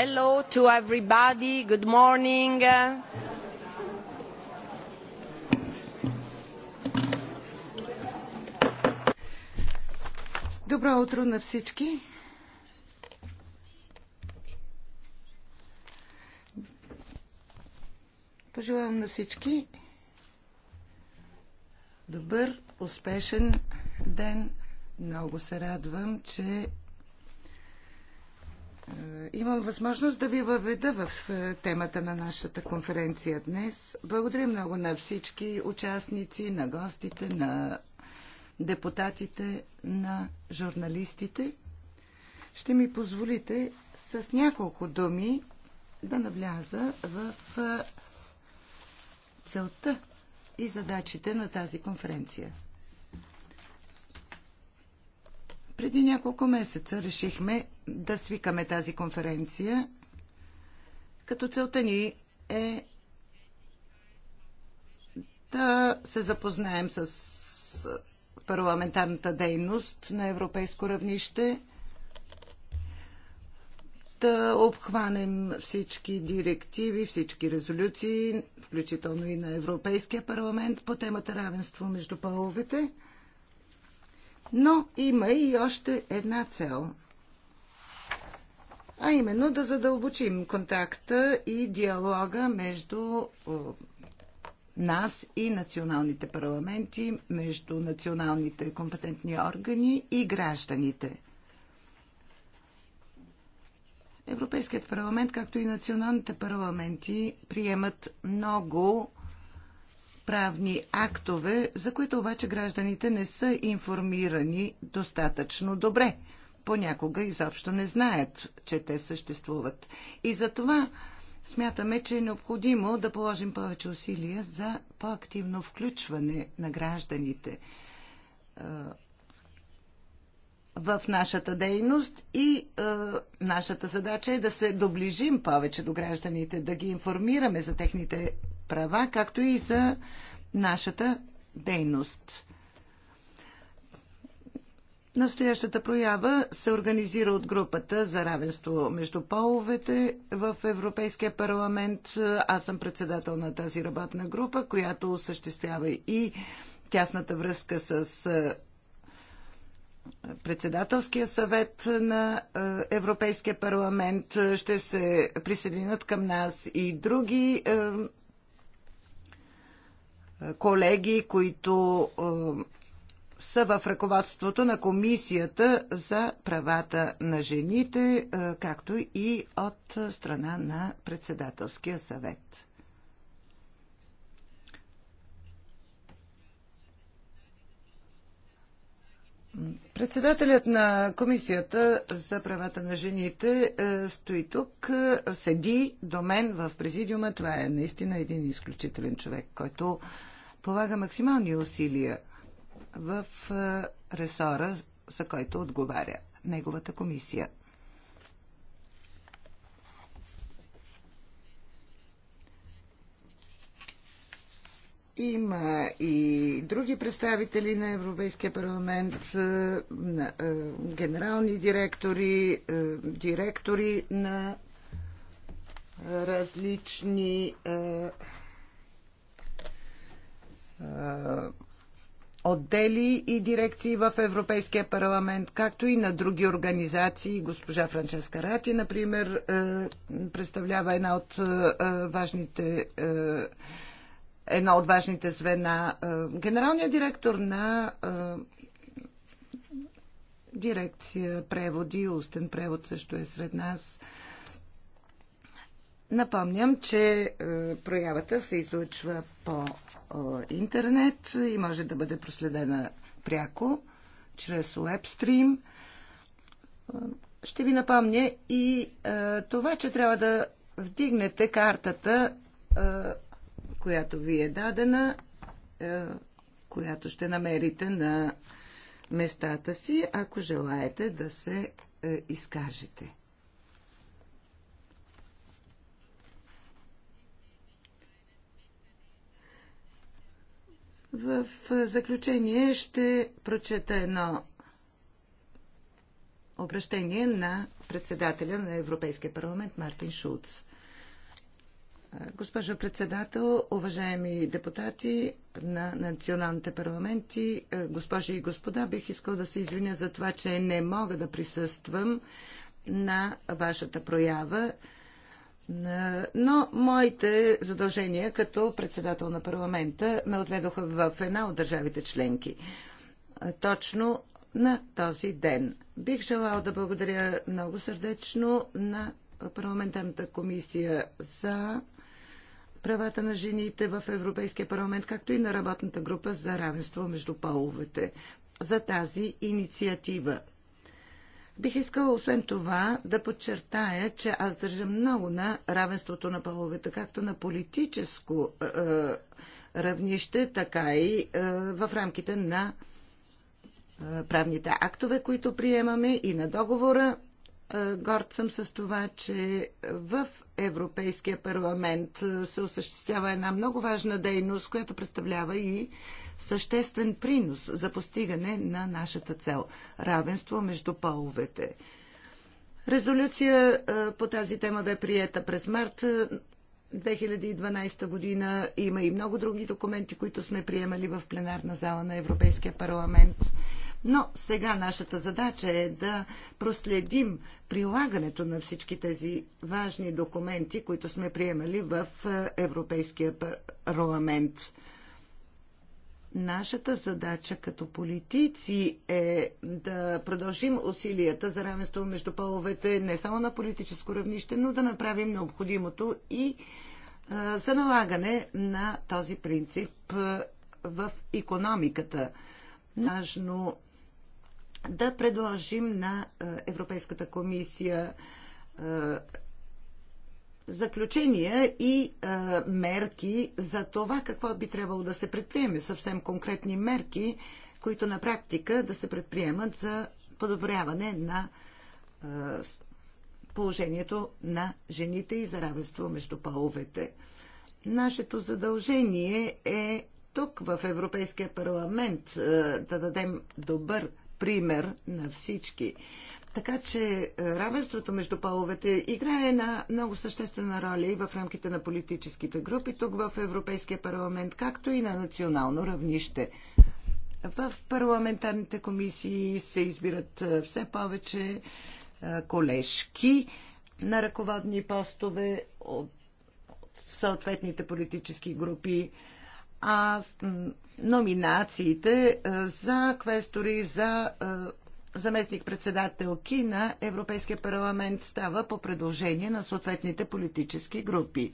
Hello to everybody. Good morning. Добро утро на всички. Пожелавам на всички добър, успешен ден. Много се радвам, че е, имам възможност да ви въведа в е, темата на нашата конференция днес. Благодаря много на всички участници, на гостите, на депутатите, на журналистите. Ще ми позволите с няколко думи да навляза в е, целта и задачите на тази конференция. Преди няколко месеца решихме да свикаме тази конференция, като целта ни е да се запознаем с парламентарната дейност на европейско равнище, да обхванем всички директиви, всички резолюции, включително и на Европейския парламент по темата равенство между половете – но има и още една цел а именно да задълбочим контакта и диалога между нас и националните парламенти, между националните компетентни органи и гражданите. Европейският парламент, както и националните парламенти, приемат много правни актове, за които обаче гражданите не са информирани достатъчно добре. Понякога изобщо не знаят, че те съществуват. И за това смятаме, че е необходимо да положим повече усилия за по-активно включване на гражданите в нашата дейност и е, нашата задача е да се доближим повече до гражданите, да ги информираме за техните права, както и за нашата дейност. Настоящата проява се организира от групата за равенство между половете в Европейския парламент. Аз съм председател на тази работна група, която осъществява и тясната връзка с е, председателския съвет на е, Европейския парламент. Е, ще се присъединят към нас и други е, колеги, които са в ръководството на Комисията за правата на жените, както и от страна на председателския съвет. Председателят на Комисията за правата на жените е, стои тук, е, седи до мен в президиума. Това е наистина един изключителен човек, който полага максимални усилия в е, ресора, за който отговаря неговата комисия. Има и други представители на Европейския парламент, е, е, генерални директори, е, директори на различни отдели и дирекции в Европейския парламент, както и на други организации. Госпожа Франческа Рати, например, представлява една от важните едно от важните звена. Е, генералният директор на е, дирекция преводи, устен превод също е сред нас. Напомням, че е, проявата се излъчва по интернет и може да бъде проследена пряко чрез уебстрим. Ще ви напомня и това, че трябва да вдигнете картата която ви е дадена, е, която ще намерите на местата си, ако желаете да се е, изкажете. В е, заключение ще прочета едно обращение на председателя на Европейския парламент Мартин Шулц. Госпожо председател, уважаеми депутати на националните парламенти, е, госпожи и господа, бих искал да се извиня за това, че не мога да присъствам на вашата проява. Е, но моите задължения като председател на парламента ме отведоха в една от държавите членки. Е, точно на този ден. Бих желал да благодаря много сърдечно на парламентарната комисия за правата на жените в Европейския парламент, както и на работната група за равенство между половете за тази инициатива. Бих искала освен това да подчертая, че аз държа много на равенството на половете, както на политическо е, е равнище, така и е, в рамките на е, правните актове, които приемаме и на договора е, горд съм с това, че в Европейския парламент е, се осъществява една много важна дейност, която представлява и съществен принос за постигане на нашата цел равенство между половете. Резолюция е, по тази тема бе приета през март 2012 година. Има и много други документи, които сме приемали в пленарна зала на Европейския парламент. Но сега нашата задача е да проследим прилагането на всички тези важни документи, които сме приемали в е, Европейския парламент. Нашата задача като политици е да продължим усилията за равенство между половете не само на политическо равнище, но да направим необходимото и за налагане на този принцип в економиката. Важно да предложим на Европейската комисия заключения и а, мерки за това какво би трябвало да се предприеме. Съвсем конкретни мерки, които на практика да се предприемат за подобряване на а, положението на жените и за равенство между половете. Нашето задължение е тук в Европейския парламент да дадем добър пример на всички. Така че е, равенството между половете играе една много съществена роля и в рамките на политическите групи, тук в Европейския парламент, както и на национално равнище. В парламентарните комисии се избират е, все повече е, колежки на ръководни постове от съответните политически групи, а номинациите за квестори, за заместник-председателки на Европейския парламент става по предложение на съответните политически групи.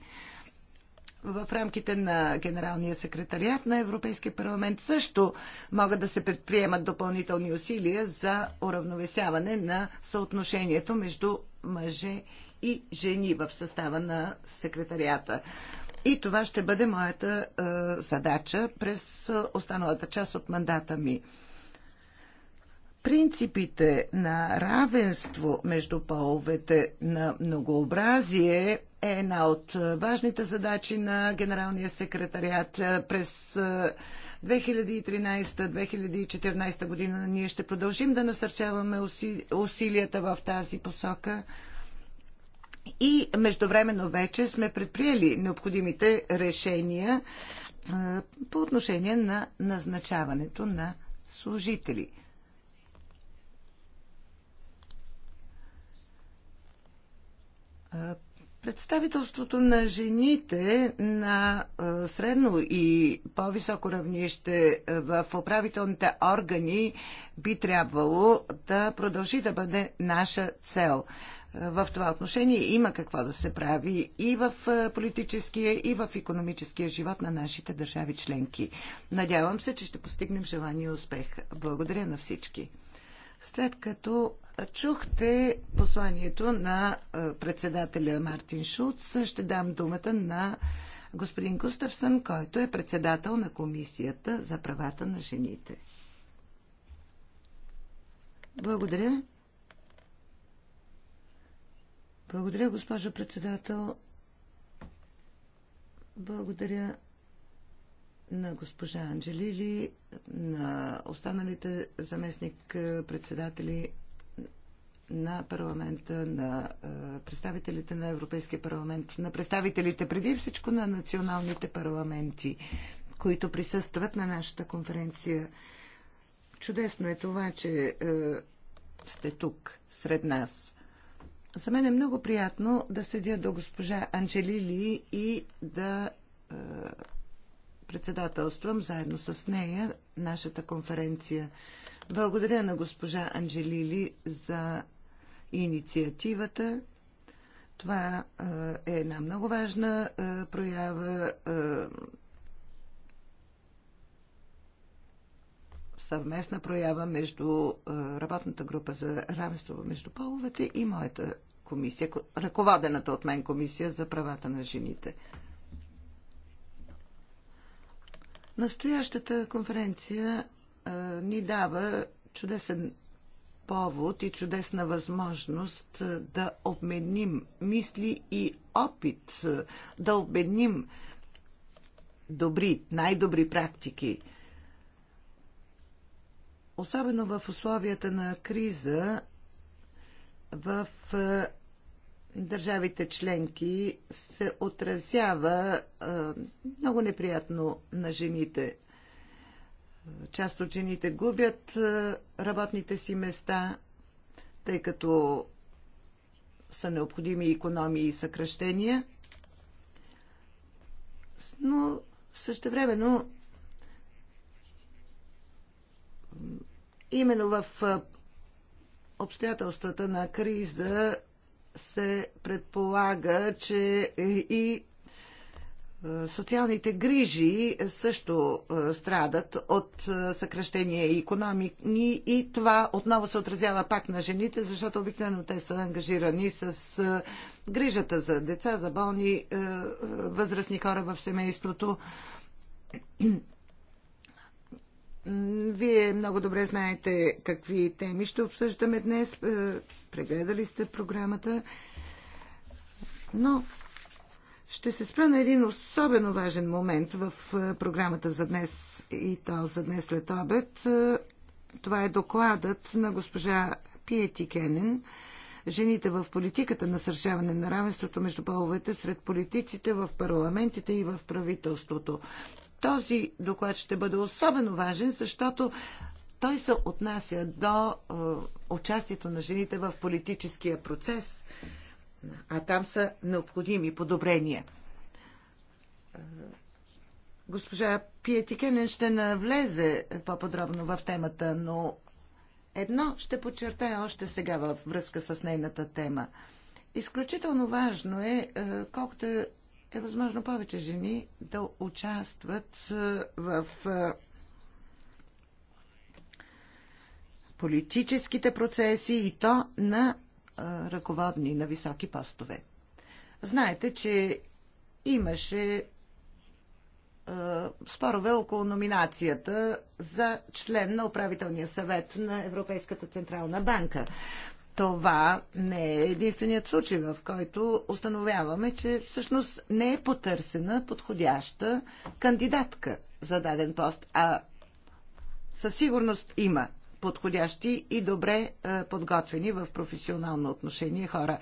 В рамките на Генералния секретариат на Европейския парламент също могат да се предприемат допълнителни усилия за уравновесяване на съотношението между мъже и жени в състава на секретарията. И това ще бъде моята е, задача през останалата част от мандата ми принципите на равенство между половете, на многообразие е една от важните задачи на Генералния секретариат през 2013-2014 година. Ние ще продължим да насърчаваме усилията в тази посока. И междувременно вече сме предприели необходимите решения по отношение на назначаването на служители – Представителството на жените на средно и по-високо равнище в управителните органи би трябвало да продължи да бъде наша цел. В това отношение има какво да се прави и в политическия, и в економическия живот на нашите държави членки. Надявам се, че ще постигнем желания успех. Благодаря на всички. След като чухте посланието на председателя Мартин Шулц, ще дам думата на господин Густавсън, който е председател на Комисията за правата на жените. Благодаря. Благодаря, госпожо председател. Благодаря на госпожа Анджелили, на останалите заместник-председатели на парламента, на представителите на Европейския парламент, на представителите преди всичко на националните парламенти, които присъстват на нашата конференция. Чудесно е това, че е, сте тук сред нас. За мен е много приятно да седя до госпожа Анджелили и да е, председателствам заедно с нея нашата конференция. Благодаря на госпожа Анджелили за инициативата. Това е една много важна проява съвместна проява между работната група за равенство между половете и моята комисия, ръководената от мен комисия за правата на жените. Настоящата конференция а, ни дава чудесен повод и чудесна възможност да обменим мисли и опит, да обменим добри, най-добри практики. Особено в условията на криза, в държавите членки се отразява много неприятно на жените. Част от жените губят работните си места, тъй като са необходими економии и съкръщения. Но също именно в обстоятелствата на криза се предполага, че е, и е, социалните грижи също е, страдат от съкръщения и економики и това отново се отразява пак на жените, защото обикновено те са ангажирани с грижата за деца, за болни, възрастни хора в семейството. Вие много добре знаете какви теми ще обсъждаме днес. Е, прегледали сте програмата. Но ще се спра на един особено важен момент в е, програмата за днес и то за днес след обед. Е, това е докладът на госпожа Пиети Кенен. Жените в политиката на сършаване на равенството между половете сред политиците в парламентите и в правителството този доклад ще бъде особено важен, защото той се отнася до е, участието на жените в политическия процес, а там са необходими подобрения. Е, госпожа Пиетикенен ще навлезе по-подробно в темата, но едно ще подчертая още сега във връзка с нейната тема. Изключително важно е, е колкото е възможно повече жени да участват в политическите процеси и то на ръководни, на високи постове. Знаете, че имаше спорове около номинацията за член на управителния съвет на Европейската централна банка това не е единственият случай, в който установяваме, че всъщност не е потърсена подходяща кандидатка за даден пост, а със сигурност има подходящи и добре е, подготвени в професионално отношение хора.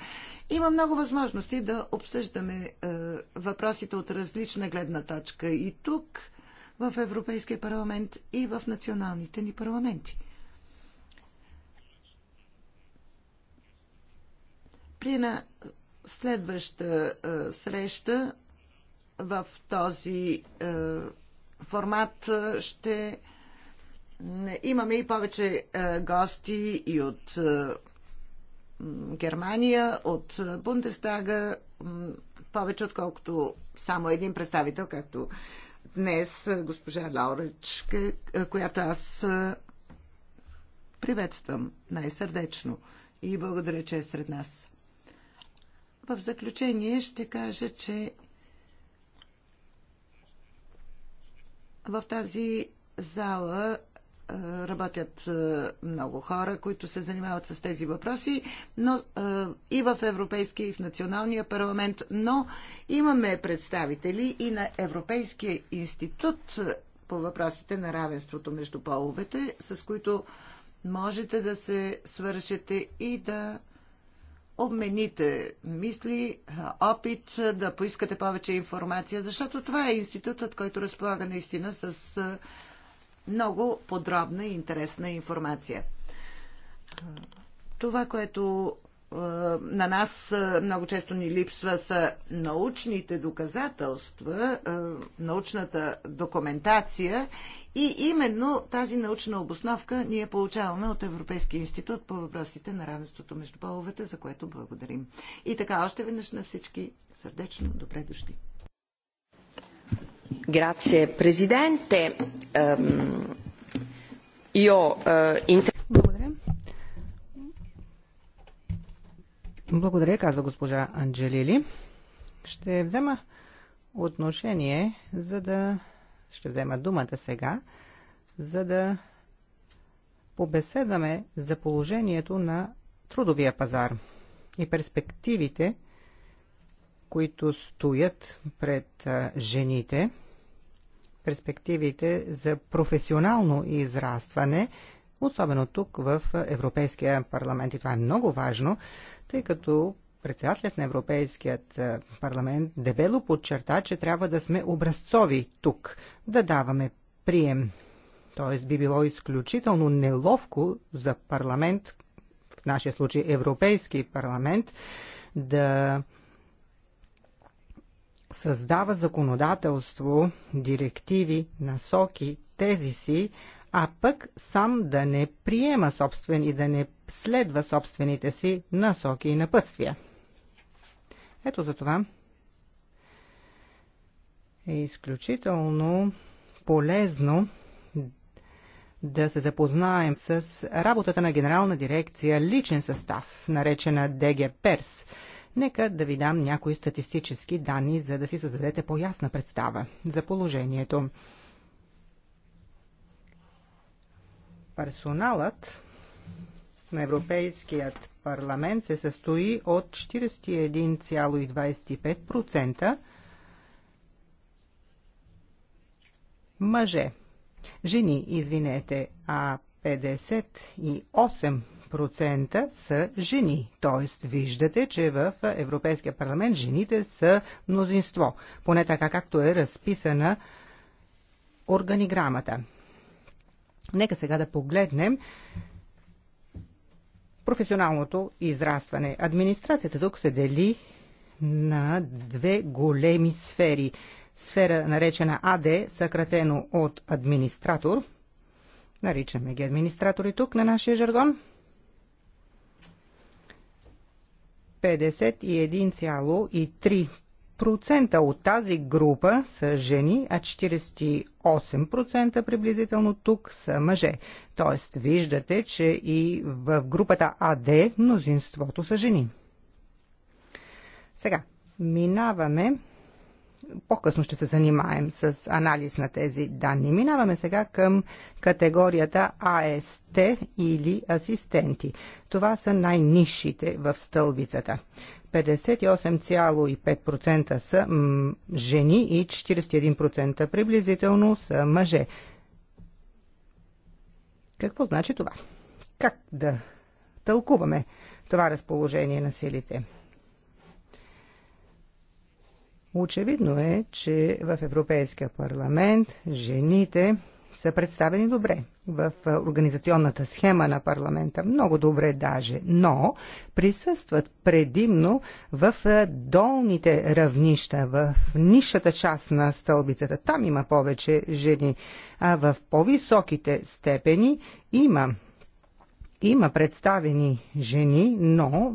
Има много възможности да обсъждаме е, въпросите от различна гледна точка и тук, в Европейския парламент и в националните ни парламенти. При една следваща а, е, среща в този а, е, формат е, ще имаме и повече а, гости и от а, Германия, от Бундестага, повече отколкото само един представител, както днес госпожа Лаурич, която аз приветствам най-сърдечно и благодаря, че е сред нас. В заключение ще кажа, че в тази зала работят много хора, които се занимават с тези въпроси, но и в Европейския, и в Националния парламент, но имаме представители и на Европейския институт по въпросите на равенството между половете, с които можете да се свършите и да обмените мисли, опит, да поискате повече информация, защото това е институтът, който разполага наистина с много подробна и интересна информация. Това, което е, на нас е, много често ни липсва са научните доказателства, е, научната документация и именно тази научна обосновка ние получаваме от Европейския институт по въпросите на равенството между половете, за което благодарим. И така, още веднъж на всички сърдечно добре дошли. Грация, президенте. Um, io, uh, inter- Благодаря, казва госпожа Анджелили. Ще взема отношение, за да... Ще взема думата сега, за да побеседваме за положението на трудовия пазар и перспективите, които стоят пред жените, перспективите за професионално израстване – особено тук в Европейския парламент. И това е много важно, тъй като председателят на Европейският е, парламент дебело подчерта, че трябва да сме образцови тук, да даваме прием. Тоест би било изключително неловко за парламент, в нашия случай Европейски парламент, да създава законодателство, директиви, насоки, тези си, а пък сам да не приема собствен и да не следва собствените си насоки и напътствия. Ето за това е изключително полезно да се запознаем с работата на Генерална дирекция личен състав, наречена ДГ Перс. Нека да ви дам някои статистически данни, за да си създадете по-ясна представа за положението. Персоналът на Европейският парламент се състои от 41,25% мъже. Жени, извинете, а 58% са жени. Тоест, виждате, че в Европейския парламент жените са мнозинство. Поне така, както е разписана органиграмата. Нека сега да погледнем професионалното израстване. Администрацията тук се дели на две големи сфери. Сфера наречена АД, съкратено от администратор. Наричаме ги администратори тук на нашия жаргон. 40% от тази група са жени, а 48% приблизително тук са мъже. Тоест, виждате, че и в групата АД мнозинството са жени. Сега, минаваме по-късно ще се занимаем с анализ на тези данни. Минаваме сега към категорията АСТ или асистенти. Това са най-низшите в стълбицата. 58,5% са жени и 41% приблизително са мъже. Какво значи това? Как да тълкуваме това разположение на силите? Очевидно е, че в Европейския парламент жените са представени добре в организационната схема на парламента, много добре даже, но присъстват предимно в долните равнища, в нишата част на стълбицата. Там има повече жени, а в по-високите степени има има представени жени, но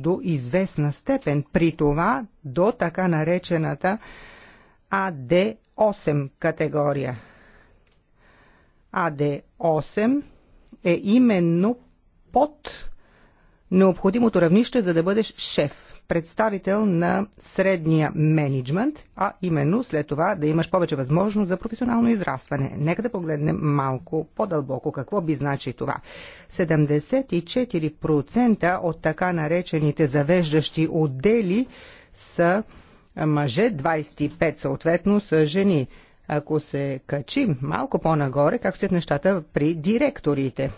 до известна степен, при това до така наречената АД8 категория. АД8 е именно под необходимото равнище, за да бъдеш шеф представител на средния менеджмент, а именно след това да имаш повече възможност за професионално израстване. Нека да погледнем малко по-дълбоко какво би значи това. 74% от така наречените завеждащи отдели са мъже, 25% съответно са жени. Ако се качим малко по-нагоре, как стоят нещата при директорите?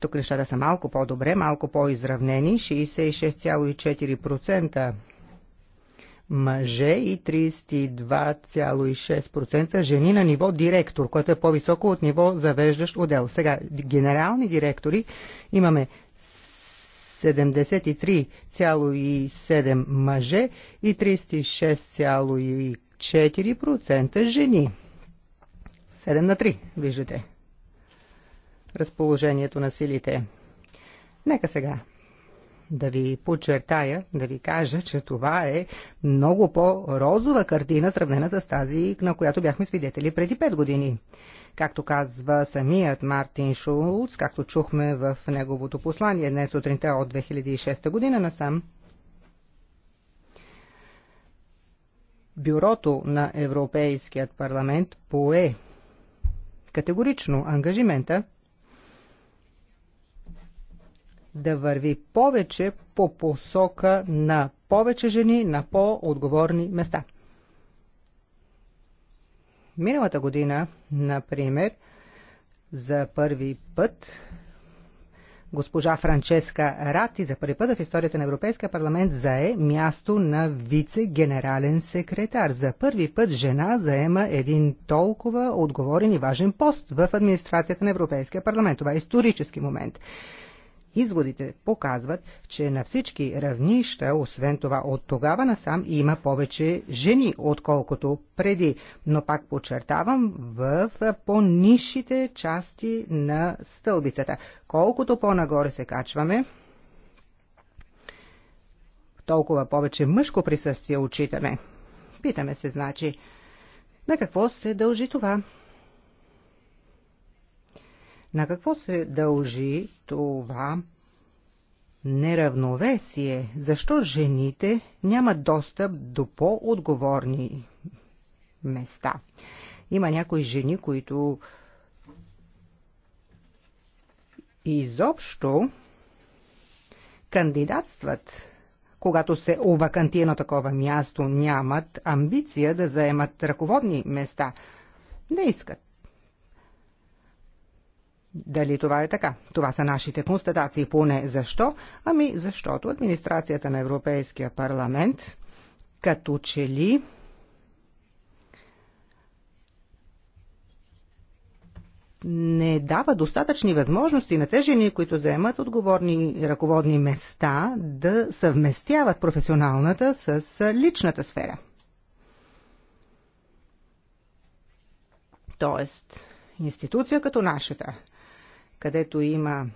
Тук нещата са малко по-добре, малко по-изравнени, 66,4% мъже и 32,6% жени на ниво директор, което е по-високо от ниво завеждащ отдел. Сега, генерални директори имаме 73,7 мъже и 4% жени. 7 на 3, виждате. Разположението на силите. Нека сега да ви подчертая, да ви кажа, че това е много по-розова картина, сравнена с тази, на която бяхме свидетели преди 5 години. Както казва самият Мартин Шулц, както чухме в неговото послание днес сутринта от 2006 година насам, Бюрото на Европейският парламент пое категорично ангажимента да върви повече по посока на повече жени на по-отговорни места. Миналата година, например, за първи път Госпожа Франческа Рати за първи път в историята на Европейския парламент зае място на вице-генерален секретар. За първи път жена заема един толкова отговорен и важен пост в администрацията на Европейския парламент. Това е исторически момент. Изводите показват, че на всички равнища, освен това от тогава насам, има повече жени, отколкото преди. Но пак подчертавам, в по-низшите части на стълбицата. Колкото по-нагоре се качваме, толкова повече мъжко присъствие отчитаме. Питаме се, значи, на какво се дължи това? На какво се дължи това неравновесие? Защо жените нямат достъп до по-отговорни места? Има някои жени, които изобщо кандидатстват когато се овакантие на такова място, нямат амбиция да заемат ръководни места. Не искат. Дали това е така? Това са нашите констатации поне. Защо? Ами защото администрацията на Европейския парламент като че ли не дава достатъчни възможности на те жени, които заемат отговорни ръководни места, да съвместяват професионалната с личната сфера. Тоест, институция като нашата – където има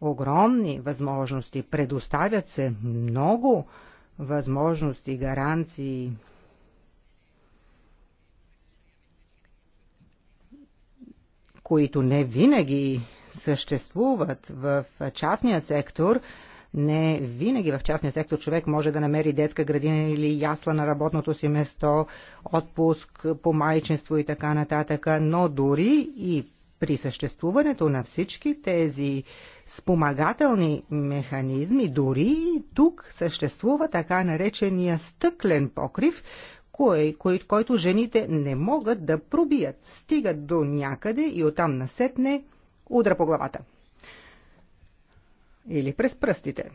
огромни възможности, предоставят се много възможности, гаранции. които не винаги съществуват в частния сектор, не винаги в частния сектор човек може да намери детска градина или ясла на работното си место, отпуск по майчинство и така нататък, но дори и при съществуването на всички тези спомагателни механизми, дори и тук съществува така наречения стъклен покрив, кой, кой, който жените не могат да пробият. Стигат до някъде и оттам насетне удра по главата. Или през пръстите.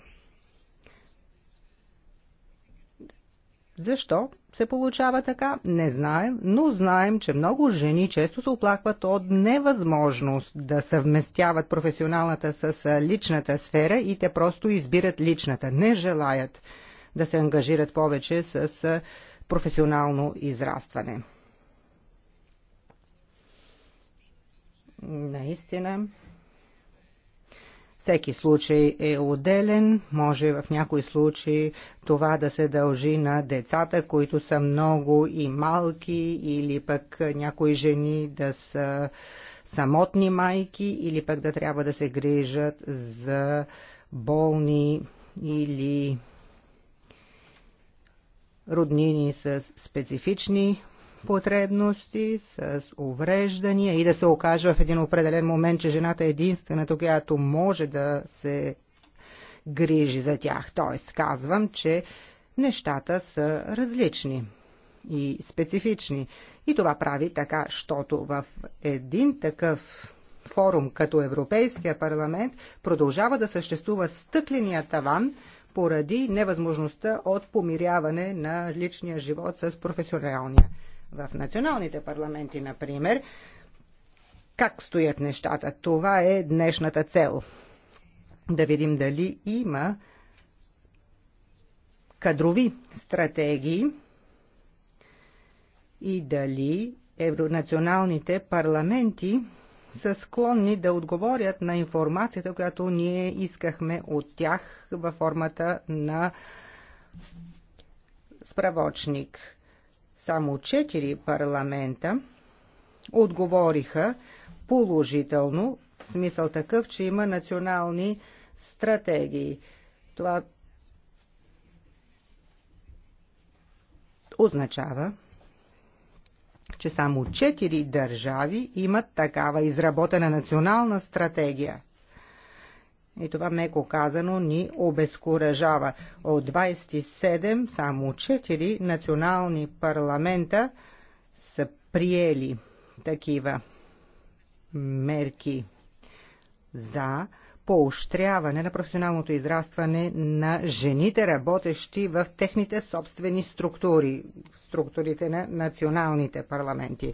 Защо се получава така? Не знаем, но знаем, че много жени често се оплакват от невъзможност да съвместяват професионалната с личната сфера и те просто избират личната. Не желаят да се ангажират повече с професионално израстване. Наистина, всеки случай е отделен, може в някои случаи това да се дължи на децата, които са много и малки, или пък някои жени да са самотни майки, или пък да трябва да се грижат за болни или роднини с специфични потребности, с увреждания и да се окаже в един определен момент, че жената е единствената, която може да се грижи за тях. Тоест, казвам, че нещата са различни и специфични. И това прави така, защото в един такъв форум като Европейския парламент продължава да съществува стъкления таван, поради невъзможността от помиряване на личния живот с професионалния в националните парламенти, например, как стоят нещата. Това е днешната цел. Да видим дали има кадрови стратегии и дали евронационалните парламенти са склонни да отговорят на информацията, която ние искахме от тях във формата на справочник. Само четири парламента отговориха положително, в смисъл такъв, че има национални стратегии. Това означава, че само 4 държави имат такава изработена национална стратегия. И това меко казано ни обезкуражава. От 27 само 4 национални парламента са приели такива мерки за поощряване на професионалното израстване на жените, работещи в техните собствени структури, структурите на националните парламенти.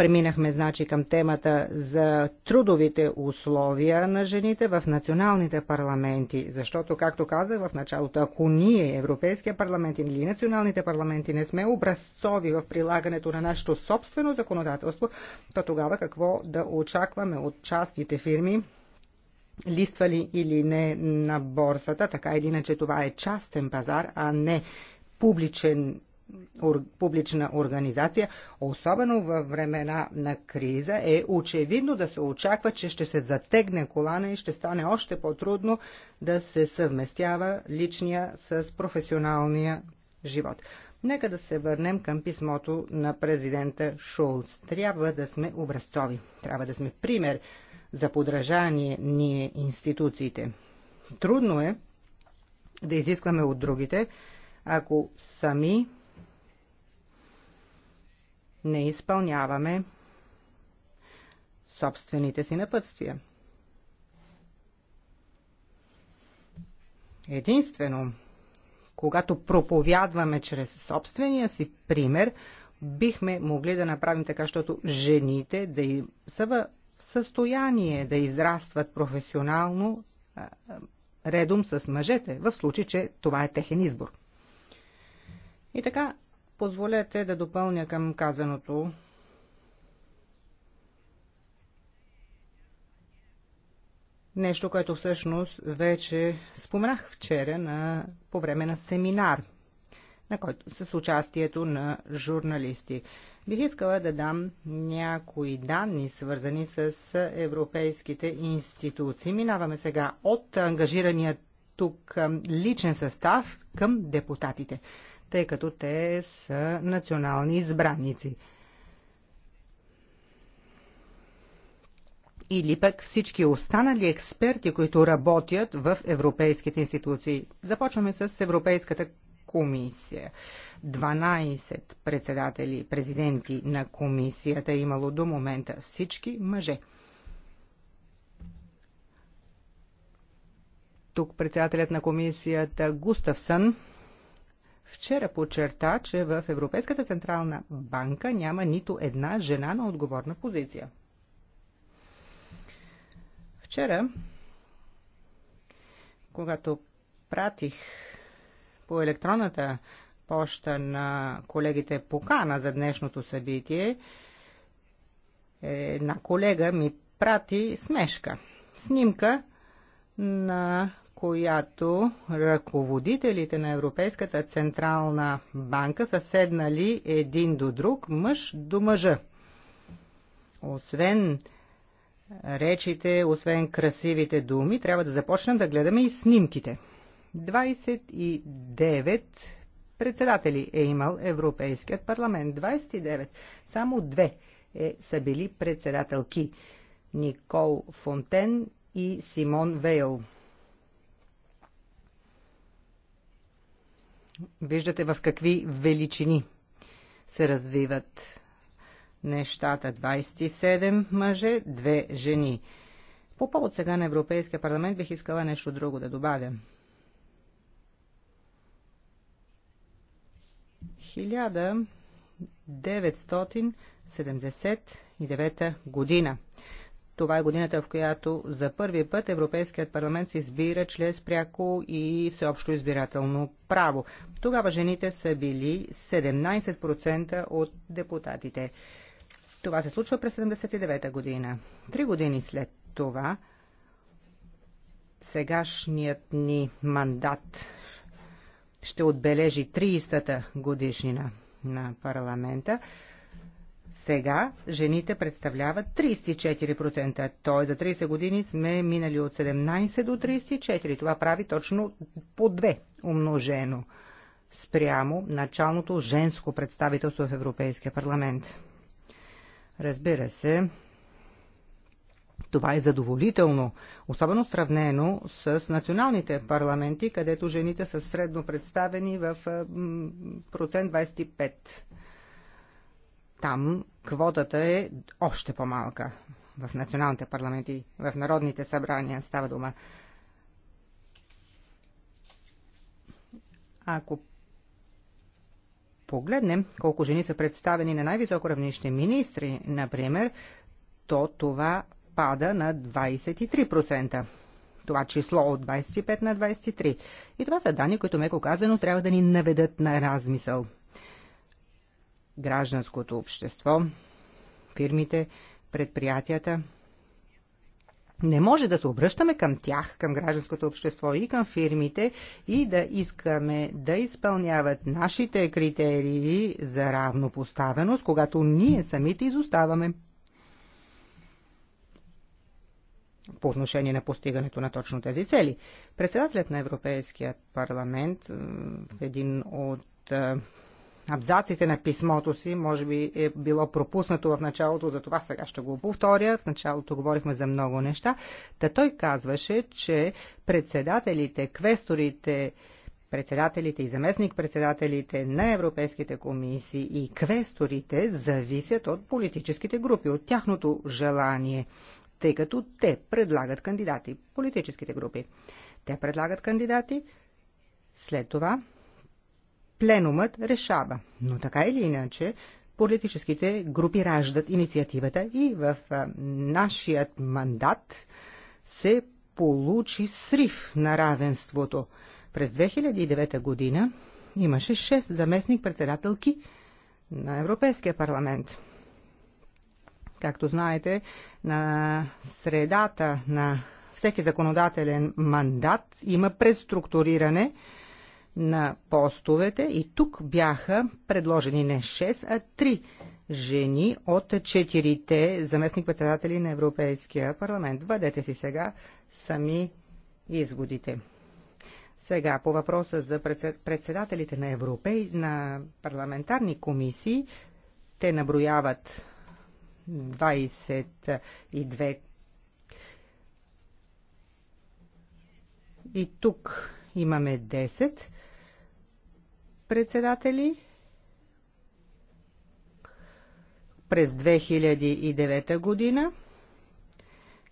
Преминахме, значи, към темата за трудовите условия на жените в националните парламенти, защото, както казах в началото, ако ние, Европейския парламент или националните парламенти, не сме образцови в прилагането на нашето собствено законодателство, то тогава какво да очакваме от частните фирми, листвали или не на борсата, така или иначе това е частен пазар, а не публичен публична организация, особено във времена на криза, е очевидно да се очаква, че ще се затегне колана и ще стане още по-трудно да се съвместява личния с професионалния живот. Нека да се върнем към писмото на президента Шулц. Трябва да сме образцови, трябва да сме пример за подражание ние институциите. Трудно е да изискваме от другите, ако сами не изпълняваме собствените си напътствия. Единствено, когато проповядваме чрез собствения си пример, бихме могли да направим така, защото жените да са в състояние да израстват професионално редом с мъжете, в случай, че това е техен избор. И така, Позволете да допълня към казаното. Нещо, което всъщност вече споменах вчера на, по време на семинар, на който, с участието на журналисти. Бих искала да дам някои данни, свързани с европейските институции. Минаваме сега от ангажирания тук личен състав към депутатите тъй като те са национални избранници. или пък всички останали експерти, които работят в европейските институции. Започваме с Европейската комисия. 12 председатели, президенти на комисията е имало до момента всички мъже. Тук председателят на комисията Густавсън вчера подчерта, че в Европейската централна банка няма нито една жена на отговорна позиция. Вчера, когато пратих по електронната поща на колегите покана за днешното събитие, една колега ми прати смешка. Снимка на която ръководителите на Европейската централна банка са седнали един до друг, мъж до мъжа. Освен речите, освен красивите думи, трябва да започнем да гледаме и снимките. 29 председатели е имал Европейският парламент. 29. Само две е, са били председателки. Никол Фонтен и Симон Вейл. Виждате в какви величини се развиват нещата. 27 мъже, 2 жени. По повод сега на Европейския парламент бих искала нещо друго да добавя. 1979 година това е годината, в която за първи път Европейският парламент се избира чрез пряко и всеобщо избирателно право. Тогава жените са били 17% от депутатите. Това се случва през 79-та година. Три години след това сегашният ни мандат ще отбележи 30-та годишнина на парламента. Сега жените представляват 34%, т.е. за 30 години сме минали от 17 до 34. Това прави точно по 2 умножено спрямо началното женско представителство в Европейския парламент. Разбира се, това е задоволително, особено сравнено с националните парламенти, където жените са средно представени в процент 25. Там квотата е още по-малка. В националните парламенти, в народните събрания става дума. Ако погледнем колко жени са представени на най-високо равнище министри, например, то това пада на 23%. Това число от 25 на 23. И това са данни, които, меко казано, трябва да ни наведат на размисъл – гражданското общество, фирмите, предприятията. Не може да се обръщаме към тях, към гражданското общество и към фирмите и да искаме да изпълняват нашите критерии за равнопоставеност, когато ние самите изоставаме. по отношение на постигането на точно тези цели. Председателят на Европейския парламент в един от абзаците на писмото си, може би е било пропуснато в началото, за това, сега ще го повторя. В началото говорихме за много неща. Та той казваше, че председателите, квесторите, председателите и заместник-председателите на европейските комисии и квесторите зависят от политическите групи, от тяхното желание, тъй като те предлагат кандидати, политическите групи. Те предлагат кандидати, след това пленумът решава. Но така или иначе, политическите групи раждат инициативата и в нашият мандат се получи срив на равенството. През 2009 година имаше 6 заместник-председателки на Европейския парламент. Както знаете, на средата на всеки законодателен мандат има преструктуриране – на постовете и тук бяха предложени не 6, а 3 жени от четирите заместник-председатели на Европейския парламент. Бъдете си сега сами изводите. Сега по въпроса за председателите на, европей... на парламентарни комисии, те наброяват 22. И тук имаме 10 председатели през 2009 година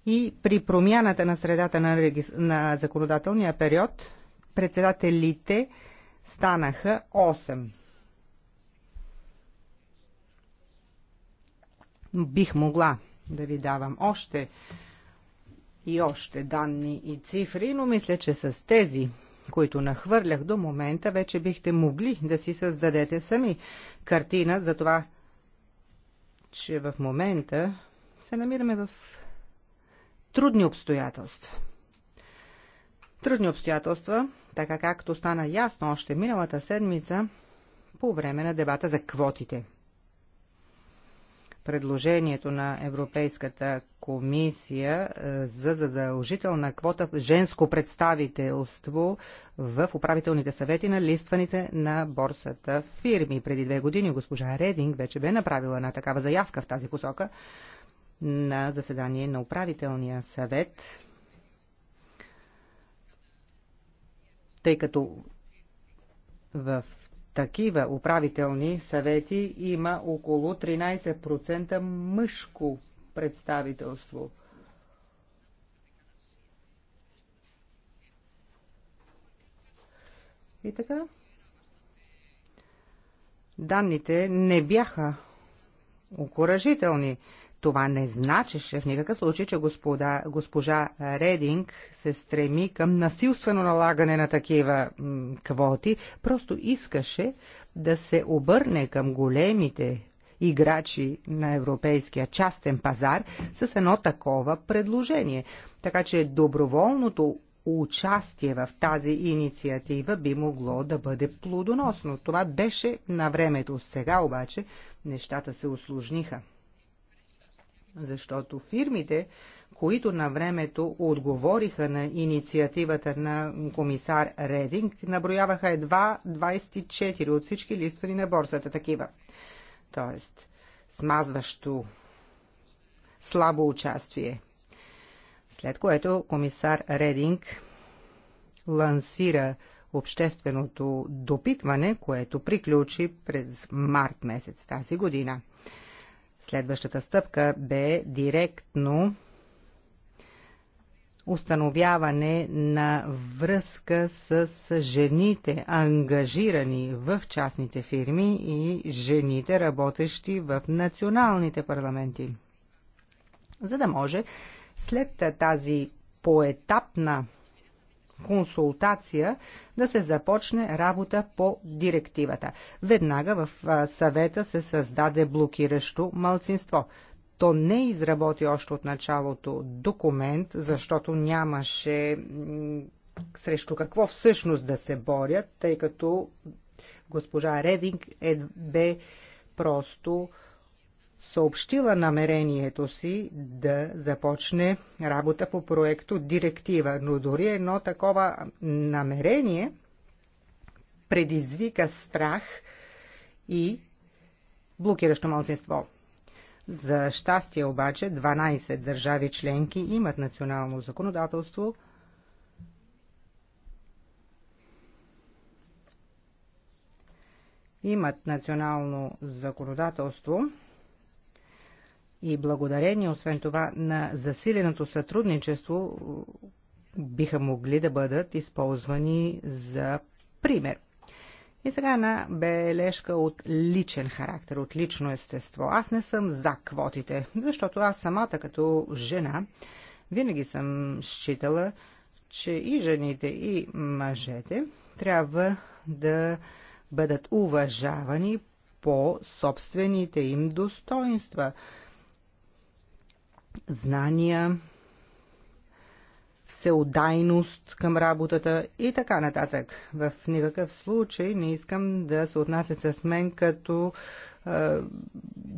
и при промяната на средата на, реги... на законодателния период председателите станаха 8. Бих могла да ви давам още и още данни и цифри, но мисля, че с тези които нахвърлях до момента, вече бихте могли да си създадете сами картина за това, че в момента се намираме в трудни обстоятелства. Трудни обстоятелства, така както стана ясно още миналата седмица по време на дебата за квотите – предложението на Европейската комисия е, за задължителна квота женско представителство в управителните съвети на листваните на борсата фирми. Преди две години госпожа Рединг вече бе направила една такава заявка в тази посока на заседание на управителния съвет, тъй като в такива управителни съвети има около 13% мъжко представителство. И така, данните не бяха окоръжителни. Това не значеше в никакъв случай, че господа, госпожа Рединг се стреми към насилствено налагане на такива квоти, просто искаше да се обърне към големите играчи на европейския частен пазар с едно такова предложение. Така че доброволното участие в тази инициатива би могло да бъде плодоносно. Това беше на времето. Сега обаче нещата се усложниха защото фирмите, които на времето отговориха на инициативата на комисар Рединг, наброяваха едва 24 от всички листвани на борсата такива. Тоест, смазващо слабо участие. След което комисар Рединг лансира общественото допитване, което приключи през март месец тази година. Следващата стъпка бе директно установяване на връзка с жените, ангажирани в частните фирми и жените, работещи в националните парламенти. За да може след тази поетапна консултация да се започне работа по директивата. Веднага в съвета се създаде блокиращо малцинство. То не изработи още от началото документ, защото нямаше срещу какво всъщност да се борят, тъй като госпожа Рединг е бе просто съобщила намерението си да започне работа по проекто Директива, но дори едно такова намерение предизвика страх и блокиращо мълцинство. За щастие обаче 12 държави членки имат национално законодателство, имат национално законодателство, и благодарение, освен това, на засиленото сътрудничество биха могли да бъдат използвани за пример. И сега една бележка от личен характер, от лично естество. Аз не съм за квотите, защото аз самата като жена винаги съм считала, че и жените, и мъжете трябва да бъдат уважавани по собствените им достоинства – знания, всеодайност към работата и така нататък. В никакъв случай не искам да се отнася с мен като е,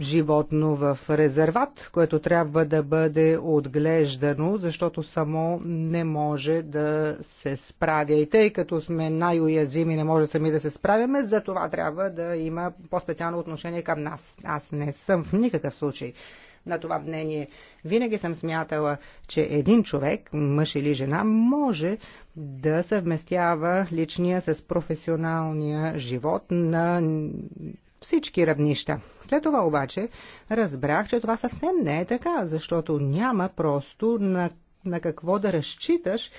животно в резерват, което трябва да бъде отглеждано, защото само не може да се справя. И тъй като сме най-уязвими, не може сами да се справяме, за това трябва да има по-специално отношение към нас. Аз не съм в никакъв случай на това мнение. Винаги съм смятала, че един човек, мъж или жена, може да съвместява личния с професионалния живот на всички равнища. След това обаче разбрах, че това съвсем не е така, защото няма просто на, на какво да разчиташ,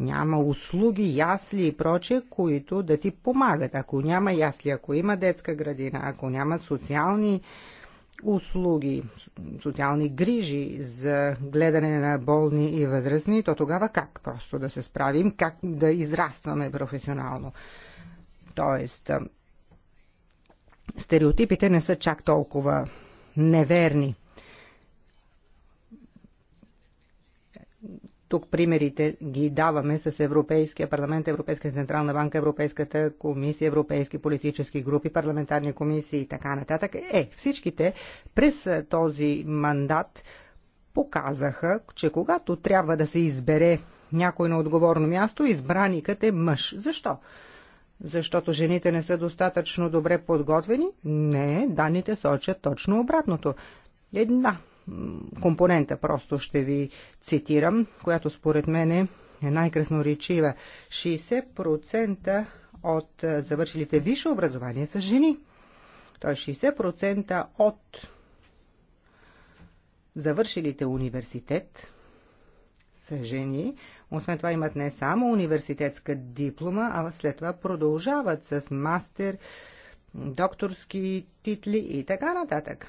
няма услуги, ясли и проче, които да ти помагат. Ако няма ясли, ако има детска градина, ако няма социални услуги, социални грижи за гледане на болни и възрастни, то тогава как просто да се справим, как да израстваме професионално? Тоест, стереотипите не са чак толкова неверни. Тук примерите ги даваме с Европейския парламент, Европейска централна банка, Европейската комисия, европейски политически групи, парламентарни комисии и така нататък. Е, всичките през този мандат показаха, че когато трябва да се избере някой на отговорно място, избраникът е мъж. Защо? Защото жените не са достатъчно добре подготвени? Не, данните сочат точно обратното. Една компонента, просто ще ви цитирам, която според мен е най-красноречива. 60% от завършилите висше образование са жени. Тоест 60% от завършилите университет са жени. Освен това имат не само университетска диплома, а след това продължават с мастер, докторски титли и така нататък.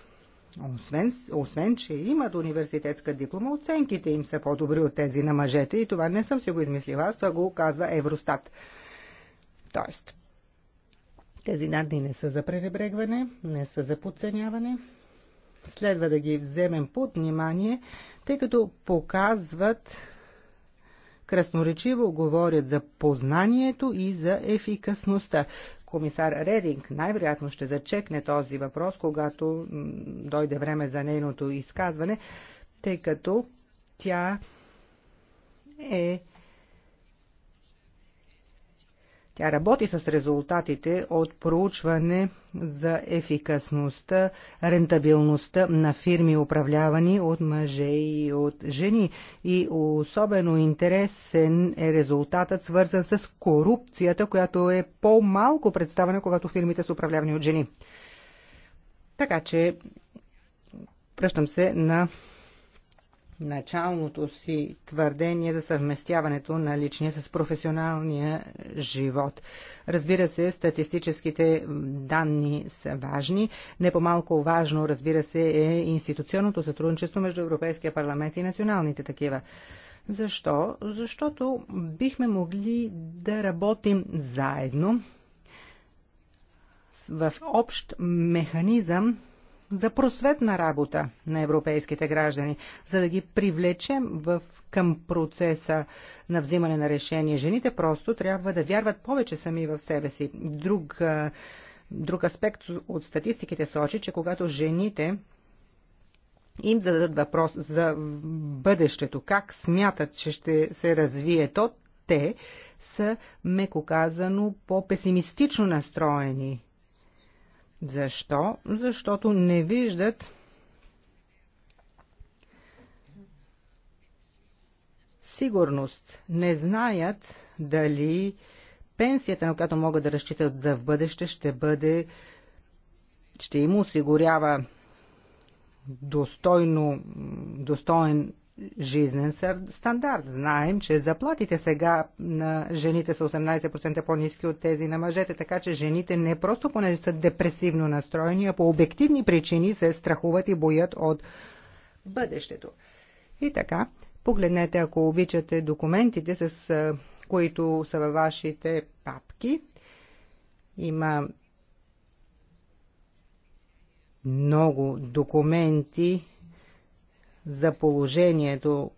Освен, освен, че имат университетска диплома, оценките им са по-добри от тези на мъжете и това не съм си го измислила, аз това го казва Евростат. Тоест, тези данни не са за пренебрегване, не са за подценяване. Следва да ги вземем под внимание, тъй като показват красноречиво говорят за познанието и за ефикасността. Комисар Рединг най-вероятно ще зачекне този въпрос, когато дойде време за нейното изказване, тъй като тя е тя работи с резултатите от проучване за ефикасността, рентабилността на фирми, управлявани от мъже и от жени. И особено интересен е резултатът, свързан с корупцията, която е по-малко представена, когато фирмите са управлявани от жени. Така че връщам се на началното си твърдение за съвместяването на личния с професионалния живот. Разбира се, статистическите данни са важни. Не по-малко важно, разбира се, е институционното сътрудничество между Европейския парламент и националните такива. Защо? Защото бихме могли да работим заедно в общ механизъм за просветна работа на европейските граждани, за да ги привлечем в, към процеса на взимане на решение. Жените просто трябва да вярват повече сами в себе си. Друг, друг аспект от статистиките сочи, че когато жените им зададат въпрос за бъдещето, как смятат, че ще се развие то, те са, меко казано, по-песимистично настроени защо? Защото не виждат сигурност, не знаят дали пенсията, на която могат да разчитат за в бъдеще, ще бъде, ще им осигурява достойно, достоен жизнен стандарт. Знаем, че заплатите сега на жените са 18% по-низки от тези на мъжете, така че жените не просто понеже са депресивно настроени, а по обективни причини се страхуват и боят от бъдещето. И така, погледнете, ако обичате, документите, с които са във вашите папки. Има много документи, за положението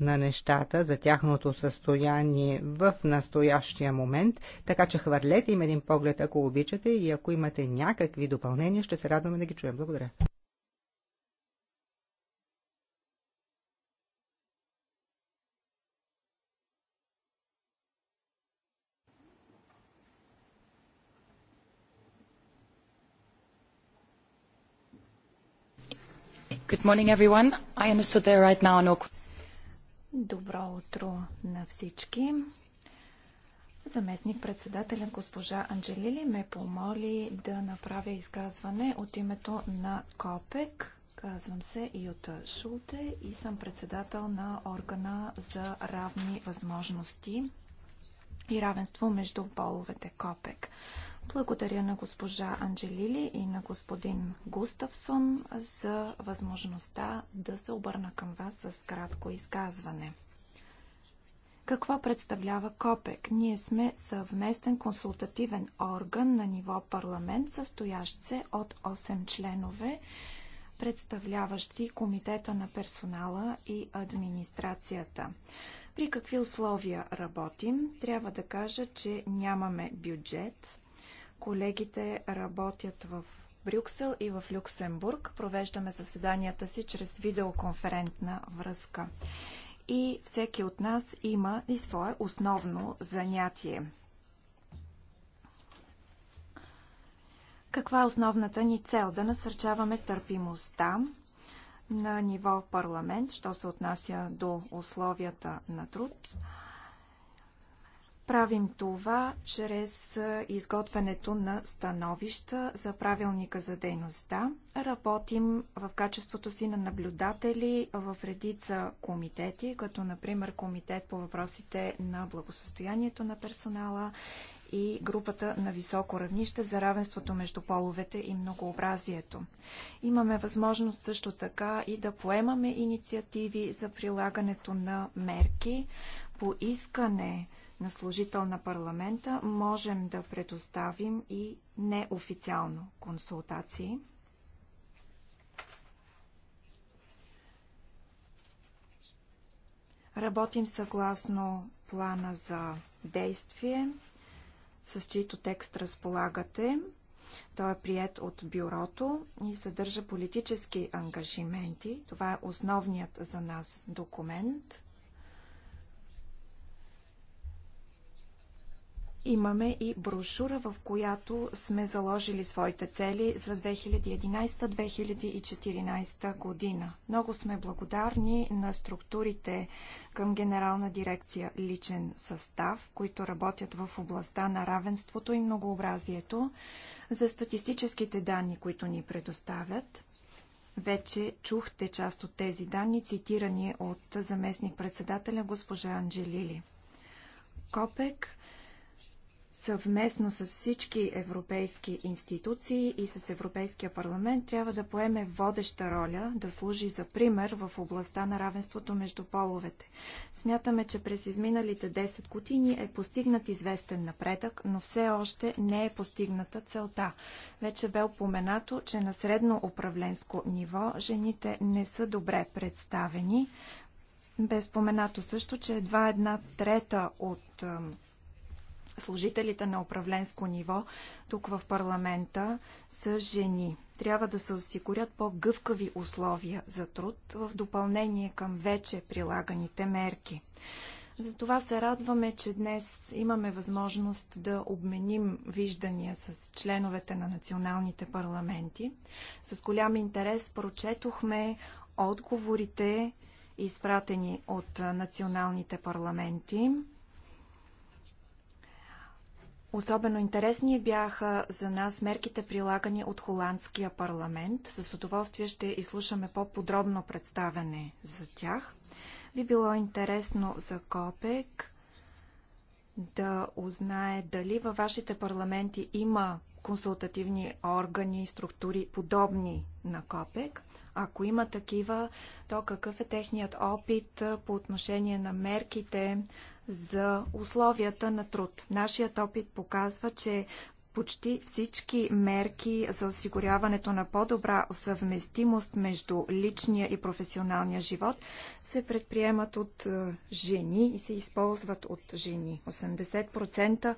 на нещата, за тяхното състояние в настоящия момент, така че хвърлете им един поглед, ако обичате и ако имате някакви допълнения, ще се радваме да ги чуем. Благодаря. Good morning, everyone. I understood there right now no... Добро утро на всички. Заместник председателя госпожа Анджелили ме помоли да направя изказване от името на КОПЕК. Казвам се Юта Шулте и съм председател на органа за равни възможности и равенство между половете КОПЕК. Благодаря на госпожа Анджелили и на господин Густавсон за възможността да се обърна към вас с кратко изказване. Какво представлява КОПЕК? Ние сме съвместен консултативен орган на ниво парламент, състоящ се от 8 членове, представляващи Комитета на персонала и администрацията. При какви условия работим? Трябва да кажа, че нямаме бюджет. Колегите работят в Брюксел и в Люксембург. Провеждаме заседанията си чрез видеоконферентна връзка. И всеки от нас има и свое основно занятие. Каква е основната ни цел? Да насърчаваме търпимостта, на ниво парламент, що се отнася до условията на труд. Правим това чрез изготвянето на становища за правилника за дейността. Работим в качеството си на наблюдатели в редица комитети, като например Комитет по въпросите на благосъстоянието на персонала и групата на високо равнище за равенството между половете и многообразието. Имаме възможност също така и да поемаме инициативи за прилагането на мерки по искане на служител на парламента можем да предоставим и неофициално консултации. Работим съгласно плана за действие с чийто текст разполагате. Той е прият от бюрото и съдържа политически ангажименти. Това е основният за нас документ. Имаме и брошура, в която сме заложили своите цели за 2011-2014 година. Много сме благодарни на структурите към Генерална дирекция личен състав, които работят в областта на равенството и многообразието, за статистическите данни, които ни предоставят. Вече чухте част от тези данни, цитирани от заместник-председателя госпожа Анджелили. Копек – съвместно с всички европейски институции и с Европейския парламент трябва да поеме водеща роля, да служи за пример в областта на равенството между половете. Смятаме, че през изминалите 10 години е постигнат известен напредък, но все още не е постигната целта. Вече бе упоменато, че на средно управленско ниво жените не са добре представени. Бе споменато също, че едва една трета от служителите на управленско ниво тук в парламента са жени. Трябва да се осигурят по-гъвкави условия за труд в допълнение към вече прилаганите мерки. Затова се радваме, че днес имаме възможност да обменим виждания с членовете на националните парламенти. С голям интерес прочетохме отговорите, изпратени от националните парламенти. Особено интересни бяха за нас мерките прилагани от Холандския парламент. С удоволствие ще изслушаме по-подробно представяне за тях. Би било интересно за Копек да узнае дали във вашите парламенти има консултативни органи и структури подобни на КОПЕК. Ако има такива, то какъв е техният опит по отношение на мерките за условията на труд. Нашият опит показва, че почти всички мерки за осигуряването на по-добра съвместимост между личния и професионалния живот се предприемат от е, жени и се използват от жени. 80%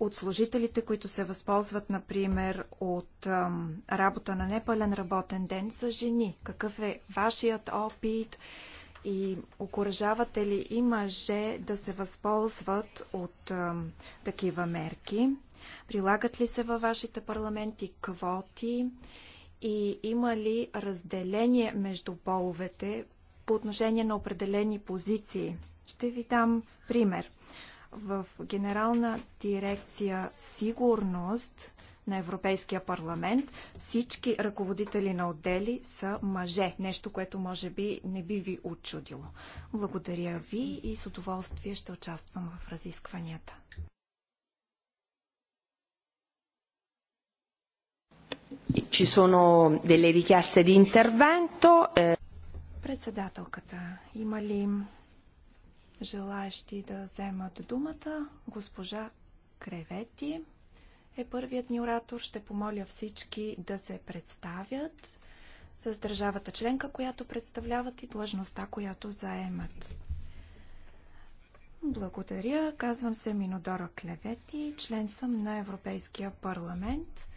от служителите, които се възползват, например, от ам, работа на непълен работен ден, са жени. Какъв е вашият опит? и окоръжавате ли и мъже да се възползват от а, такива мерки? Прилагат ли се във вашите парламенти квоти и има ли разделение между половете по отношение на определени позиции? Ще ви дам пример. В Генерална дирекция Сигурност на Европейския парламент всички ръководители на отдели са мъже. Нещо, което може би не би ви очудило. Благодаря ви и с удоволствие ще участвам в разискванията. Ci sono delle richieste di intervento. Eh, Председателката, има ли желаящи да вземат думата? Госпожа Кревети е първият ни оратор. Ще помоля всички да се представят с държавата членка, която представляват и длъжността, която заемат. Благодаря. Казвам се Минодора Клевети. Член съм на Европейския парламент.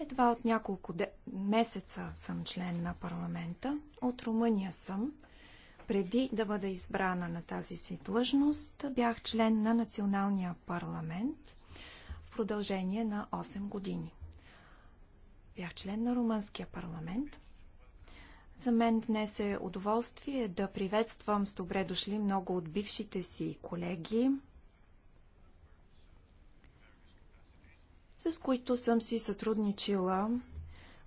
Едва от няколко де... месеца съм член на парламента. От Румъния съм. Преди да бъда избрана на тази си длъжност, бях член на Националния парламент продължение на 8 години. Бях член на Румънския парламент. За мен днес е удоволствие да приветствам с добре дошли много от бившите си колеги, с които съм си сътрудничила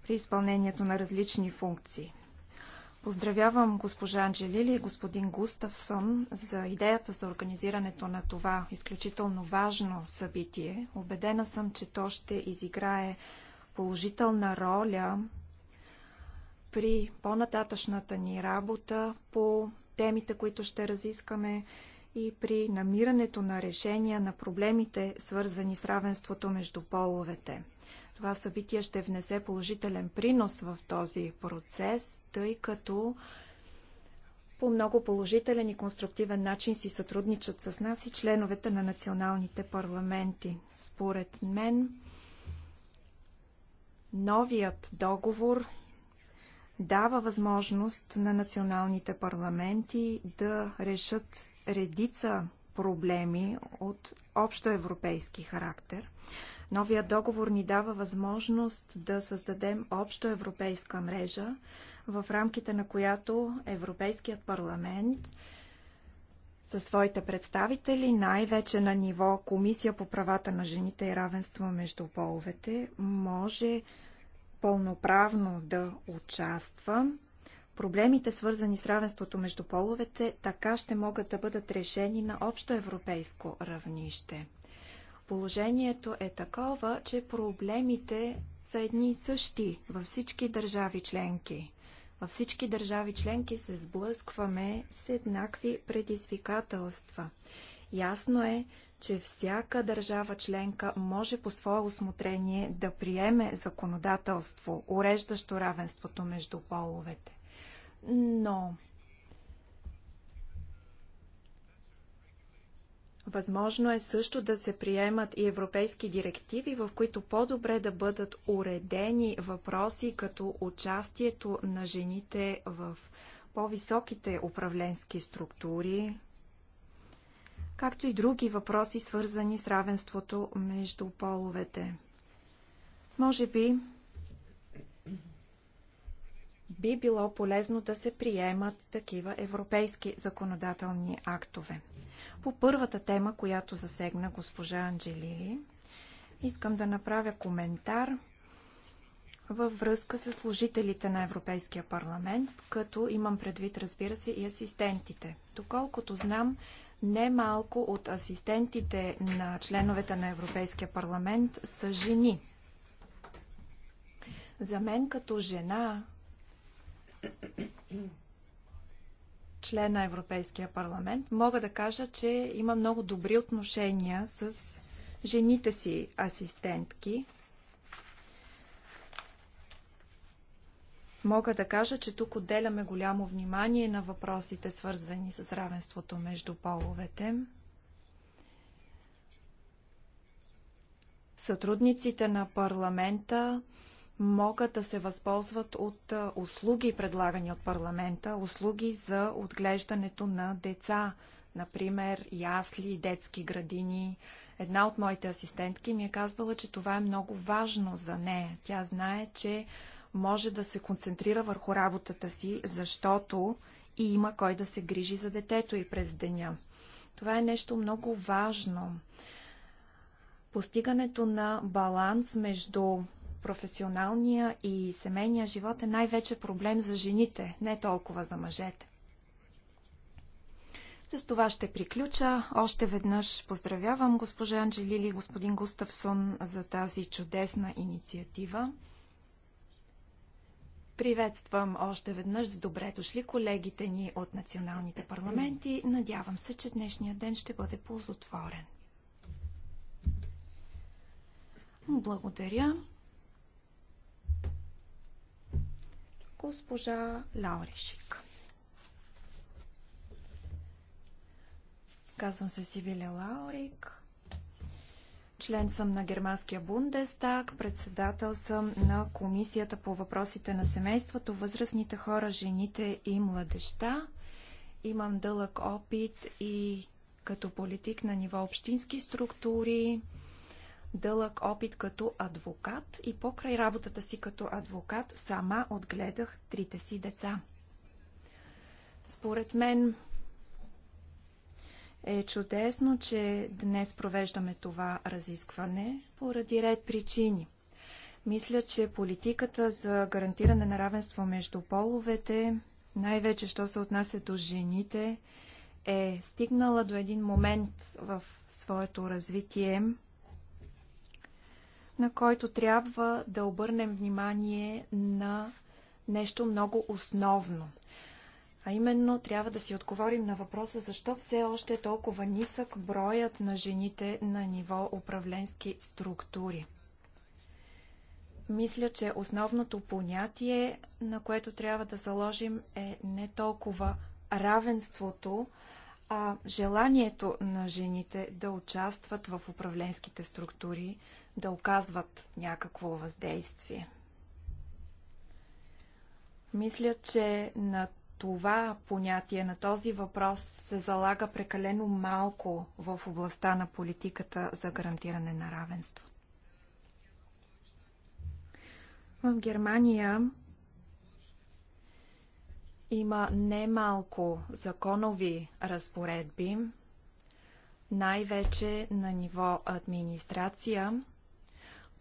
при изпълнението на различни функции. Поздравявам госпожа Анджелили и господин Густавсон за идеята за организирането на това изключително важно събитие. Обедена съм, че то ще изиграе положителна роля при по-нататъчната ни работа по темите, които ще разискаме и при намирането на решения на проблемите, свързани с равенството между половете. Това събитие ще внесе положителен принос в този процес, тъй като по много положителен и конструктивен начин си сътрудничат с нас и членовете на националните парламенти. Според мен, новият договор дава възможност на националните парламенти да решат редица проблеми от общоевропейски характер. Новия договор ни дава възможност да създадем обща европейска мрежа, в рамките на която Европейският парламент със своите представители, най-вече на ниво Комисия по правата на жените и равенство между половете, може пълноправно да участва. Проблемите, свързани с равенството между половете, така ще могат да бъдат решени на общо европейско равнище. Положението е такова, че проблемите са едни и същи във всички държави членки. Във всички държави членки се сблъскваме с еднакви предизвикателства. Ясно е, че всяка държава членка може по свое осмотрение да приеме законодателство, уреждащо равенството между половете. Но Възможно е също да се приемат и европейски директиви, в които по-добре да бъдат уредени въпроси като участието на жените в по-високите управленски структури, както и други въпроси, свързани с равенството между половете. Може би би било полезно да се приемат такива европейски законодателни актове. По първата тема, която засегна госпожа Анджелили, искам да направя коментар във връзка с служителите на Европейския парламент, като имам предвид, разбира се, и асистентите. Доколкото знам, немалко от асистентите на членовете на Европейския парламент са жени. За мен като жена член на Европейския парламент, мога да кажа, че има много добри отношения с жените си асистентки. Мога да кажа, че тук отделяме голямо внимание на въпросите, свързани с равенството между половете. Сътрудниците на парламента могат да се възползват от услуги, предлагани от парламента, услуги за отглеждането на деца, например ясли, детски градини. Една от моите асистентки ми е казвала, че това е много важно за нея. Тя знае, че може да се концентрира върху работата си, защото и има кой да се грижи за детето и през деня. Това е нещо много важно. Постигането на баланс между професионалния и семейния живот е най-вече проблем за жените, не толкова за мъжете. С това ще приключа. Още веднъж поздравявам госпожа Анджелили и господин Густавсон за тази чудесна инициатива. Приветствам още веднъж с добре дошли колегите ни от националните парламенти. Надявам се, че днешния ден ще бъде ползотворен. Благодаря. госпожа Лауришик. Казвам се Сивиля Лаурик. Член съм на Германския Бундестаг, председател съм на Комисията по въпросите на семейството, възрастните хора, жените и младеща. Имам дълъг опит и като политик на ниво общински структури, дълъг опит като адвокат и покрай работата си като адвокат сама отгледах трите си деца. Според мен е чудесно, че днес провеждаме това разискване поради ред причини. Мисля, че политиката за гарантиране на равенство между половете, най-вече що се отнася до жените, е стигнала до един момент в своето развитие, на който трябва да обърнем внимание на нещо много основно. А именно трябва да си отговорим на въпроса защо все още е толкова нисък броят на жените на ниво управленски структури. Мисля, че основното понятие, на което трябва да заложим е не толкова равенството, а желанието на жените да участват в управленските структури, да оказват някакво въздействие. Мисля, че на това понятие, на този въпрос се залага прекалено малко в областта на политиката за гарантиране на равенство. В Германия има немалко законови разпоредби, най-вече на ниво администрация,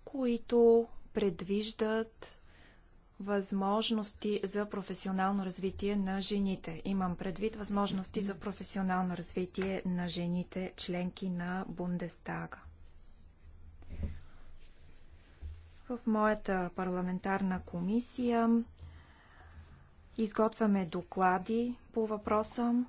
които предвиждат възможности за професионално развитие на жените. Имам предвид възможности за професионално развитие на жените, членки на Бундестага. В моята парламентарна комисия Изготвяме доклади по въпроса.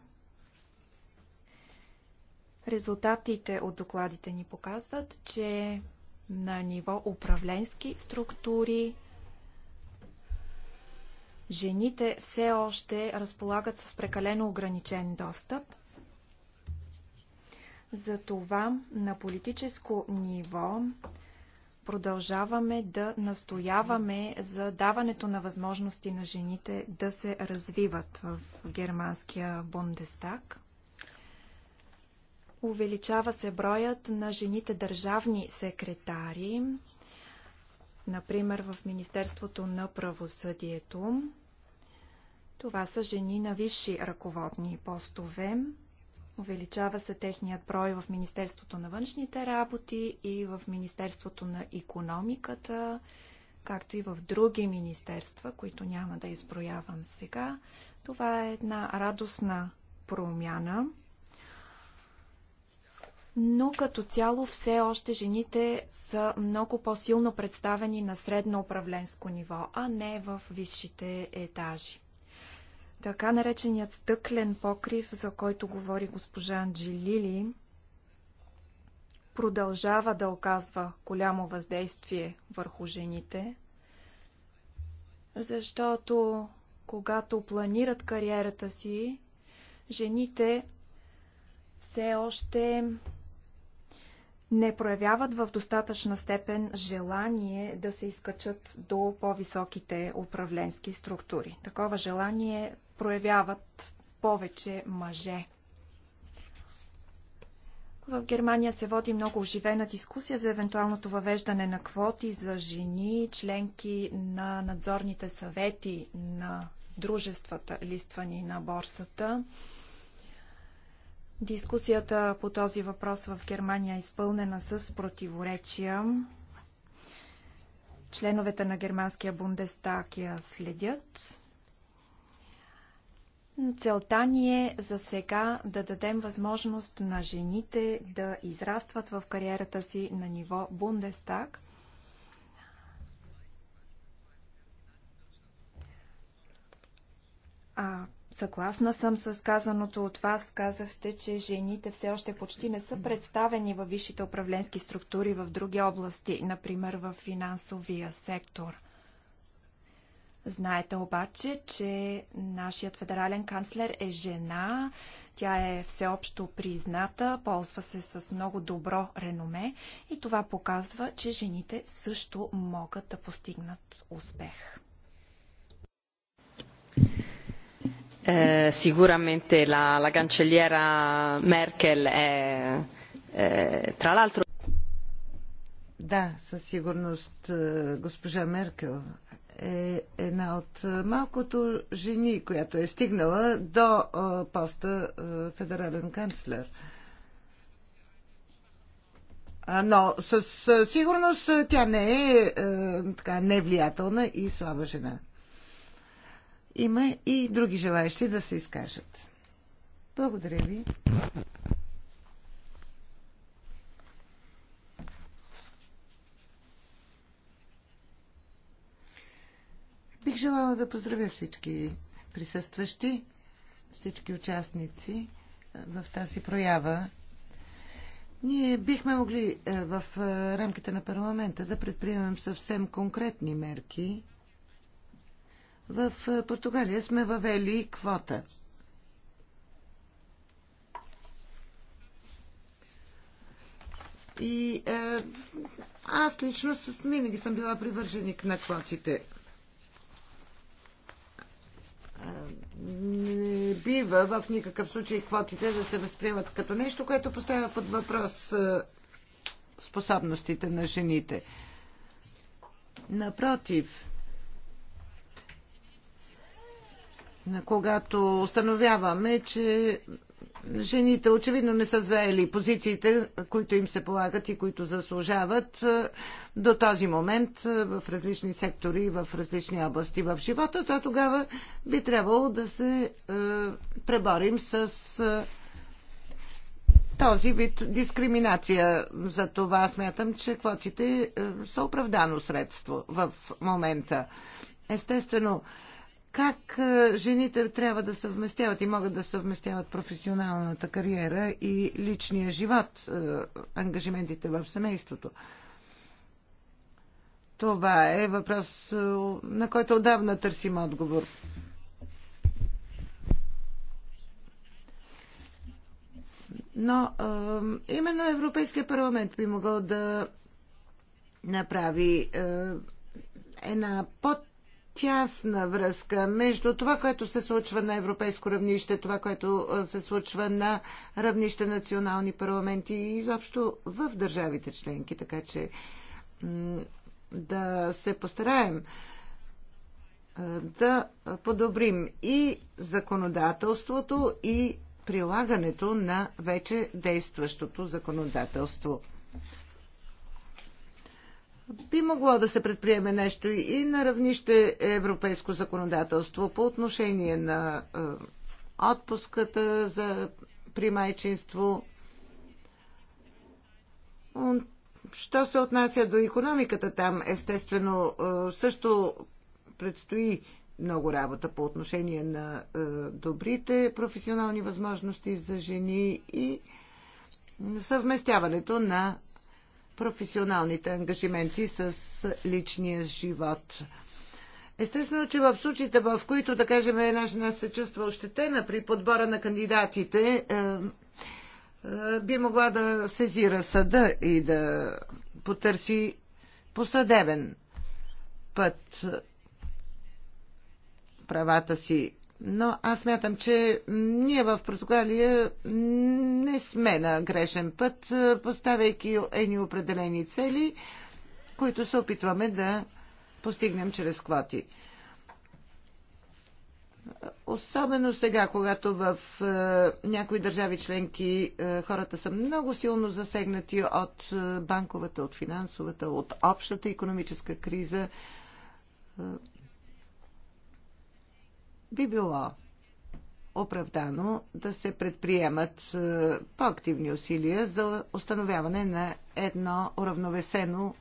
Резултатите от докладите ни показват, че на ниво управленски структури жените все още разполагат с прекалено ограничен достъп. Затова на политическо ниво продължаваме да настояваме за даването на възможности на жените да се развиват в германския Бундестаг. Увеличава се броят на жените държавни секретари, например в Министерството на правосъдието. Това са жени на висши ръководни постове. Увеличава се техният брой в Министерството на външните работи и в Министерството на економиката, както и в други министерства, които няма да изброявам сега. Това е една радостна промяна. Но като цяло все още жените са много по-силно представени на средно управленско ниво, а не в висшите етажи. Така нареченият стъклен покрив, за който говори госпожа Анджелили, продължава да оказва голямо въздействие върху жените, защото когато планират кариерата си, жените все още не проявяват в достатъчна степен желание да се изкачат до по-високите управленски структури. Такова желание проявяват повече мъже. В Германия се води много оживена дискусия за евентуалното въвеждане на квоти за жени, членки на надзорните съвети на дружествата, листвани на борсата. Дискусията по този въпрос в Германия е изпълнена с противоречия. Членовете на германския Бундестаг я следят. Целта ни е за сега да дадем възможност на жените да израстват в кариерата си на ниво Бундестаг. А, съгласна съм с казаното от вас. Казахте, че жените все още почти не са представени във висшите управленски структури в други области, например в финансовия сектор – Знаете обаче, че нашият федерален канцлер е жена. Тя е всеобщо призната, ползва се с много добро реноме и това показва, че жените също могат да постигнат успех. Eh, sicuramente la, la cancelliera Merkel è, eh, tra l'altro. Да, със сигурност е, госпожа Меркел е една от малкото жени, която е стигнала до поста федерален канцлер. Но със сигурност тя не е така невлиятелна и слаба жена. Има и други желаящи да се изкажат. Благодаря ви. Бих желала да поздравя всички присъстващи, всички участници е, в тази проява. Ние бихме могли е, в е, рамките на парламента да предприемем съвсем конкретни мерки. В Португалия сме въвели квота. И е, аз лично винаги съм била привърженик на квотите не бива в никакъв случай квотите да се възприемат като нещо, което поставя под въпрос е, способностите на жените. Напротив, когато установяваме, че жените очевидно не са заели позициите, които им се полагат и които заслужават е, до този момент е, в различни сектори и в различни области в живота, то тогава би трябвало да се е, преборим с този вид дискриминация. За това смятам, че квотите са оправдано средство в момента. Естествено, как е, жените трябва да съвместяват и могат да съвместяват професионалната кариера и личния живот, е, ангажиментите в семейството. Това е въпрос, е, на който отдавна търсим отговор. Но е, именно Европейския парламент би могъл да направи е, една под тясна връзка между това, което се случва на европейско равнище, това, което се случва на равнище национални парламенти и изобщо в държавите членки. Така че да се постараем да подобрим и законодателството, и прилагането на вече действащото законодателство би могло да се предприеме нещо и на равнище европейско законодателство по отношение на е, отпуската за примайчинство. Що се отнася до економиката там, естествено, е, също предстои много работа по отношение на е, добрите професионални възможности за жени и съвместяването на професионалните ангажименти с личния живот. Естествено, че в случаите, в които, да кажем, една жена се чувства ощетена при подбора на кандидатите, е, е, би могла да сезира съда и да потърси по съдебен път правата си. Но аз мятам, че ние в Португалия не сме на грешен път, е, поставяйки едни определени цели, които се опитваме да постигнем чрез квоти. Особено сега, когато в е, някои държави членки е, хората са много силно засегнати от е, банковата, от финансовата, от общата економическа криза. Е, би било оправдано да се предприемат е, по-активни усилия за установяване на едно уравновесено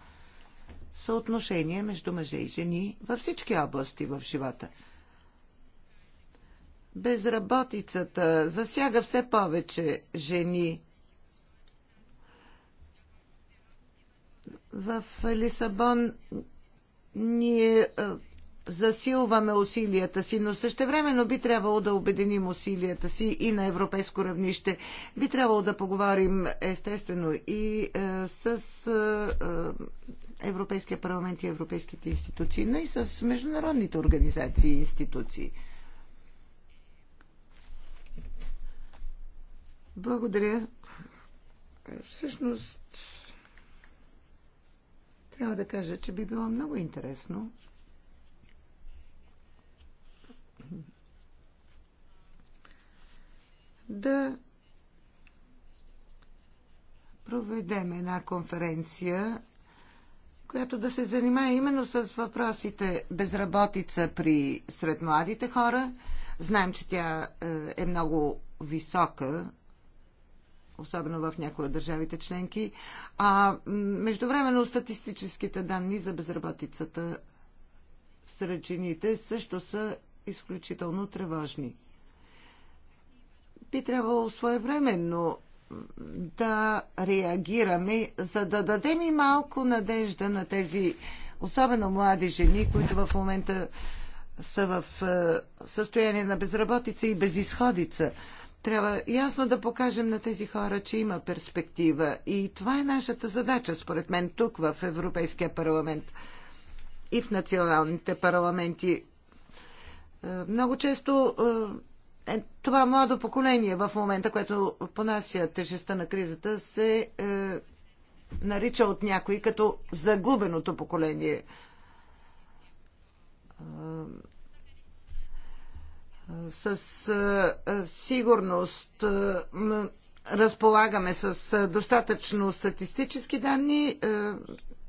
съотношение между мъже и жени във всички области в живота. Безработицата засяга все повече жени. В Лисабон ние е, засилваме усилията си, но същевременно би трябвало да обединим усилията си и на европейско равнище. Би трябвало да поговорим естествено и е, с е, е Европейския парламент и европейските институции, но и с международните организации и институции. Благодаря. Всъщност, трябва да кажа, че би било много интересно да проведем една конференция, която да се занимае именно с въпросите безработица при сред младите хора. Знаем, че тя е, е много висока, особено в някои от държавите членки. А междувременно статистическите данни за безработицата сред жените също са изключително тревожни би трябвало своевременно да реагираме, за да дадем и малко надежда на тези, особено млади жени, които в момента са в е, състояние на безработица и безисходица. Трябва ясно да покажем на тези хора, че има перспектива. И това е нашата задача, според мен, тук в Европейския парламент и в националните парламенти. Е, много често е, е, това младо поколение в момента, което понася тежестта на кризата, се е, нарича от някои като загубеното поколение. Със е, е, сигурност е, разполагаме с достатъчно статистически данни.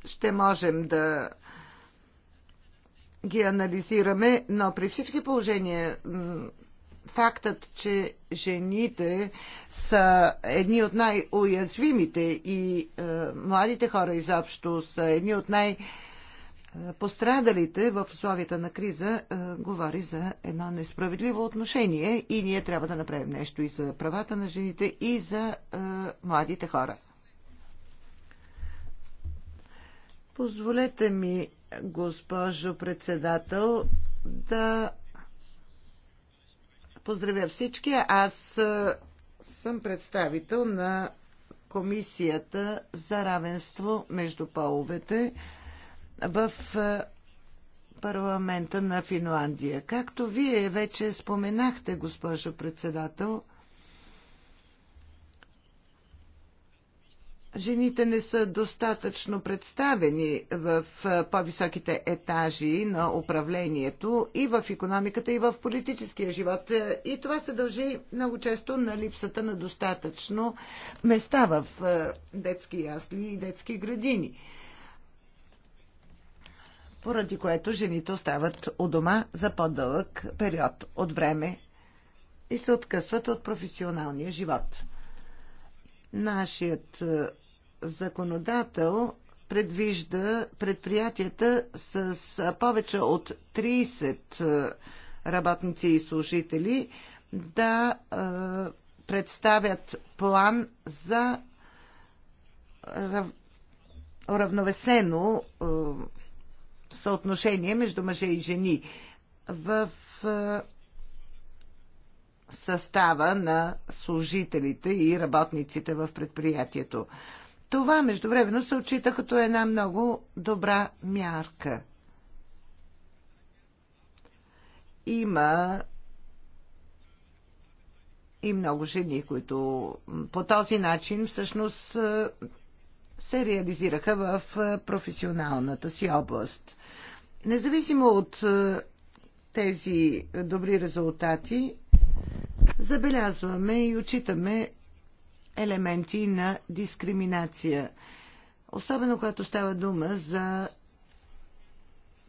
Ще можем да ги анализираме, но при всички положения фактът, че жените са едни от най-уязвимите и е, младите хора изобщо са едни от най- е, пострадалите в условията на криза е, говори за едно несправедливо отношение и ние трябва да направим нещо и за правата на жените и за е, младите хора. Позволете ми, госпожо председател, да Поздравя всички. Аз съм представител на Комисията за равенство между половете в парламента на Финландия. Както вие вече споменахте, госпожо председател, жените не са достатъчно представени в по-високите етажи на управлението и в економиката, и в политическия живот. Е, и това се дължи много често на липсата на достатъчно места в детски ясли и детски градини. Поради което жените остават у дома за по-дълъг период от време и се откъсват от професионалния живот. Нашият е, законодател предвижда предприятията с е, повече от 30 е, работници и служители да представят план за уравновесено съотношение между мъже и жени. В състава на служителите и работниците в предприятието. Това междувременно се отчита като една много добра мярка. Има и много жени, които по този начин всъщност е, се реализираха в е, професионалната си област. Независимо от е, тези добри резултати, забелязваме и отчитаме елементи на дискриминация. Особено когато става дума за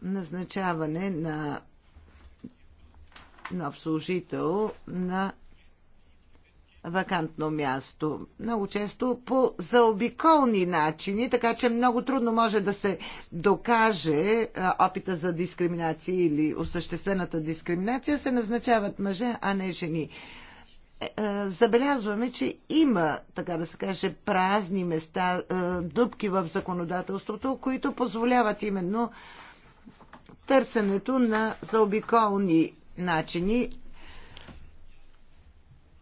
назначаване на нов служител на вакантно място. Много често по заобиколни начини, така че много трудно може да се докаже опита за дискриминация или осъществената дискриминация, се назначават мъже, а не жени. Е, забелязваме, че има, така да се каже, празни места, дупки в законодателството, които позволяват именно търсенето на заобиколни начини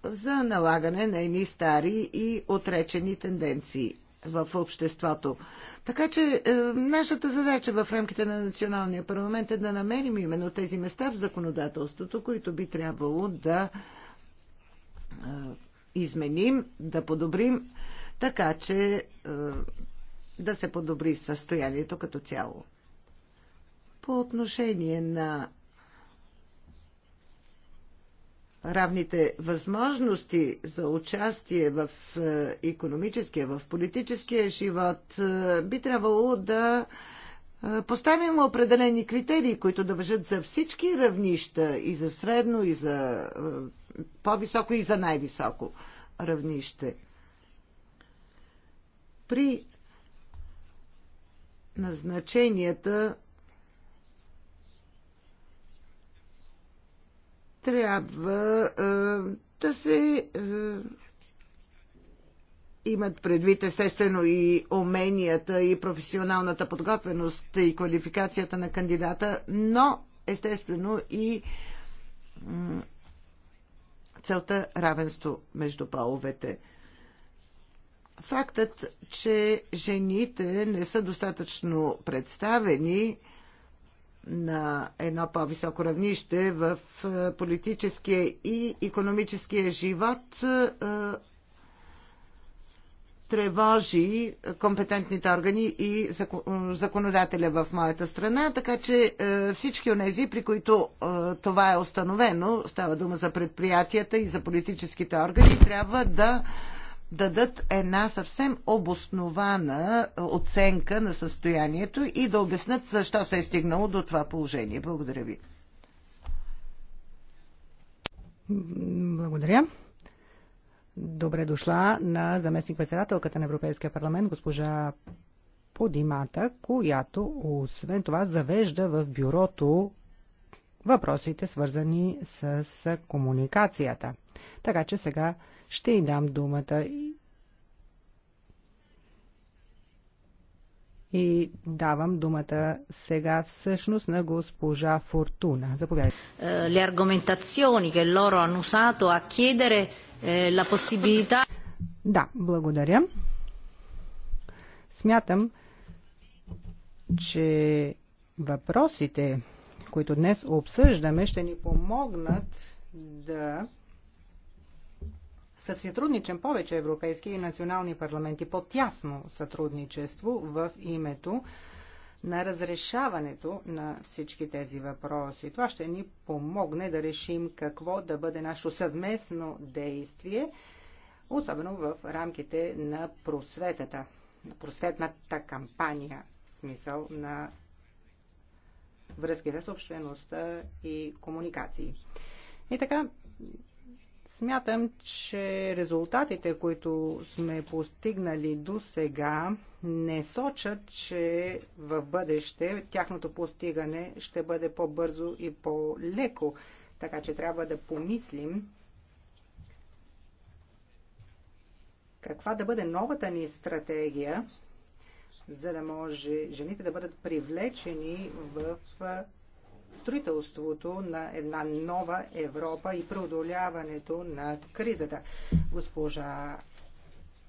за налагане на едни стари и отречени тенденции в обществото. Така че е, нашата задача в рамките на Националния парламент е да намерим именно тези места в законодателството, които би трябвало да е, изменим, да подобрим, така че е, да се подобри състоянието като цяло. По отношение на равните възможности за участие в економическия, в политическия живот, е, би трябвало да е, поставим определени критерии, които да въжат за всички равнища, и за средно, и за е, по-високо, и за най-високо равнище. При назначенията трябва е, да се е, имат предвид естествено и уменията, и професионалната подготвеност, и квалификацията на кандидата, но естествено и целта равенство между половете. Фактът, че жените не са достатъчно представени на едно по-високо равнище в е, политическия и економическия живот е, тревожи компетентните органи и законодателя в моята страна, така че е, всички онези, при които това е установено, става дума за предприятията и за политическите органи, трябва да дадат една съвсем обоснована е, оценка на състоянието и да обяснат защо се е стигнало до това положение. Благодаря ви. Благодаря. Добре дошла на заместник-председателката на Европейския парламент, госпожа Подимата, която освен това завежда в бюрото въпросите, свързани с комуникацията. Така че сега ще й дам думата. И давам думата сега всъщност на госпожа Фортуна. Заповядайте. Е, eh, да, благодаря. Смятам, че въпросите, които днес обсъждаме, ще ни помогнат да сътрудничен повече европейски и национални парламенти по тясно сътрудничество в името на разрешаването на всички тези въпроси. Това ще ни помогне да решим какво да бъде нашето съвместно действие, особено в рамките на просветата, на просветната кампания, в смисъл на връзките с обществеността и комуникации. И така, Смятам, че резултатите, които сме постигнали до сега, не сочат, че в бъдеще тяхното постигане ще бъде по-бързо и по-леко. Така че трябва да помислим каква да бъде новата ни стратегия, за да може жените да бъдат привлечени в строителството на една нова Европа и преодоляването на кризата. Госпожа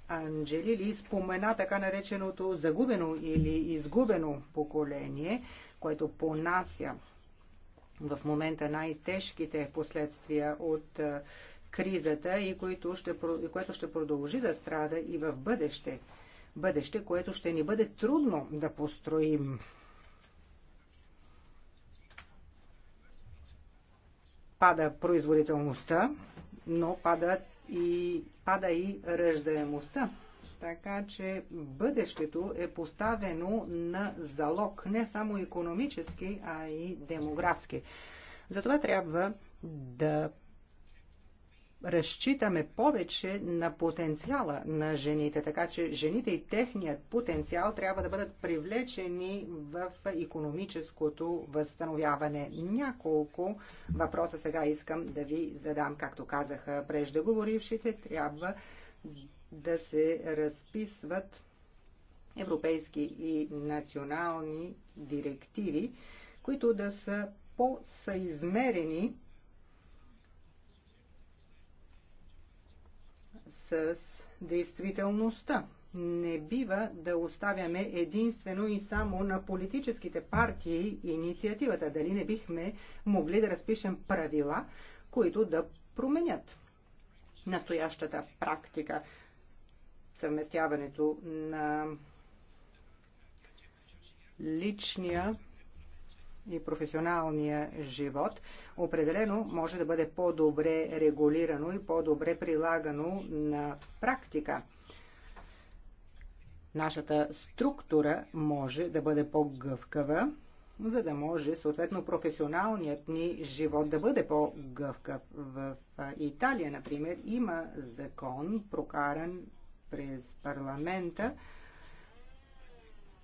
Анджелили спомена така нареченото загубено или изгубено поколение, което понася в момента най-тежките последствия от кризата и което ще, което ще продължи да страда и в бъдеще. Бъдеще, което ще ни бъде трудно да построим пада производителността, но пада и, пада и ръждаемостта. Така че бъдещето е поставено на залог не само економически, а и демографски. Затова трябва да разчитаме повече на потенциала на жените, така че жените и техният потенциал трябва да бъдат привлечени в економическото възстановяване. Няколко въпроса сега искам да ви задам. Както казаха преждеговорившите, трябва да се разписват европейски и национални директиви, които да са по-съизмерени с действителността. Не бива да оставяме единствено и само на политическите партии инициативата. Дали не бихме могли да разпишем правила, които да променят настоящата практика, съвместяването на личния и професионалния живот, определено може да бъде по-добре регулирано и по-добре прилагано на практика. Нашата структура може да бъде по-гъвкава, за да може съответно професионалният ни живот да бъде по-гъвкав. В Италия, например, има закон, прокаран през парламента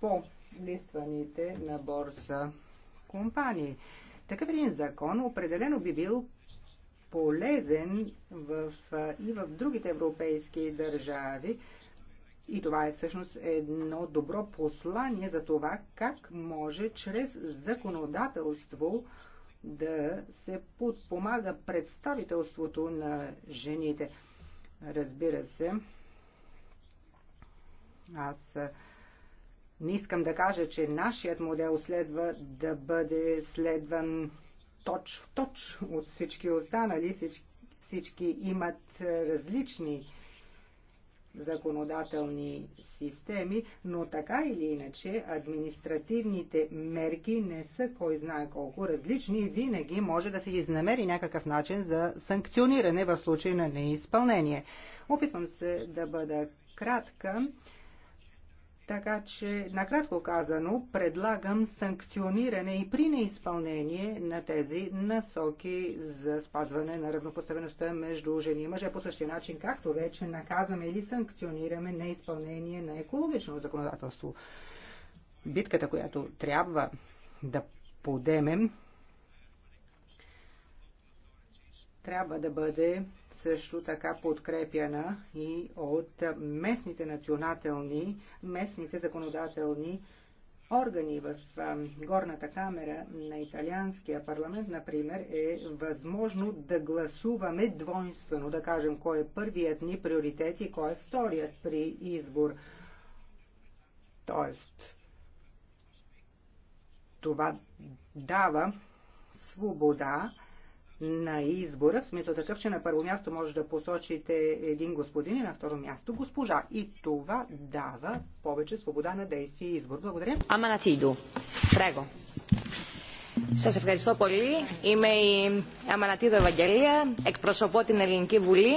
по листваните на борса компании. Такъв един закон определено би бил полезен в, и в другите европейски държави. И това е всъщност едно добро послание за това как може чрез законодателство да се подпомага представителството на жените. Разбира се, аз не искам да кажа, че нашият модел следва да бъде следван точ в точ от всички останали. Всички, всички имат е, различни законодателни системи, но така или иначе административните мерки не са кой знае колко различни и винаги може да се изнамери някакъв начин за санкциониране в случай на неизпълнение. Опитвам се да бъда кратка. Така че, накратко казано, предлагам санкциониране и при неизпълнение на тези насоки за спазване на равнопоставеността между жени и мъже по същия начин, както вече наказаме или санкционираме неизпълнение на екологично законодателство. Битката, която трябва да подемем, трябва да бъде също така подкрепяна и от местните национателни, местните законодателни органи в горната камера на италианския парламент, например, е възможно да гласуваме двойствено, да кажем кой е първият ни приоритет и кой е вторият при избор. Тоест, това дава свобода на избора, в смисъл такъв, че на първо място може да посочите един господин и на второ място госпожа. И това дава повече свобода на действие и избор. Благодаря. Аманатидо. Прего. Σα ευχαριστώ πολύ. Είμαι η Αμανατίδο Ευαγγελία, εκπροσωπώ την Ελληνική Βουλή.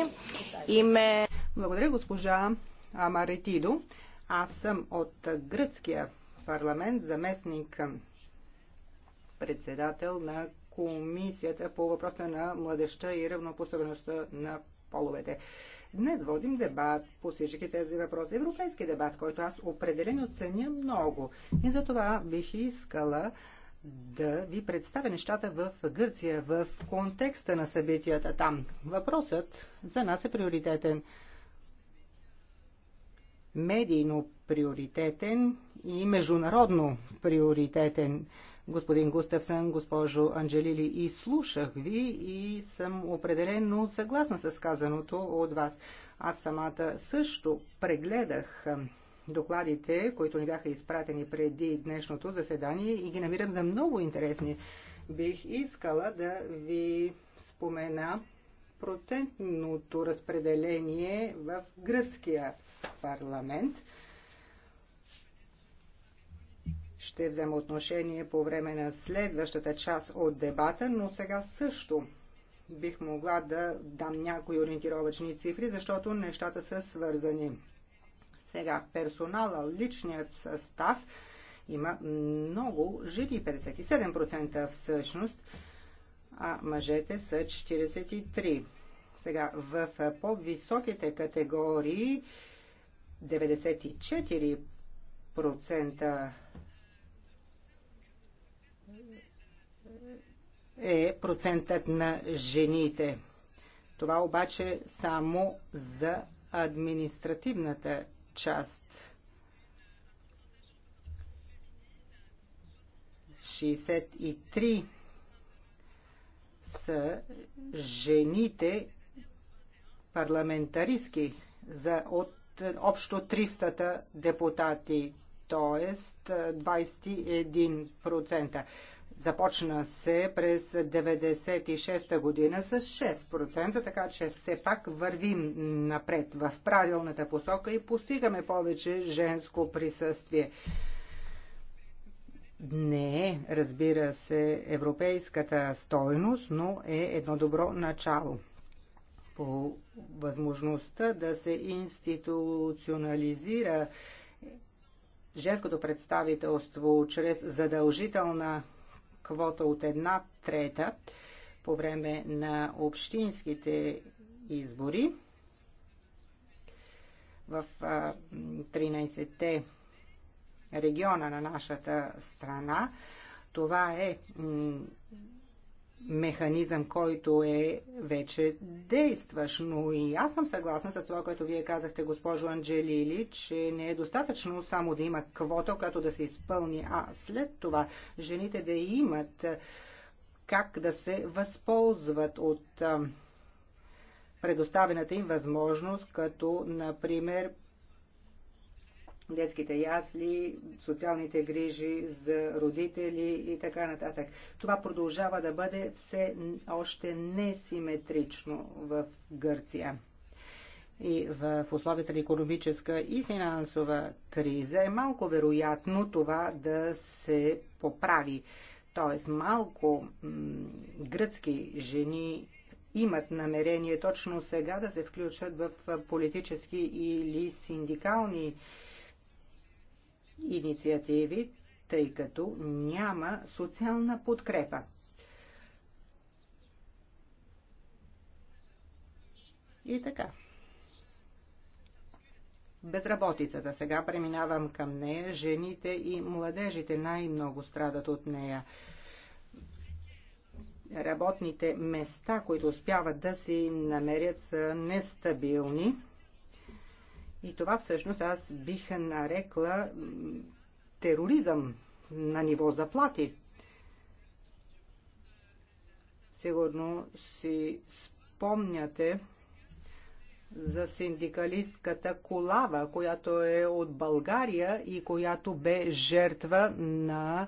Είμαι... Благодаря, госпожа Амаретидо. Аз съм от гръцкия парламент, заместник председател на Комисията по въпроса на младеща и равнопоставеността на половете. Днес водим дебат по всички тези въпроси. Европейски дебат, който аз определено ценя много. И за това бих искала да ви представя нещата в Гърция, в контекста на събитията там. Въпросът за нас е приоритетен. Медийно приоритетен и международно приоритетен господин Густавсън, госпожо Анджелили, и слушах ви и съм определено съгласна с казаното от вас. Аз самата също прегледах докладите, които ни бяха изпратени преди днешното заседание и ги намирам за много интересни. Бих искала да ви спомена процентното разпределение в гръцкия парламент – ще взема отношение по време на следващата част от дебата, но сега също бих могла да дам някои ориентировачни цифри, защото нещата са свързани. Сега персонала, личният състав има много жени, 57% всъщност, а мъжете са 43%. Сега в по-високите категории 94% е процентът на жените. Това обаче само за административната част. 63 са жените парламентаристки за от общо 300 депутати, т.е. 21%. Започна се през 96-та година с 6%, така че все пак вървим напред в правилната посока и постигаме повече женско присъствие. Не е, разбира се, европейската стойност, но е едно добро начало по възможността да се институционализира женското представителство чрез задължителна квота от една трета по време на общинските избори в 13-те региона на нашата страна. Това е механизъм, който е вече действащ. Но и аз съм съгласна с това, което вие казахте, госпожо Анджелили, че не е достатъчно само да има квота, която да се изпълни, а след това жените да имат как да се възползват от предоставената им възможност, като, например, детските ясли, социалните грижи за родители и така нататък. Това продължава да бъде все още несиметрично в Гърция. И в условията на економическа и финансова криза е малко вероятно това да се поправи. Тоест малко гръцки жени имат намерение точно сега да се включат в политически или синдикални инициативи, тъй като няма социална подкрепа. И така. Безработицата. Сега преминавам към нея. Жените и младежите най-много страдат от нея. Работните места, които успяват да си намерят, са нестабилни и това всъщност аз бих нарекла тероризъм на ниво заплати. Сигурно си спомняте за синдикалистката Колава, която е от България и която бе жертва на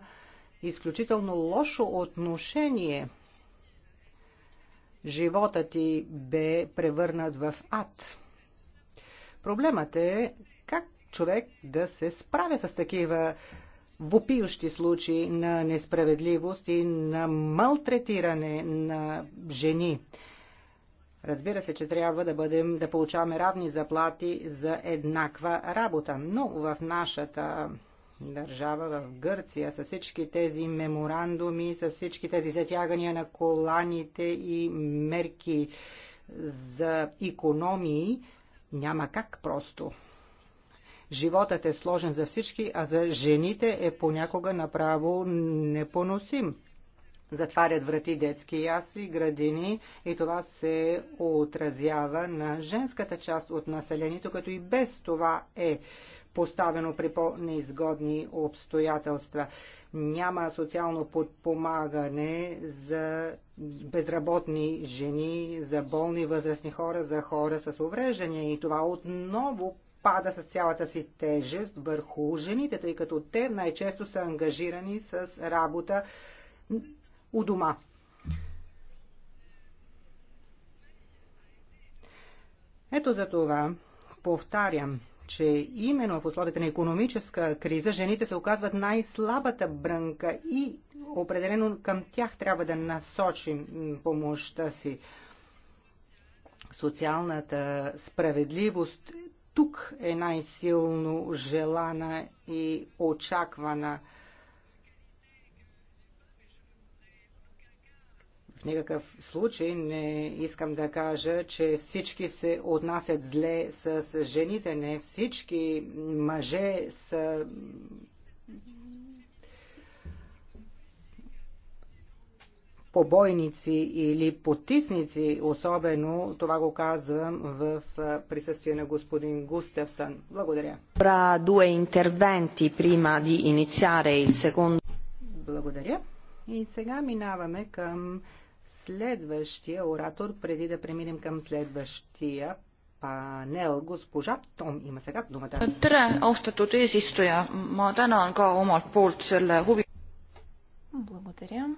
изключително лошо отношение. Животът ти бе превърнат в ад. Проблемът е как човек да се справя с такива вопиющи случаи на несправедливост и на малтретиране на жени. Разбира се, че трябва да бъдем, да получаваме равни заплати за еднаква работа, но в нашата държава, в Гърция, с всички тези меморандуми, с всички тези затягания на коланите и мерки за економии, няма как просто. Животът е сложен за всички, а за жените е понякога направо непоносим. Затварят врати детски ясли, градини и това се отразява на женската част от населението, като и без това е поставено при по-неизгодни обстоятелства. Няма социално подпомагане за безработни жени, за болни възрастни хора, за хора с увреждания и това отново пада с цялата си тежест върху жените, тъй като те най-често са ангажирани с работа у дома. Ето за това повтарям – че именно в условията на економическа криза жените се оказват най-слабата брънка и определено към тях трябва да насочим помощта си. Социалната справедливост тук е най-силно желана и очаквана. В никакъв случай не искам да кажа, че всички се отнасят зле с жените. Не всички мъже са побойници или потисници, особено това го казвам в присъствие на господин Густавсън. Благодаря. Благодаря. И сега минаваме към следващия оратор, преди да преминем към следващия панел. Госпожа Том има сега думата. Тре, austatud eesistuja. Ma tänan ka omalt poolt selle хуби. Благодаря.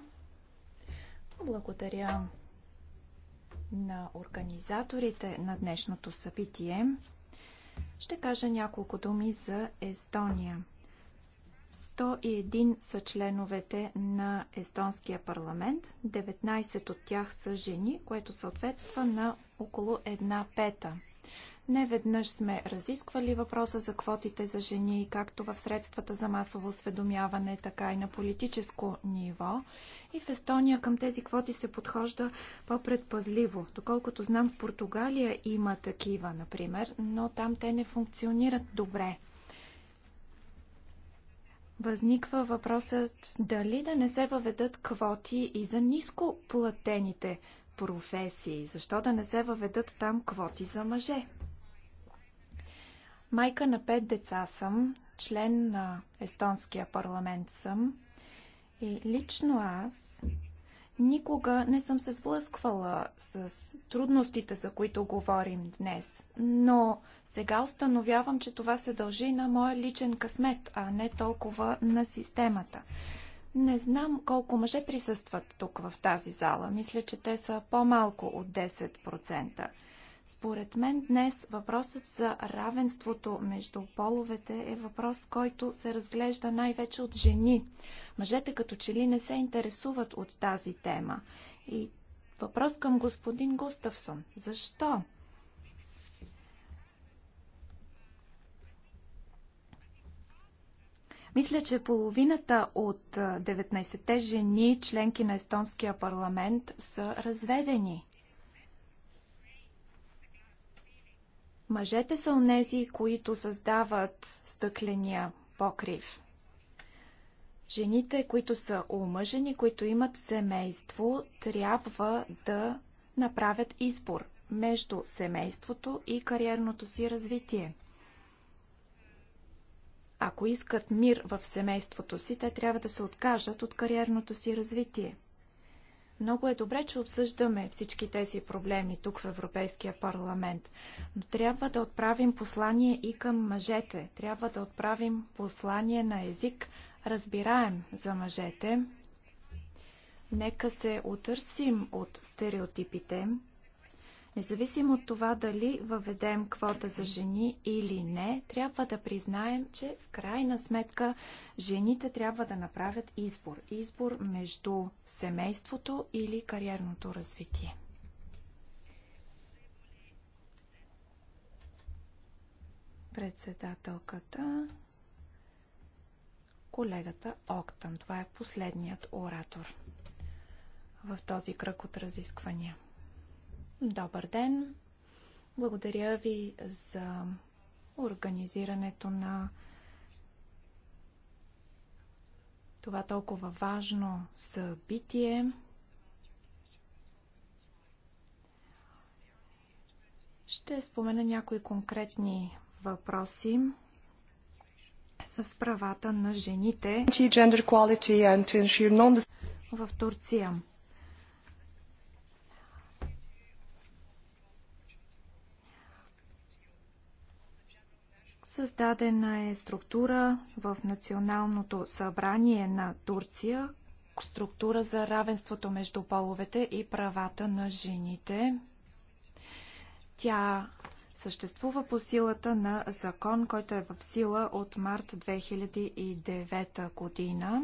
Благодаря на организаторите на днешното събитие. Ще кажа няколко думи за Естония. 101 са членовете на естонския парламент, 19 от тях са жени, което съответства на около една пета. Не веднъж сме разисквали въпроса за квотите за жени, както в средствата за масово осведомяване, така и на политическо ниво. И в Естония към тези квоти се подхожда по-предпазливо. Доколкото знам, в Португалия има такива, например, но там те не функционират добре. Възниква въпросът дали да не се въведат квоти и за ниско платените професии. Защо да не се въведат там квоти за мъже? Майка на пет деца съм, член на Естонския парламент съм и лично аз Никога не съм се сблъсквала с трудностите, за които говорим днес, но сега установявам, че това се дължи на моя личен късмет, а не толкова на системата. Не знам колко мъже присъстват тук в тази зала. Мисля, че те са по-малко от 10%. Според мен днес въпросът за равенството между половете е въпрос, който се разглежда най-вече от жени. Мъжете като че ли не се интересуват от тази тема. И въпрос към господин Густавсон. Защо? Мисля, че половината от 19-те жени, членки на естонския парламент, са разведени. Мъжете са онези, които създават стъкления покрив. Жените, които са омъжени, които имат семейство, трябва да направят избор между семейството и кариерното си развитие. Ако искат мир в семейството си, те трябва да се откажат от кариерното си развитие. Много е добре, че обсъждаме всички тези проблеми тук в Европейския парламент, но трябва да отправим послание и към мъжете. Трябва да отправим послание на език, разбираем за мъжете. Нека се отърсим от стереотипите, Независимо от това дали въведем квота за жени или не, трябва да признаем, че в крайна сметка жените трябва да направят избор. Избор между семейството или кариерното развитие. Председателката колегата Октан. Това е последният оратор в този кръг от разисквания. Добър ден! Благодаря ви за организирането на това толкова важно събитие. Ще спомена някои конкретни въпроси с правата на жените в Турция. Създадена е структура в Националното събрание на Турция, структура за равенството между половете и правата на жените. Тя съществува по силата на закон, който е в сила от март 2009 година.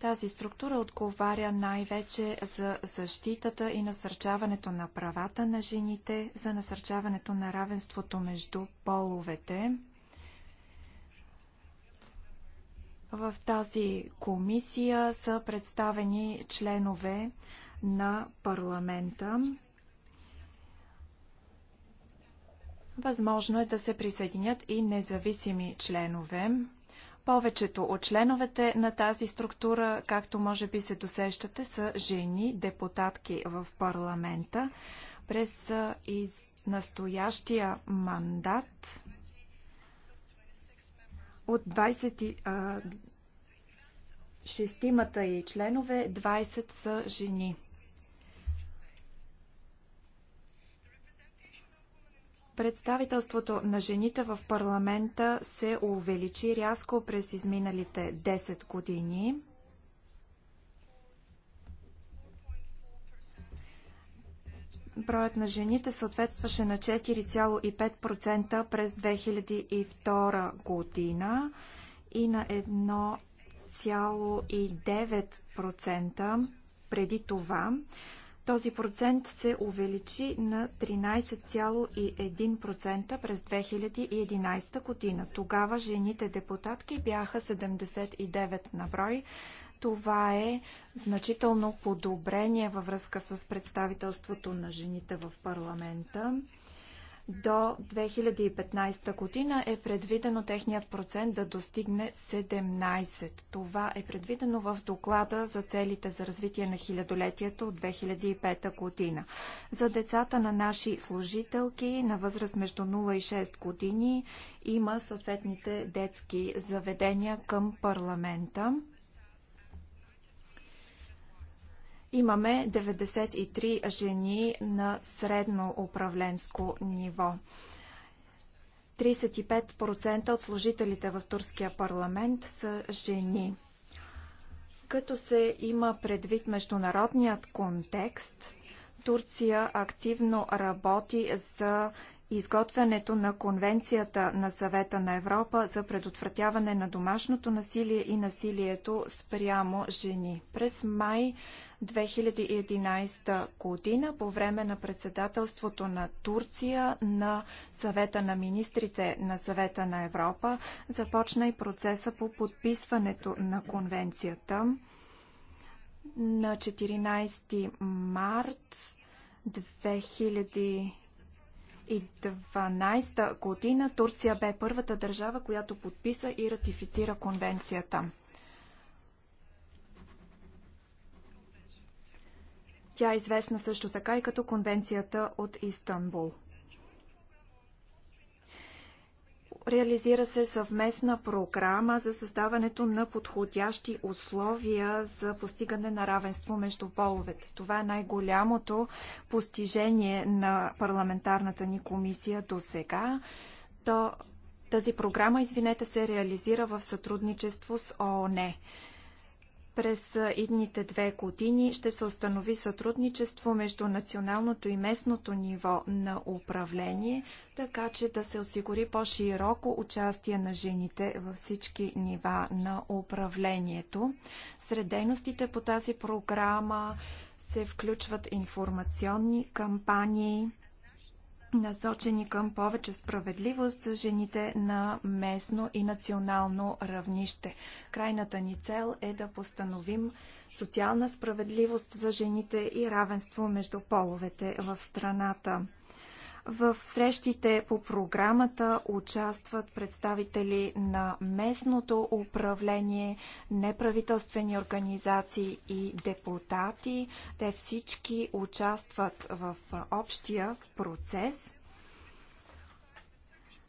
Тази структура отговаря най-вече за защитата и насърчаването на правата на жените, за насърчаването на равенството между половете. В тази комисия са представени членове на парламента. Възможно е да се присъединят и независими членове. Повечето от членовете на тази структура, както може би се досещате, са жени, депутатки в парламента. През настоящия мандат от 26 мата и членове, 20 са жени. Представителството на жените в парламента се увеличи рязко през изминалите 10 години. броят на жените съответстваше на 4,5% през 2002 година и на 1,9% преди това. Този процент се увеличи на 13,1% през 2011 година. Тогава жените депутатки бяха 79 на брой това е значително подобрение във връзка с представителството на жените в парламента. До 2015 година е предвидено техният процент да достигне 17. Това е предвидено в доклада за целите за развитие на хилядолетието от 2005 година. За децата на наши служителки на възраст между 0 и 6 години има съответните детски заведения към парламента. имаме 93 жени на средно управленско ниво. 35% от служителите в турския парламент са жени. Като се има предвид международният контекст, Турция активно работи за изготвянето на Конвенцията на Съвета на Европа за предотвратяване на домашното насилие и насилието спрямо жени. През май 2011 година по време на председателството на Турция на съвета на министрите на съвета на Европа започна и процеса по подписването на конвенцията. На 14 март 2012 година Турция бе първата държава, която подписа и ратифицира конвенцията. Тя е известна също така и като конвенцията от Истанбул. Реализира се съвместна програма за създаването на подходящи условия за постигане на равенство между половете. Това е най-голямото постижение на парламентарната ни комисия до сега. То тази програма, извинете, се реализира в сътрудничество с ООН. През идните две години ще се установи сътрудничество между националното и местното ниво на управление, така че да се осигури по-широко участие на жените във всички нива на управлението. Сред дейностите по тази програма се включват информационни кампании, насочени към повече справедливост за жените на местно и национално равнище. Крайната ни цел е да постановим социална справедливост за жените и равенство между половете в страната. В срещите по програмата участват представители на местното управление, неправителствени организации и депутати. Те всички участват в общия процес.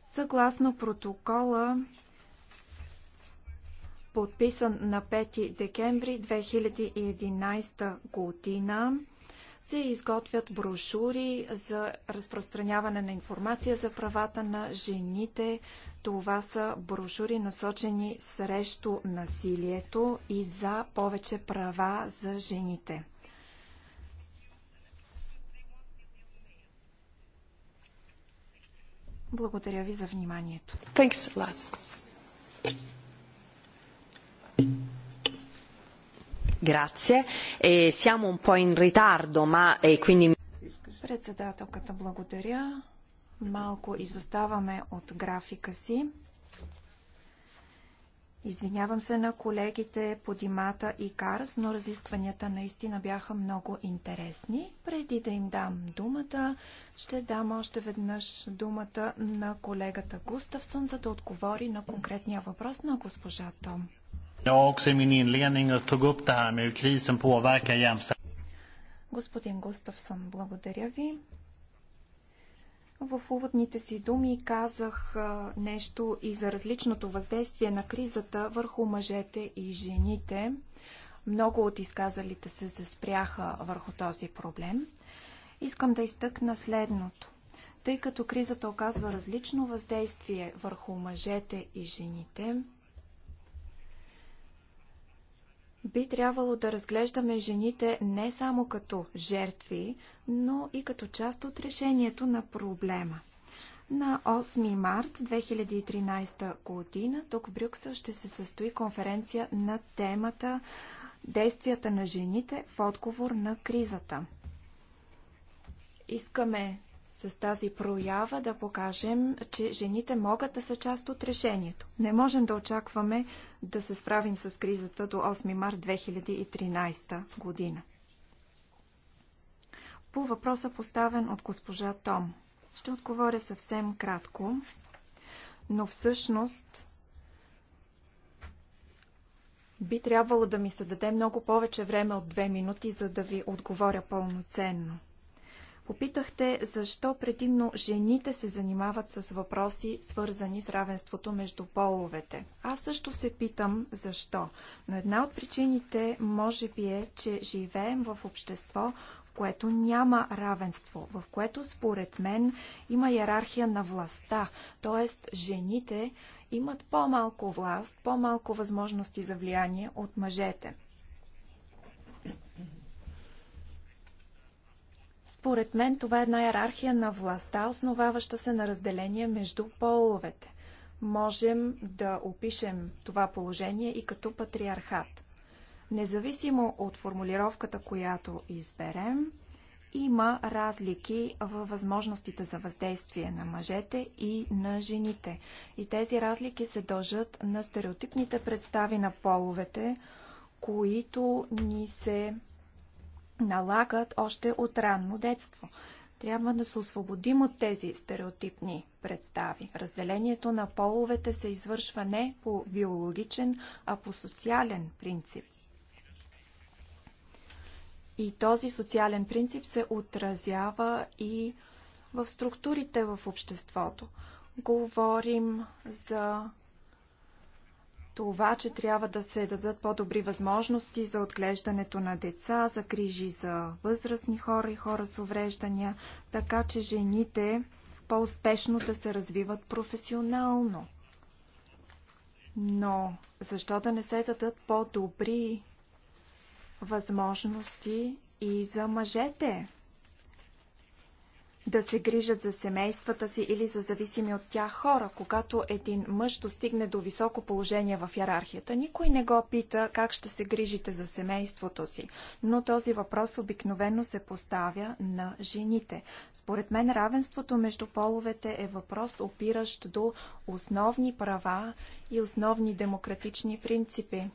Съгласно протокола, подписан на 5 декември 2011 година, се изготвят брошури за разпространяване на информация за правата на жените. Това са брошури насочени срещу насилието и за повече права за жените. Благодаря ви за вниманието. Thanks a lot. Grazie. E siamo un po' in ritardo, ma e quindi... Председателката благодаря. Малко изоставаме от графика си. Извинявам се на колегите по Димата и Карс, но разискванията наистина бяха много интересни. Преди да им дам думата, ще дам още веднъж думата на колегата Густавсон, за да отговори на конкретния въпрос на госпожа Том. Jag också i min inledning tog upp det här med hur krisen påverkar jämställdheten. Господин Густавсон, благодаря ви. В уводните си думи казах нещо и за различното въздействие на кризата върху мъжете и жените. Много от изказалите се заспряха върху този проблем. Искам да изтъкна следното. Тъй като кризата оказва различно въздействие върху мъжете и жените, би трябвало да разглеждаме жените не само като жертви, но и като част от решението на проблема. На 8 март 2013 година тук в Брюксел ще се състои конференция на темата Действията на жените в отговор на кризата. Искаме с тази проява да покажем, че жените могат да са част от решението. Не можем да очакваме да се справим с кризата до 8 март 2013 година. По въпроса поставен от госпожа Том. Ще отговоря съвсем кратко, но всъщност би трябвало да ми се даде много повече време от две минути, за да ви отговоря пълноценно. Попитахте защо предимно жените се занимават с въпроси, свързани с равенството между половете. Аз също се питам защо. Но една от причините може би е, че живеем в общество, в което няма равенство, в което според мен има иерархия на властта. т.е. жените имат по-малко власт, по-малко възможности за влияние от мъжете. Според мен това е една иерархия на властта, основаваща се на разделение между половете. Можем да опишем това положение и като патриархат. Независимо от формулировката, която изберем, има разлики във възможностите за въздействие на мъжете и на жените. И тези разлики се дължат на стереотипните представи на половете, които ни се налагат още от ранно детство. Трябва да се освободим от тези стереотипни представи. Разделението на половете се извършва не по биологичен, а по социален принцип. И този социален принцип се отразява и в структурите в обществото. Говорим за това, че трябва да се дадат по-добри възможности за отглеждането на деца, за грижи за възрастни хора и хора с увреждания, така че жените по-успешно да се развиват професионално. Но защо да не се дадат по-добри възможности и за мъжете? да се грижат за семействата си или за зависими от тях хора. Когато един мъж достигне до високо положение в иерархията, никой не го пита как ще се грижите за семейството си, но този въпрос обикновено се поставя на жените. Според мен равенството между половете е въпрос опиращ до основни права и основни демократични принципи.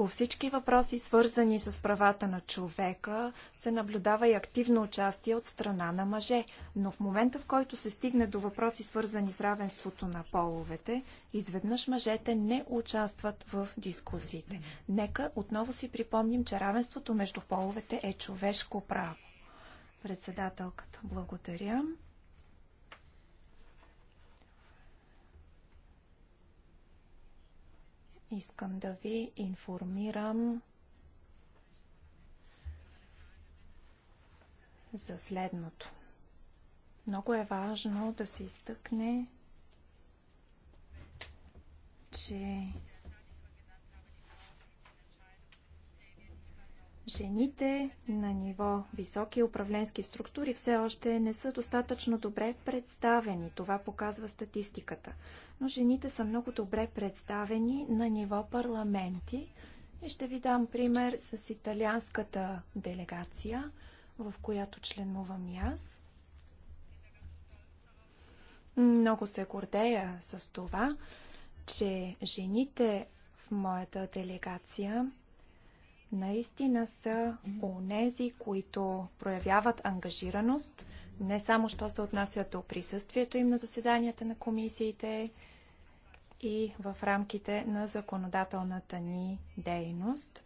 По всички въпроси, свързани с правата на човека, се наблюдава и активно участие от страна на мъже. Но в момента, в който се стигне до въпроси, свързани с равенството на половете, изведнъж мъжете не участват в дискусиите. Нека отново си припомним, че равенството между половете е човешко право. Председателката, благодаря. Искам да ви информирам за следното. Много е важно да се изтъкне, че жените на ниво високи управленски структури все още не са достатъчно добре представени. Това показва статистиката. Но жените са много добре представени на ниво парламенти. И ще ви дам пример с италианската делегация, в която членувам и аз. Много се гордея с това, че жените в моята делегация наистина са онези, които проявяват ангажираност, не само що се отнася до присъствието им на заседанията на комисиите и в рамките на законодателната ни дейност.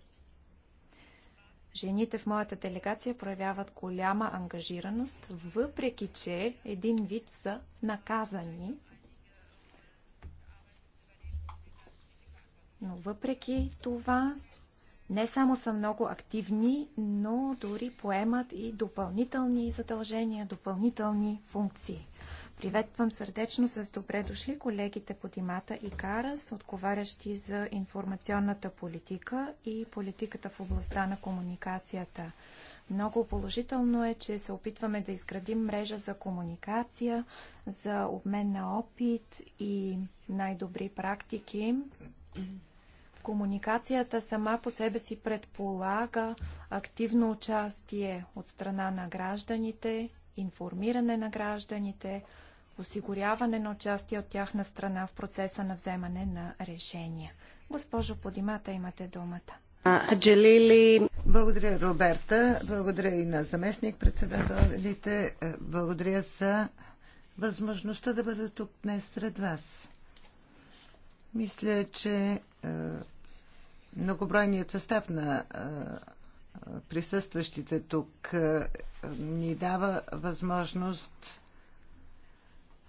Жените в моята делегация проявяват голяма ангажираност, въпреки че един вид са наказани но въпреки това, не само са много активни, но дори поемат и допълнителни задължения, допълнителни функции. Приветствам сърдечно с добре дошли колегите по Димата и Карас, отговарящи за информационната политика и политиката в областта на комуникацията. Много положително е, че се опитваме да изградим мрежа за комуникация, за обмен на опит и най-добри практики Комуникацията сама по себе си предполага активно участие от страна на гражданите, информиране на гражданите, осигуряване на участие от тяхна страна в процеса на вземане на решения. Госпожо Подимата, имате думата. Благодаря, Роберта. Благодаря и на заместник председателите. Е, благодаря за възможността да бъда тук днес сред вас. Мисля, че е, многобройният състав на присъстващите тук ни дава възможност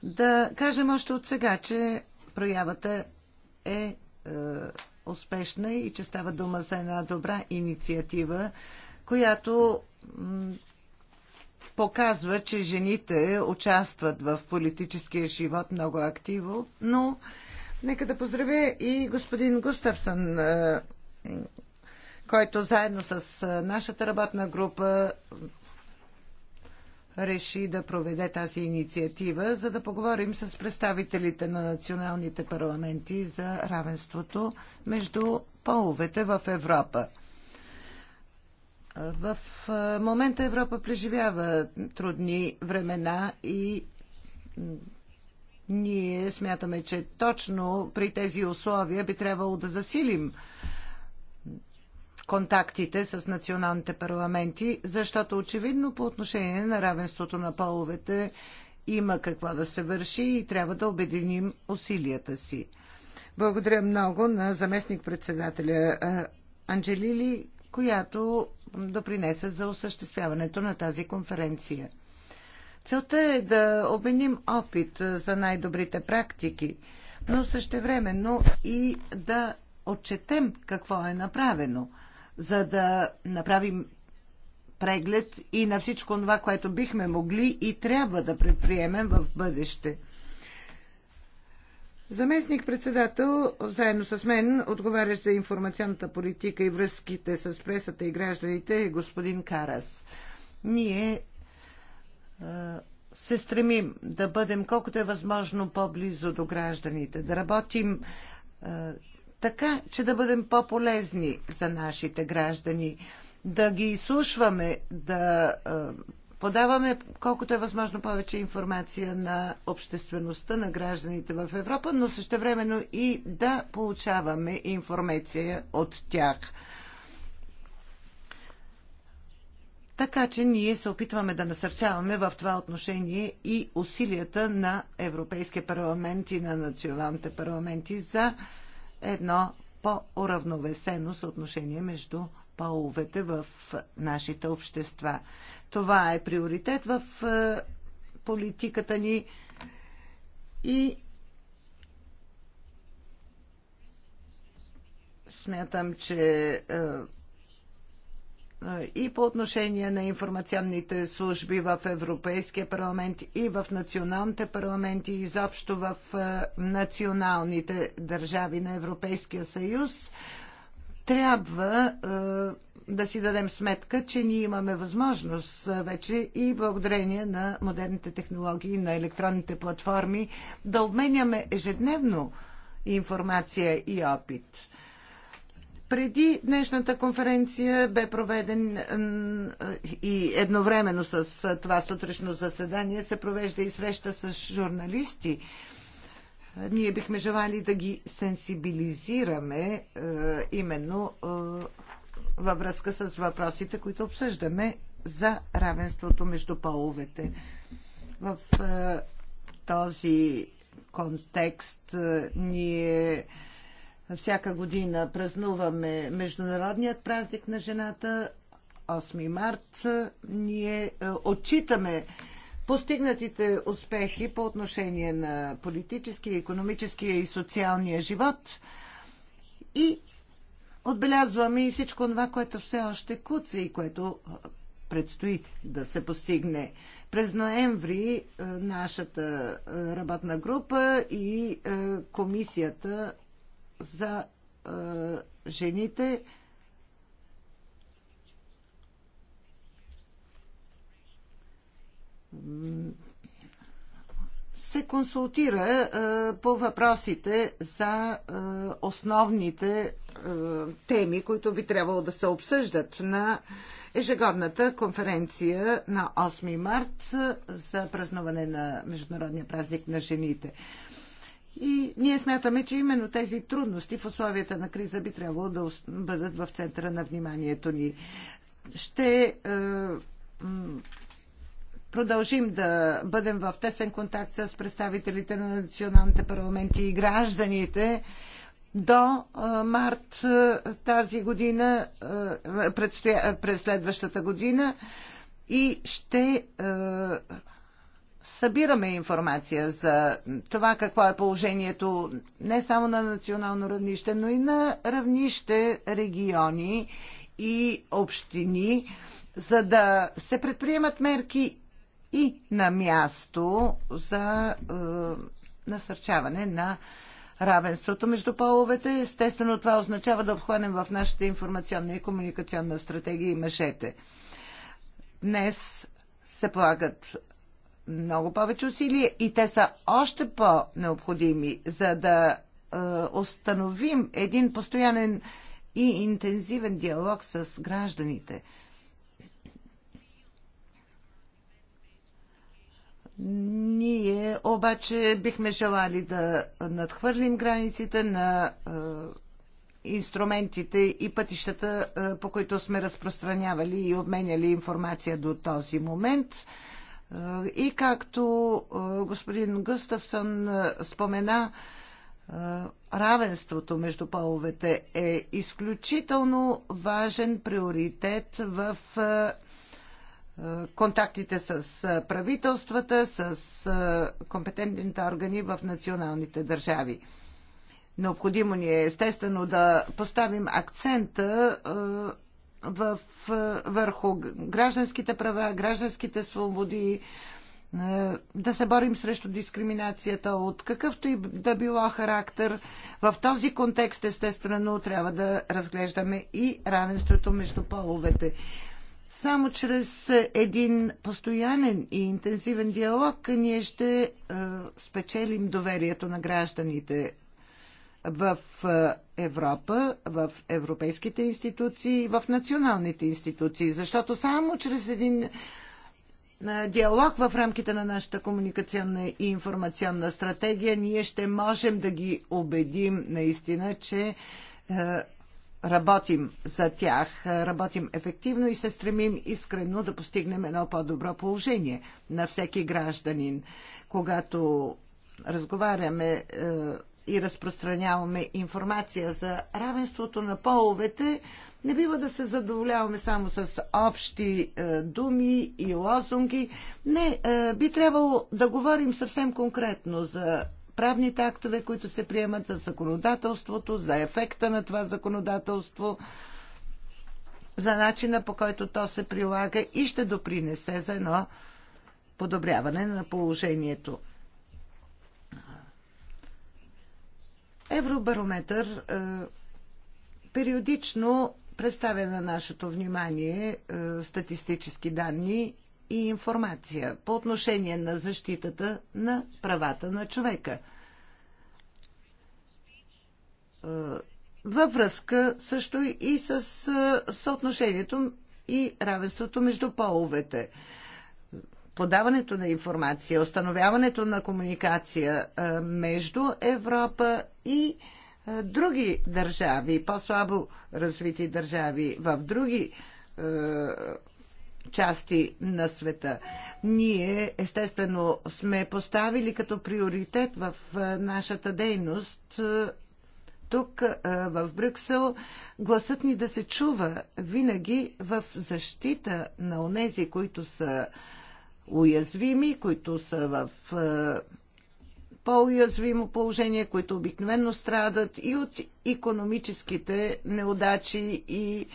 да кажем още от сега, че проявата е, успешна и че става дума за една добра инициатива, която показва, че жените участват в политическия живот много активно, но нека да поздравя и господин Густавсън, който заедно с нашата работна група реши да проведе тази инициатива, за да поговорим с представителите на националните парламенти за равенството между половете в Европа. В момента Европа преживява трудни времена и ние смятаме, че точно при тези условия би трябвало да засилим контактите с националните парламенти, защото очевидно по отношение на равенството на половете има какво да се върши и трябва да обединим усилията си. Благодаря много на заместник-председателя Анджелили, която допринесе за осъществяването на тази конференция. Целта е да обменим опит за най-добрите практики, но същевременно и да отчетем какво е направено – за да направим преглед и на всичко това, което бихме могли и трябва да предприемем в бъдеще. Заместник-председател, заедно с мен, отговарящ за информационната политика и връзките с пресата и гражданите е господин Карас. Ние е, се стремим да бъдем колкото е възможно по-близо до гражданите, да работим е, така че да бъдем по-полезни за нашите граждани, да ги изслушваме, да подаваме колкото е възможно повече информация на обществеността, на гражданите в Европа, но същевременно и да получаваме информация от тях. Така че ние се опитваме да насърчаваме в това отношение и усилията на Европейския парламент и на националните парламенти за едно по-уравновесено съотношение между половете в нашите общества. Това е приоритет в е, политиката ни и смятам, че е, и по отношение на информационните служби в Европейския парламент и в националните парламенти, изобщо в националните държави на Европейския съюз, трябва да си дадем сметка, че ние имаме възможност вече и благодарение на модерните технологии, на електронните платформи, да обменяме ежедневно информация и опит. Преди днешната конференция бе проведен и едновременно с това сутрешно заседание се провежда и среща с журналисти. Ние бихме желали да ги сенсибилизираме е, именно е, във връзка с въпросите, които обсъждаме за равенството между половете. В е, този контекст ние всяка година празнуваме Международният празник на жената. 8 март ние е, отчитаме постигнатите успехи по отношение на политическия, економическия и социалния живот и отбелязваме и всичко това, което все още куца и което е, предстои да се постигне. През ноември е, нашата работна група и комисията за е, жените се консултира е, по въпросите за е, основните е, теми, които би трябвало да се обсъждат на ежегодната конференция на 8 март за празнуване на Международния празник на жените. И ние смятаме, че именно тези трудности в условията на криза би трябвало да бъдат в центъра на вниманието ни. Ще е, продължим да бъдем в тесен контакт с представителите на националните парламенти и гражданите. До е, март е, тази година, през следващата година и ще събираме информация за това какво е положението не само на национално равнище, но и на равнище региони и общини, за да се предприемат мерки и на място за е, насърчаване на равенството между половете. Естествено, това означава да обхванем в нашата информационна и комуникационна стратегия и мъжете. Днес се полагат много повече усилия и те са още по-необходими, за да е, установим един постоянен и интензивен диалог с гражданите. Ние обаче бихме желали да надхвърлим границите на е, инструментите и пътищата, е, по които сме разпространявали и обменяли информация до този момент. И както господин Гъставсън спомена, равенството между половете е изключително важен приоритет в контактите с правителствата, с компетентните органи в националните държави. Необходимо ни е естествено да поставим акцента в, е, върху гражданските права, гражданските свободи, е, да се борим срещу дискриминацията от какъвто и да било характер. В този контекст, естествено, трябва да разглеждаме и равенството между половете. Само чрез един постоянен и интензивен диалог ние ще е, спечелим доверието на гражданите в е, Европа, в европейските институции и в националните институции, защото само чрез един е, диалог в рамките на нашата комуникационна и информационна стратегия ние ще можем да ги убедим наистина, че е, работим за тях, работим ефективно и се стремим искрено да постигнем едно по-добро положение на всеки гражданин. Когато разговаряме и разпространяваме информация за равенството на половете, не бива да се задоволяваме само с общи е, думи и лозунги. Не, е, би трябвало да говорим съвсем конкретно за правните актове, които се приемат, за законодателството, за ефекта на това законодателство, за начина по който то се прилага и ще допринесе за едно подобряване на положението. Евробарометър е, периодично представя на нашето внимание е, статистически данни и информация по отношение на защитата на правата на човека. Е, във връзка също и с съотношението и равенството между половете подаването на информация, установяването на комуникация между Европа и други държави, по-слабо развити държави в други части на света. Ние, естествено, сме поставили като приоритет в нашата дейност тук в Брюксел гласът ни да се чува винаги в защита на онези, които са уязвими, които са в е, по-уязвимо положение, които обикновено страдат и от економическите неудачи и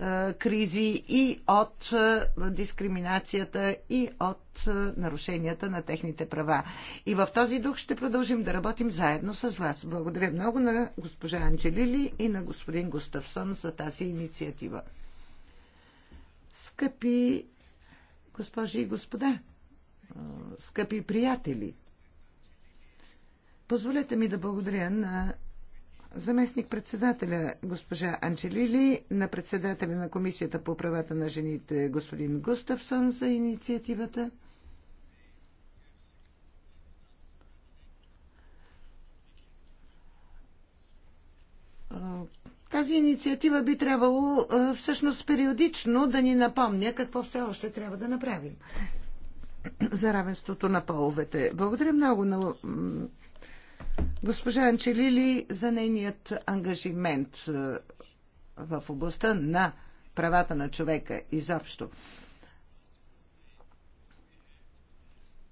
е, кризи и от е, дискриминацията и от нарушенията на техните права. И в този дух ще продължим да работим заедно с вас. Благодаря много на госпожа Анджелили и на господин Густавсон за тази инициатива. Скъпи Госпожи и господа, скъпи приятели, позволете ми да благодаря на заместник-председателя госпожа Анчелили, на председателя на Комисията по правата на жените господин Густавсон за инициативата. Тази инициатива би трябвало е, всъщност периодично да ни напомня какво все още трябва да направим за равенството на половете. Благодаря много на госпожа Анчелили за нейният ангажимент е, в областта на правата на човека изобщо.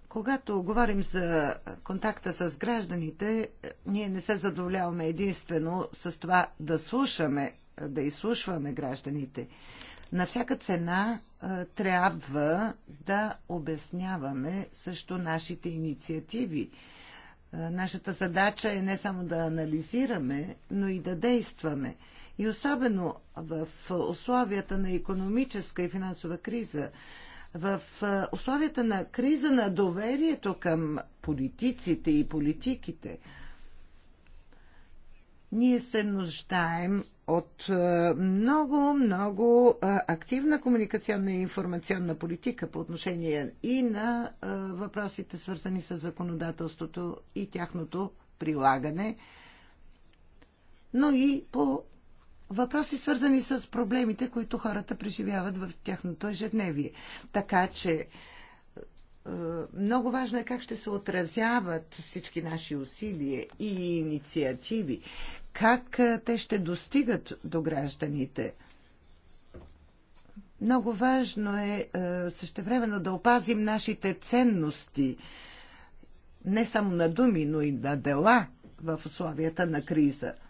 Когато говорим за контакта с гражданите, ние не се задоволяваме единствено с това да слушаме, да изслушваме гражданите. На всяка цена трябва да обясняваме също нашите инициативи. Нашата задача е не само да анализираме, но и да действаме. И особено в условията на економическа и финансова криза, в условията на криза на доверието към политиците и политиките, ние се нуждаем от много, много активна комуникационна и информационна политика по отношение и на въпросите, свързани с законодателството и тяхното прилагане, но и по въпроси, свързани с проблемите, които хората преживяват в тяхното ежедневие. Така че е, много важно е как ще се отразяват всички наши усилия и инициативи, как е, те ще достигат до гражданите. Много важно е, е същевременно да опазим нашите ценности, не само на думи, но и на дела в условията на криза –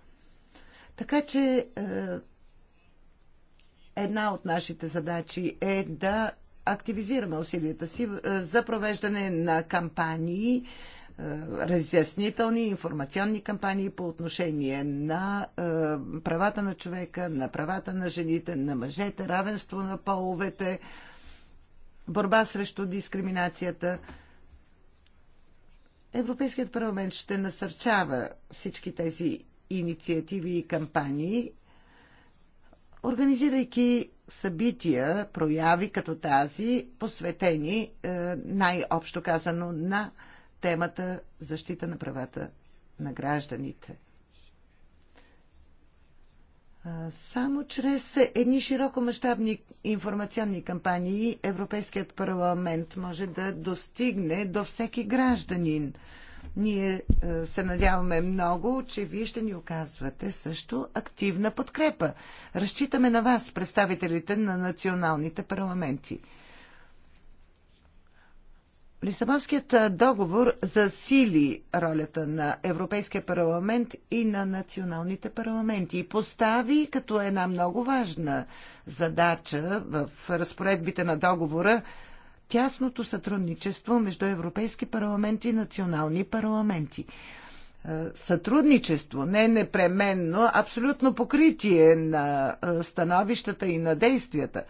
така че е, една от нашите задачи е да активизираме усилията си е, за провеждане на кампании, е, разяснителни, информационни кампании по отношение на правата на човека, на правата на жените, на мъжете, равенство на половете, борба срещу дискриминацията. Европейският парламент ще насърчава всички тези инициативи и кампании, организирайки събития, прояви като тази, посветени е, най-общо казано на темата защита на правата на гражданите. Само чрез едни широко мащабни информационни кампании Европейският парламент може да достигне до всеки гражданин – ние е, се надяваме много, че вие ще ни оказвате също активна подкрепа. Разчитаме на вас, представителите на националните парламенти. Лисабонският е, договор засили ролята на Европейския парламент и на националните парламенти и постави като една много важна задача в разпоредбите на договора тясното сътрудничество между Европейски парламент и национални парламенти. Е, сътрудничество, не непременно, абсолютно покритие на е, становищата и на действията.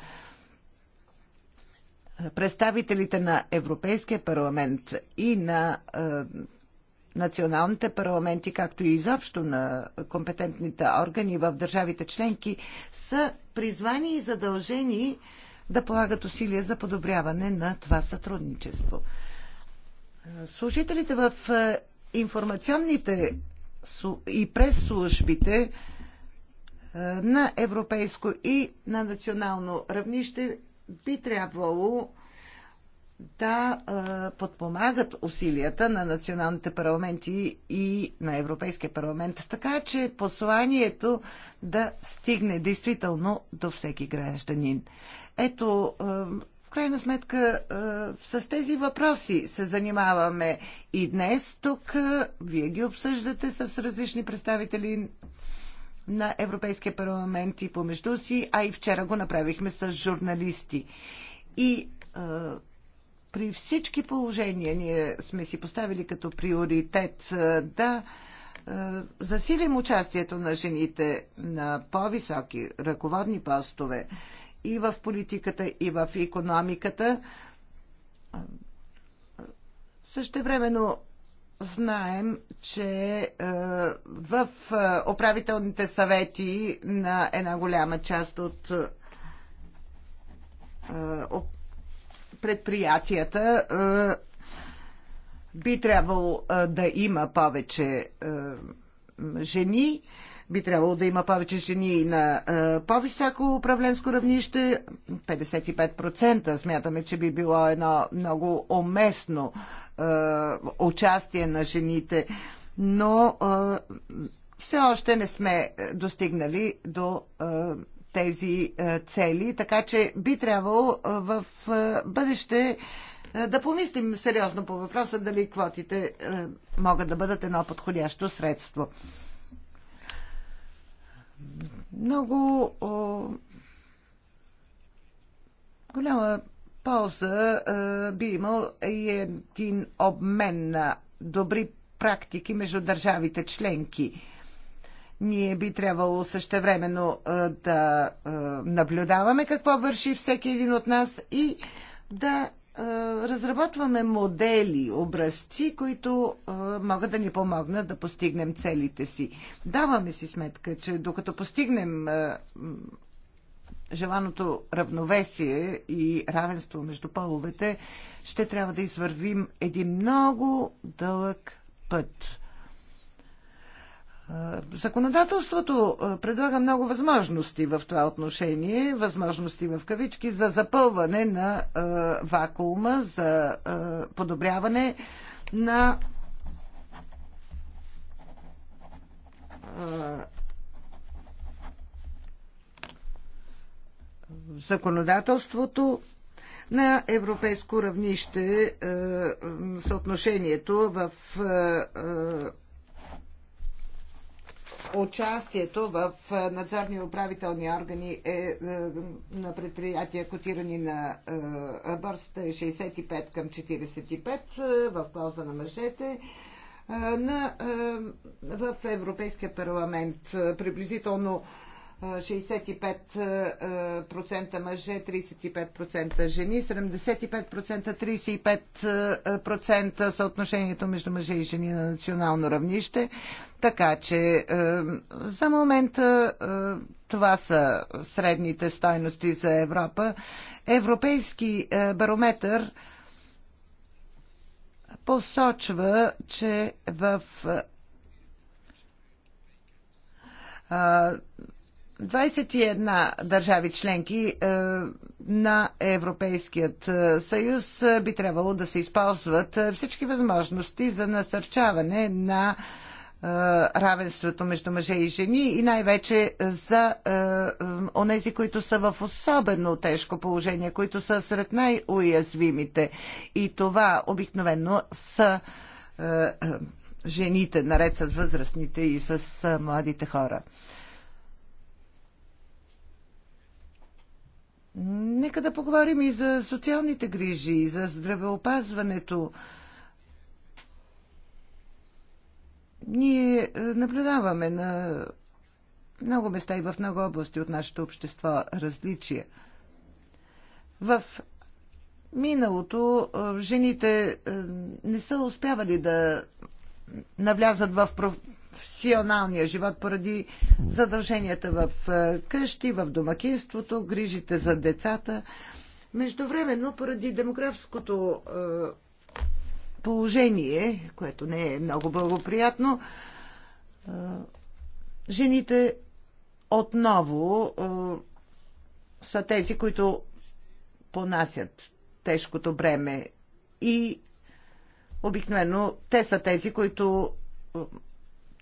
Представителите на Европейския парламент и на е, националните парламенти, както и изобщо на компетентните органи в държавите членки, са призвани и задължени да полагат усилия за подобряване на това сътрудничество. Служителите в е, информационните и прес службите е, на европейско и на национално равнище би трябвало да подпомагат усилията на националните парламенти и на Европейския парламент, така че посланието да стигне действително до всеки гражданин. Ето, в крайна сметка, с тези въпроси се занимаваме и днес тук. Вие ги обсъждате с различни представители на Европейския парламент и помежду си, а и вчера го направихме с журналисти. И при всички положения ние сме си поставили като приоритет да засилим участието на жените на по-високи ръководни постове и в политиката, и в економиката. времено знаем, че в управителните съвети на една голяма част от предприятията би трябвало да има повече жени, би трябвало да има повече жени на по-високо управленско равнище. 55% смятаме, че би било едно много уместно участие на жените, но все още не сме достигнали до тези е, цели, така че би трябвало е, в е, бъдеще да помислим сериозно по въпроса дали квотите могат да бъдат едно подходящо средство. Много голяма полза би имал и един обмен на добри практики между държавите членки ние би трябвало същевременно да наблюдаваме какво върши всеки един от нас и да разработваме модели, образци, които могат да ни помогнат да постигнем целите си. Даваме си сметка, че докато постигнем желаното равновесие и равенство между половете, ще трябва да извървим един много дълъг път. Законодателството предлага много възможности в това отношение, възможности в кавички за запълване на вакуума, за подобряване на законодателството на европейско равнище съотношението в участието в е, надзорни и управителни органи е, е на предприятия, котирани на е, борсата е 65 към 45 в полза на мъжете. На, в Европейския парламент приблизително 65% мъже, 35% жени, 75%, 35% съотношението между мъже и жени на национално равнище. Така че е, за момента е, това са средните стойности за Европа. Европейски е, барометър посочва, че в 21 държави членки е, на Европейският е, съюз е, би трябвало да се използват всички възможности за насърчаване на равенството между мъже и жени и най-вече за онези, които са в особено тежко положение, които са сред най-уязвимите. И това обикновено са жените, наред с възрастните и с младите хора. Нека да поговорим и за социалните грижи, и за здравеопазването. Ние е, наблюдаваме на много места и в много области от нашето общество различия. В миналото е, жените е, не са успявали да навлязат в професионалния живот поради задълженията в е, къщи, в домакинството, грижите за децата. Междувременно, поради демографското е, положение, което не е много благоприятно, е, жените отново са тези, които понасят тежкото бреме и обикновено те са тези, които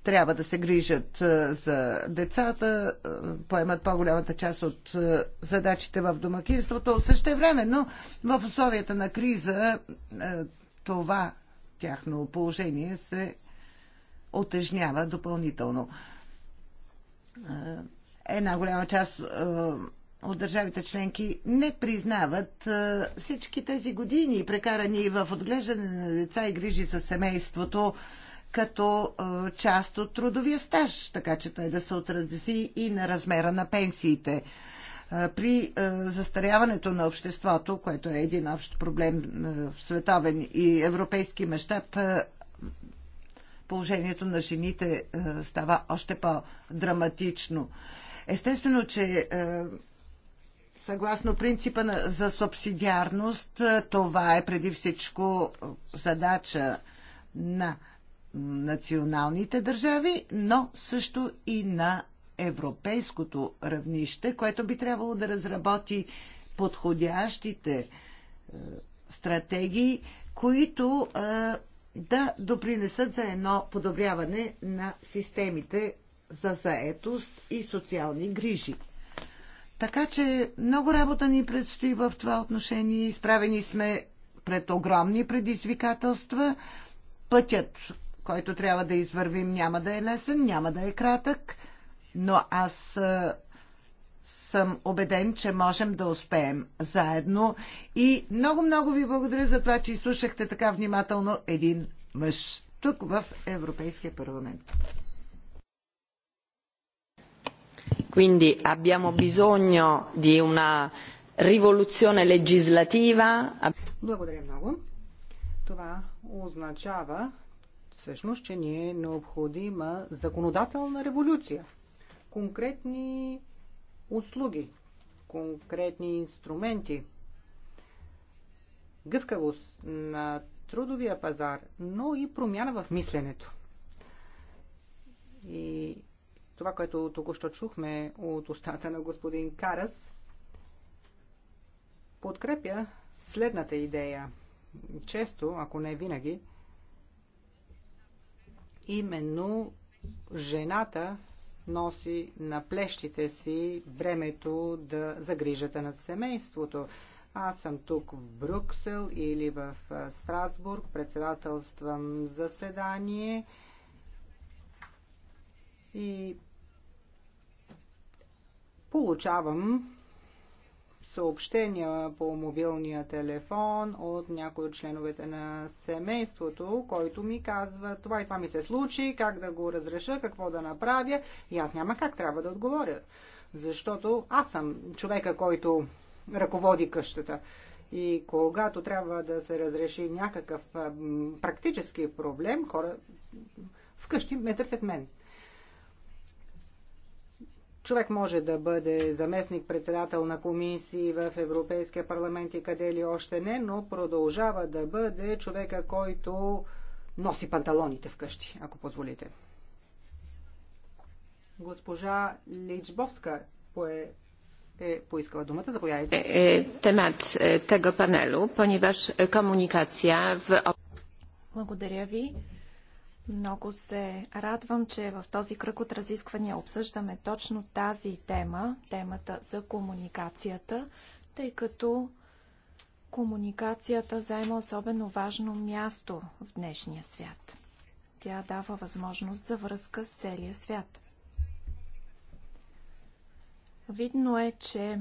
трябва да се грижат е, за децата, е, поемат по-голямата част от е, задачите в домакинството. Също време, но в условията на криза това тяхно положение се отежнява допълнително. Една голяма част от държавите членки не признават всички тези години, прекарани в отглеждане на деца и грижи за семейството, като част от трудовия стаж, така че той да се отрази и на размера на пенсиите. При застаряването на обществото, което е един общ проблем в световен и европейски мащаб, положението на жените става още по-драматично. Естествено, че съгласно принципа за субсидиарност, това е преди всичко задача на националните държави, но също и на европейското равнище, което би трябвало да разработи подходящите е, стратегии, които е, да допринесат за едно подобряване на системите за заетост и социални грижи. Така че много работа ни предстои в това отношение. Изправени сме пред огромни предизвикателства. Пътят който трябва да извървим, няма да е лесен, няма да е кратък, но аз е, съм убеден, че можем да успеем заедно. И много-много ви благодаря за това, че изслушахте така внимателно един мъж тук в Европейския парламент. Quindi abbiamo bisogno di una rivoluzione legislativa. Благодаря много. Това означава, всъщност, че ни е необходима законодателна революция, конкретни услуги, конкретни инструменти, гъвкавост на трудовия пазар, но и промяна в мисленето. И това, което току-що чухме от устата на господин Карас, подкрепя следната идея. Често, ако не винаги, именно жената носи на плещите си бремето да загрижата над семейството. Аз съм тук в Брюксел или в Страсбург, председателствам заседание и получавам съобщения по мобилния телефон от някой от членовете на семейството, който ми казва това и това ми се случи, как да го разреша, какво да направя. И аз няма как трябва да отговоря, защото аз съм човека, който ръководи къщата. И когато трябва да се разреши някакъв практически проблем, хора вкъщи ме търсят мен. Човек може да бъде заместник-председател на комисии в Европейския парламент и къде ли още не, но продължава да бъде човека, който носи панталоните вкъщи, ако позволите. Госпожа Личбовска пое е поискала думата. Заповядайте. Е, е, темат тега панелу, ponieważ комуникация е, в... Благодаря ви. Много се радвам, че в този кръг от разисквания обсъждаме точно тази тема, темата за комуникацията, тъй като комуникацията заема особено важно място в днешния свят. Тя дава възможност за връзка с целия свят. Видно е, че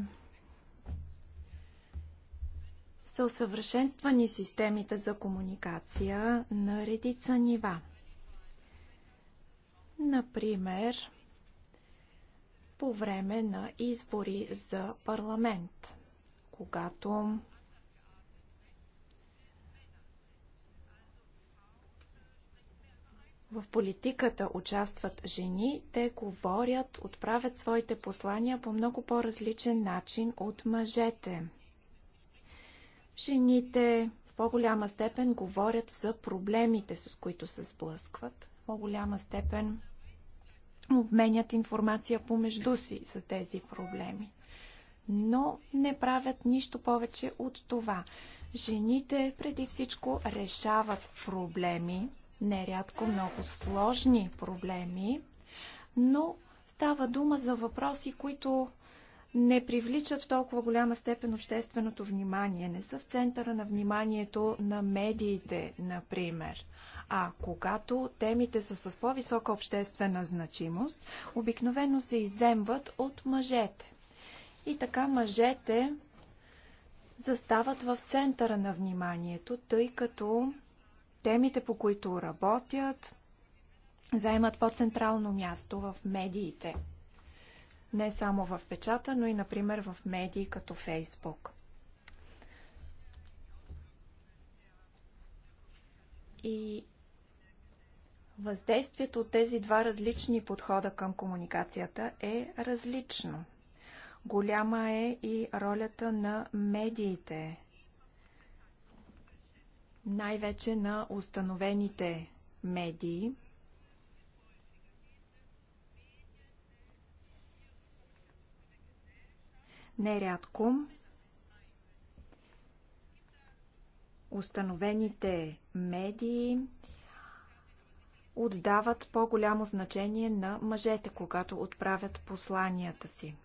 са усъвършенствани системите за комуникация на редица нива – Например, по време на избори за парламент, когато в политиката участват жени, те говорят, отправят своите послания по много по-различен начин от мъжете. Жените в по-голяма степен говорят за проблемите, с които се сблъскват по-голяма степен обменят информация помежду си за тези проблеми. Но не правят нищо повече от това. Жените преди всичко решават проблеми, нерядко много сложни проблеми, но става дума за въпроси, които не привличат в толкова голяма степен общественото внимание, не са в центъра на вниманието на медиите, например. А когато темите са с по-висока обществена значимост, обикновено се иземват от мъжете. И така мъжете застават в центъра на вниманието, тъй като темите, по които работят, заемат по-централно място в медиите. Не само в печата, но и, например, в медии като Фейсбук. И Въздействието от тези два различни подхода към комуникацията е различно. Голяма е и ролята на медиите, най-вече на установените медии. Нерядко установените медии отдават по-голямо значение на мъжете, когато отправят посланията си.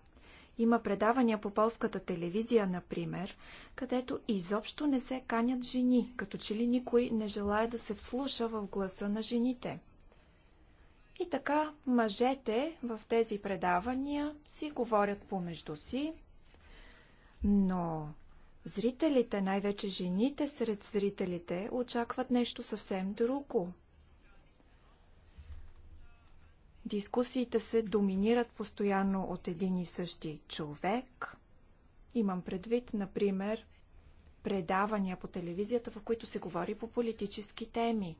Има предавания по полската телевизия, например, където изобщо не се канят жени, като че ли никой не желая да се вслуша в гласа на жените. И така мъжете в тези предавания си говорят помежду си, но зрителите, най-вече жените сред зрителите, очакват нещо съвсем друго. Дискусиите се доминират постоянно от един и същи човек. Имам предвид, например, предавания по телевизията, в които се говори по политически теми.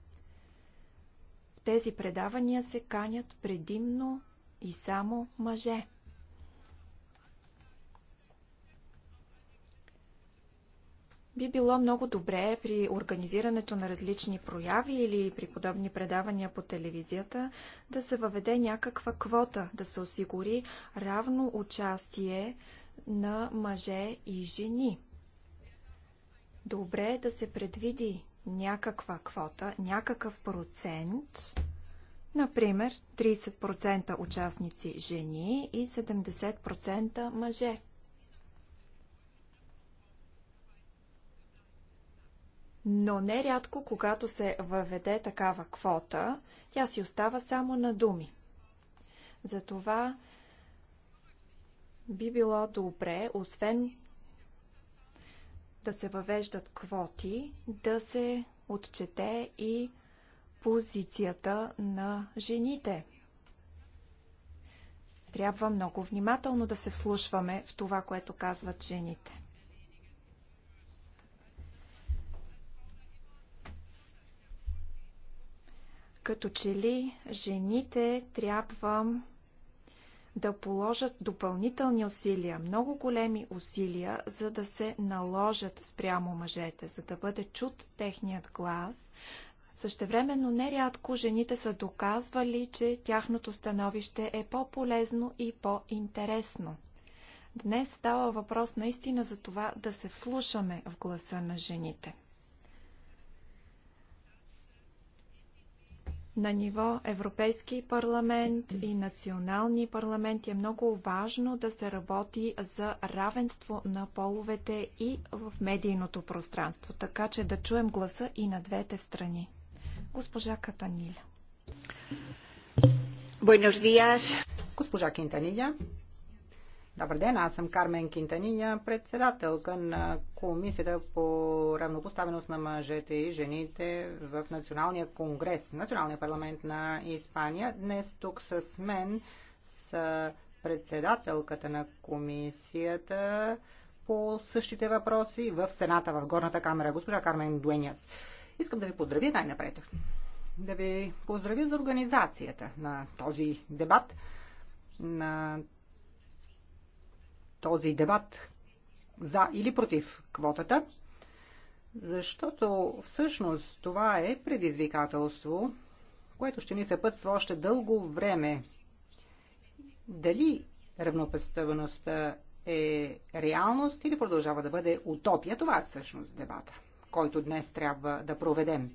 В тези предавания се канят предимно и само мъже – Би било много добре при организирането на различни прояви или при подобни предавания по телевизията да се въведе някаква квота, да се осигури равно участие на мъже и жени. Добре е да се предвиди някаква квота, някакъв процент, например 30% участници жени и 70% мъже. Но нерядко, когато се въведе такава квота, тя си остава само на думи. Затова би било добре, освен да се въвеждат квоти, да се отчете и позицията на жените. Трябва много внимателно да се вслушваме в това, което казват жените. Като че ли жените трябва да положат допълнителни усилия, много големи усилия, за да се наложат спрямо мъжете, за да бъде чут техният глас. Същевременно нерядко жените са доказвали, че тяхното становище е по-полезно и по-интересно. Днес става въпрос наистина за това да се вслушаме в гласа на жените. на ниво Европейски парламент и национални парламенти е много важно да се работи за равенство на половете и в медийното пространство, така че да чуем гласа и на двете страни. Госпожа Катаниля. Buenos días. Госпожа Кентаниля. Добър ден, аз съм Кармен Кинтания, председателка на Комисията по равнопоставеност на мъжете и жените в Националния конгрес, Националния парламент на Испания. Днес тук с мен са председателката на комисията по същите въпроси в Сената, в Горната камера, госпожа Кармен Дуеняс. Искам да ви поздравя най-напред. Да ви поздравя за организацията на този дебат, на този дебат за или против квотата, защото всъщност това е предизвикателство, което ще ни съпътства още дълго време. Дали равнопоставеността е реалност или продължава да бъде утопия, това е всъщност дебата, който днес трябва да проведем.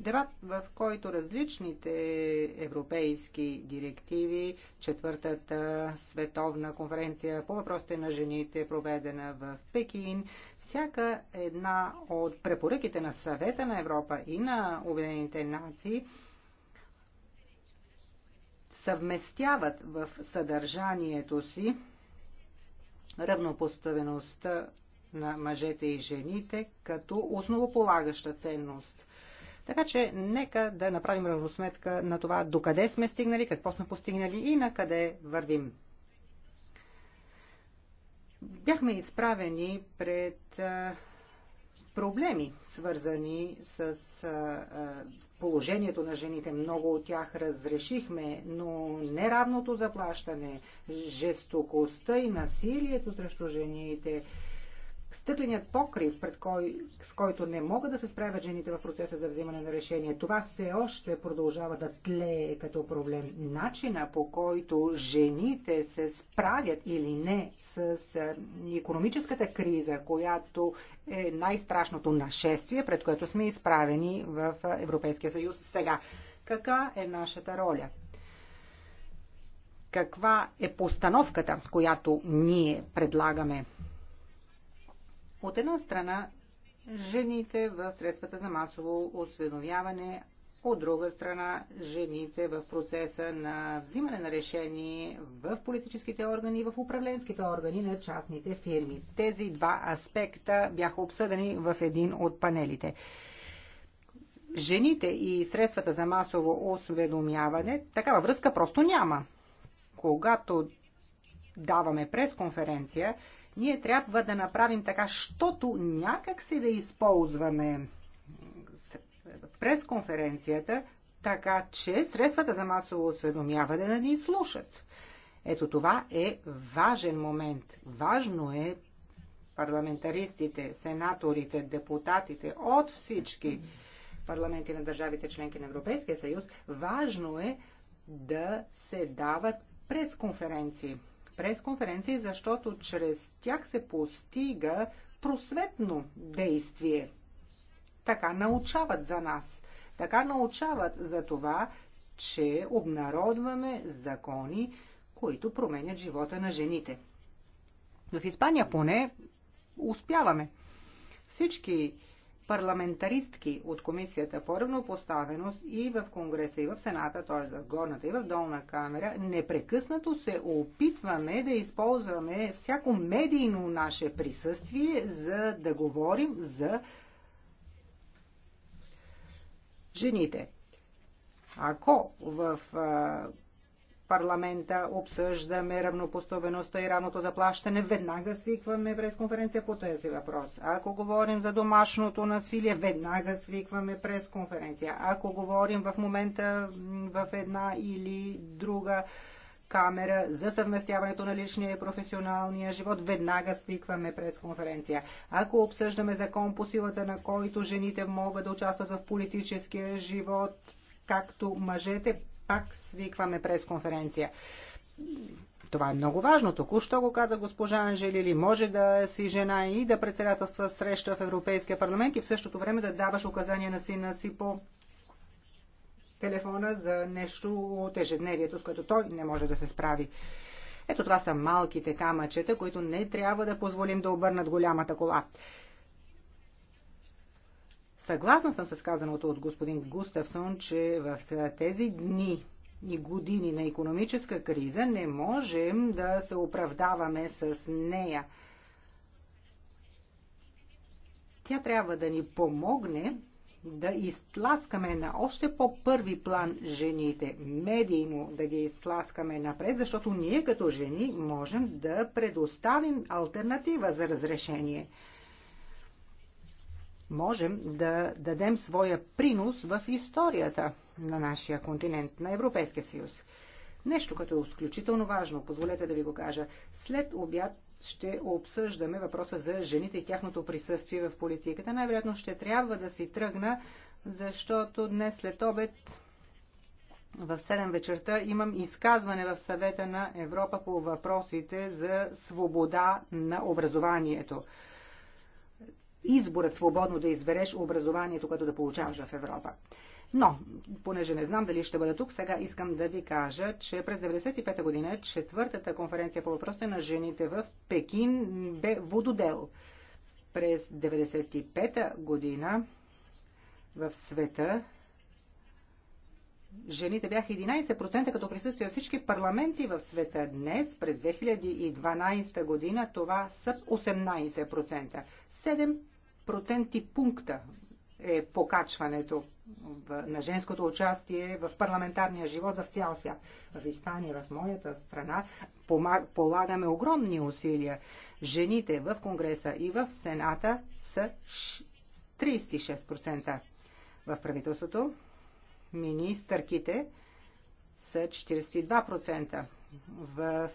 Дебат, в който различните европейски директиви, четвъртата световна конференция по въпросите на жените, проведена в Пекин, всяка една от препоръките на съвета на Европа и на Обединените нации съвместяват в съдържанието си равнопоставеността на мъжете и жените като основополагаща ценност. Така че нека да направим равносметка на това докъде сме стигнали, какво сме постигнали и на къде вървим. Бяхме изправени пред проблеми, свързани с положението на жените. Много от тях разрешихме, но неравното заплащане, жестокостта и насилието срещу жените – стъкленият покрив, пред кой, с който не могат да се справят жените в процеса за взимане на решение. Това все още продължава да тлее като проблем. Начина по който жените се справят или не с економическата криза, която е най-страшното нашествие, пред което сме изправени в Европейския съюз сега. Каква е нашата роля? Каква е постановката, която ние предлагаме? От една страна, жените в средствата за масово осведомяване, от друга страна, жените в процеса на взимане на решение в политическите органи и в управленските органи на частните фирми. Тези два аспекта бяха обсъдени в един от панелите. Жените и средствата за масово осведомяване, такава връзка просто няма. Когато даваме пресконференция, конференция ние трябва да направим така, щото някак си да използваме през конференцията, така че средствата за масово осведомяване да ни слушат. Ето това е важен момент. Важно е парламентаристите, сенаторите, депутатите от всички парламенти на държавите членки на Европейския съюз, важно е да се дават през конференции пресконференции, защото чрез тях се постига просветно действие. Така научават за нас. Така научават за това, че обнародваме закони, които променят живота на жените. В Испания поне успяваме. Всички парламентаристки от Комисията по равнопоставеност и в Конгреса, и в Сената, т.е. в горната и в долна камера, непрекъснато се опитваме да използваме всяко медийно наше присъствие, за да говорим за жените. Ако в парламента обсъждаме равнопоставеността и равното заплащане, веднага свикваме пресконференция по този въпрос. Ако говорим за домашното насилие, веднага свикваме пресконференция. Ако говорим в момента в една или друга камера за съвместяването на личния и професионалния живот, веднага свикваме през конференция. Ако обсъждаме закон по силата на който жените могат да участват в политическия живот, както мъжете, пак свикваме пресконференция. Това е много важно. Току-що го каза госпожа Анжелили. Може да си жена и да председателства среща в Европейския парламент и в същото време да даваш указания на сина си по телефона за нещо от ежедневието, с което той не може да се справи. Ето това са малките камъчета, които не трябва да позволим да обърнат голямата кола. Съгласна съм с казаното от господин Густавсон, че в тези дни и години на економическа криза не можем да се оправдаваме с нея. Тя трябва да ни помогне да изтласкаме на още по-първи план жените, медийно да ги изтласкаме напред, защото ние като жени можем да предоставим альтернатива за разрешение – можем да дадем своя принос в историята на нашия континент, на Европейския съюз. Нещо, като е изключително важно, позволете да ви го кажа. След обяд ще обсъждаме въпроса за жените и тяхното присъствие в политиката. Най-вероятно ще трябва да си тръгна, защото днес след обед в 7 вечерта имам изказване в съвета на Европа по въпросите за свобода на образованието изборът свободно да избереш образованието, което да получаваш в Европа. Но, понеже не знам дали ще бъда тук, сега искам да ви кажа, че през 1995 година четвъртата конференция по въпросите на жените в Пекин бе вододел. През 1995 година в света жените бяха 11%, като присъстват всички парламенти в света. Днес, през 2012 година, това са 18%. 7 проценти пункта е покачването на женското участие в парламентарния живот в цял свят. В Испания, в моята страна, полагаме огромни усилия. Жените в Конгреса и в Сената са 36%. В правителството министърките са 42%. В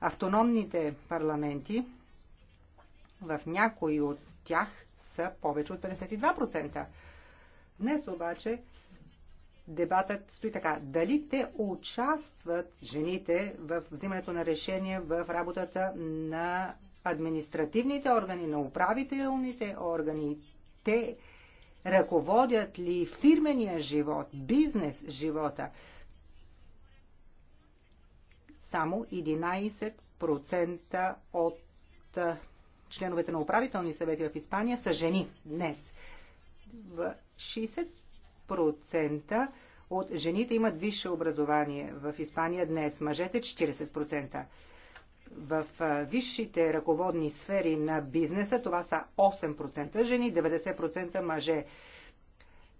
автономните парламенти, в някои от тях – са повече от 52%. Днес обаче дебатът стои така. Дали те участват, жените, в взимането на решения в работата на административните органи, на управителните органи? Те ръководят ли фирмения живот, бизнес живота? Само 11% от членовете на управителни съвети в Испания са жени днес. В 60% от жените имат висше образование в Испания днес, мъжете 40%. В висшите ръководни сфери на бизнеса това са 8% жени, 90% мъже.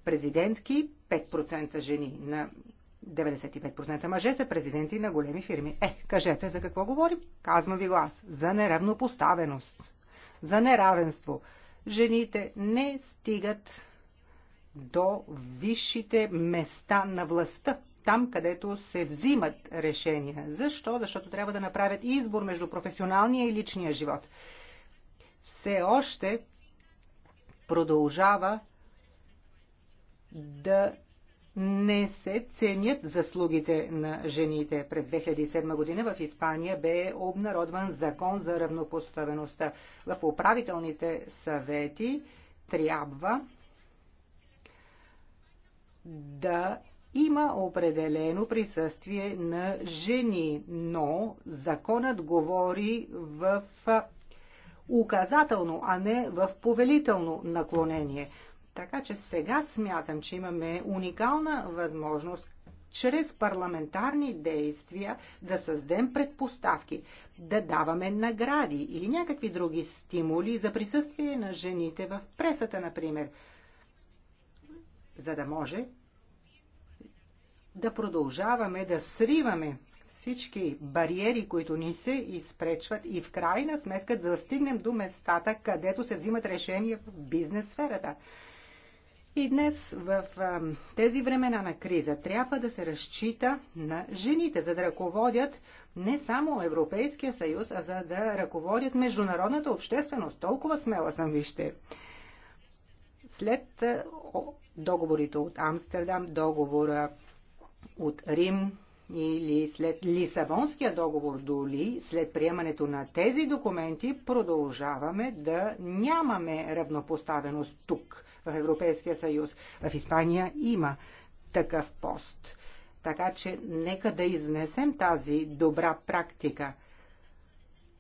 Президентки 5% жени на 95% мъже са президенти на големи фирми. Е, кажете за какво говорим? Казвам ви го аз. За неравнопоставеност за неравенство. Жените не стигат до висшите места на властта, там където се взимат решения. Защо? Защото трябва да направят избор между професионалния и личния живот. Все още продължава да не се ценят заслугите на жените. През 2007 година в Испания бе обнародван закон за равнопоставеността. В управителните съвети трябва да има определено присъствие на жени, но законът говори в указателно, а не в повелително наклонение. Така че сега смятам, че имаме уникална възможност чрез парламентарни действия да създадем предпоставки, да даваме награди или някакви други стимули за присъствие на жените в пресата, например, за да може да продължаваме да сриваме всички бариери, които ни се изпречват и в крайна сметка да стигнем до местата, където се взимат решения в бизнес сферата. И днес в тези времена на криза трябва да се разчита на жените, за да ръководят не само Европейския съюз, а за да ръководят международната общественост. Толкова смела съм, вижте. След договорите от Амстердам, договора от Рим, или след Лисабонския договор доли, след приемането на тези документи, продължаваме да нямаме равнопоставеност тук в Европейския съюз. В Испания има такъв пост. Така че нека да изнесем тази добра практика.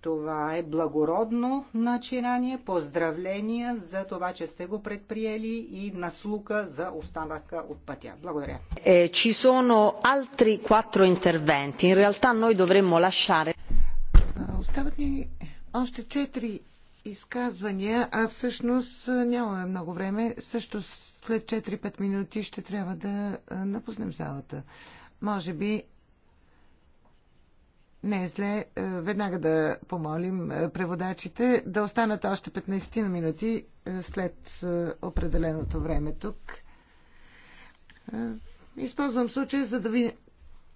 Това е благородно начинание. Поздравления за това, че сте го предприели и наслука за останака от пътя. Благодаря. Е, ci sono altri quattro interventi. In realtà noi dovremmo lasciare... Остават ни още четири изказвания, а всъщност нямаме много време. Също след 4-5 минути ще трябва да напуснем залата. Може би не е зле веднага да помолим преводачите да останат още 15 на минути след определеното време тук. Използвам случая, за да ви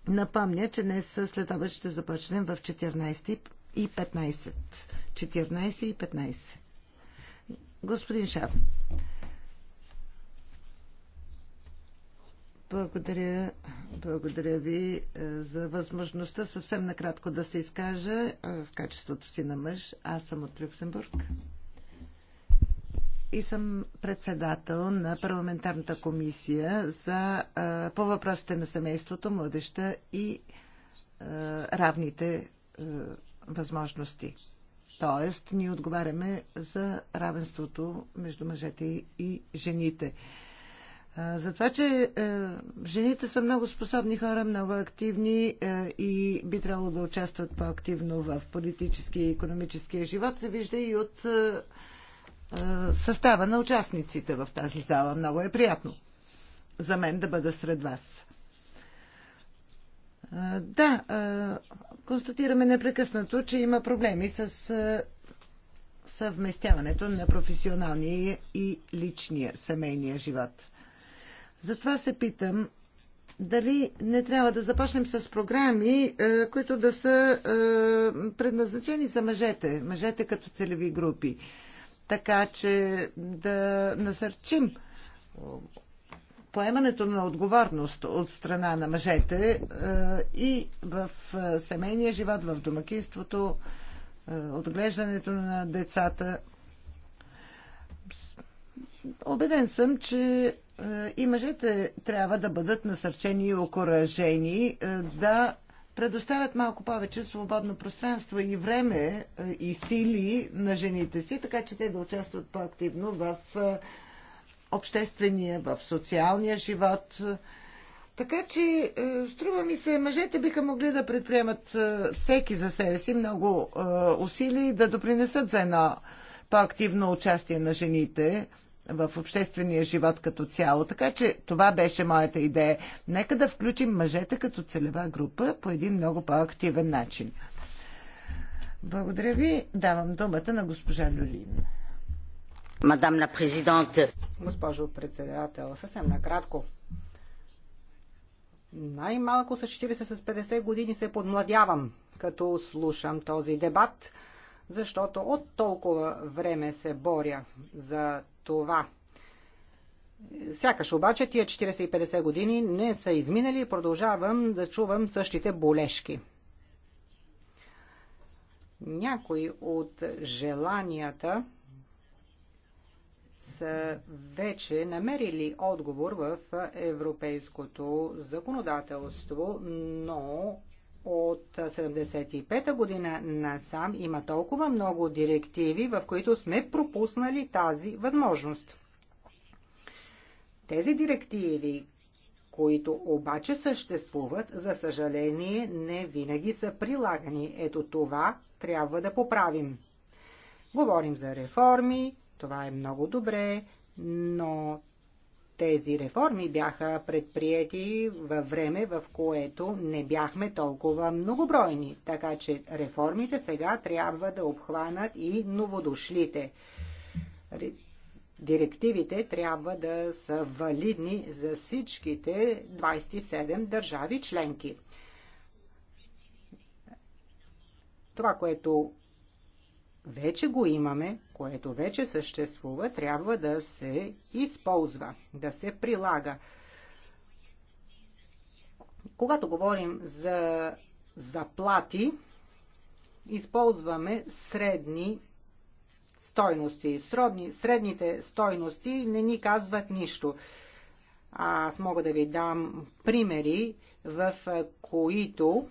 напомня, че днес след обед ще започнем в 14 и 15. 14 и 15. Господин Шаф, Благодаря, благодаря ви е, за възможността съвсем накратко да се изкажа е, в качеството си на мъж. Аз съм от Люксембург и съм председател на парламентарната комисия за, е, по въпросите на семейството, младеща и равните възможности. Тоест, ние отговаряме за равенството между мъжете и жените. За това, че жените са много способни хора, много активни и би трябвало да участват по-активно в политически и економическия живот, се вижда и от състава на участниците в тази зала. Много е приятно за мен да бъда сред вас. Да, констатираме непрекъснато, че има проблеми с е, съвместяването на професионалния и личния семейния живот. Затова се питам дали не трябва да започнем с програми, е, които да са е, предназначени за мъжете, мъжете като целеви групи, така че да насърчим поемането на отговорност от страна на мъжете е, и в е, семейния живот, в домакинството, е, отглеждането на децата. Обеден съм, че и мъжете трябва да бъдат насърчени и окоръжени да предоставят малко повече свободно пространство и време и сили на жените си, така че те да участват по-активно в обществения, в социалния живот. Така че, е, струва ми се, мъжете биха могли да предприемат е, всеки за себе си много е, усилия и да допринесат за едно по-активно участие на жените в обществения живот като цяло. Така че това беше моята идея. Нека да включим мъжете като целева група по един много по-активен начин. Благодаря ви. Давам думата на госпожа Люлин. Мадам на президент. Госпожо председател, съвсем накратко. Най-малко с 40 с 50 години се подмладявам, като слушам този дебат, защото от толкова време се боря за това. Сякаш обаче тия 40 и 50 години не са изминали и продължавам да чувам същите болешки. Някои от желанията са вече намерили отговор в европейското законодателство, но от 75-та година насам има толкова много директиви, в които сме пропуснали тази възможност. Тези директиви, които обаче съществуват, за съжаление, не винаги са прилагани. Ето това трябва да поправим. Говорим за реформи, това е много добре, но тези реформи бяха предприяти във време, в което не бяхме толкова многобройни, така че реформите сега трябва да обхванат и новодошлите. Директивите трябва да са валидни за всичките 27 държави членки. Това, което вече го имаме, което вече съществува, трябва да се използва, да се прилага. Когато говорим за заплати, използваме средни стойности. Сродни, средните стойности не ни казват нищо. Аз мога да ви дам примери, в които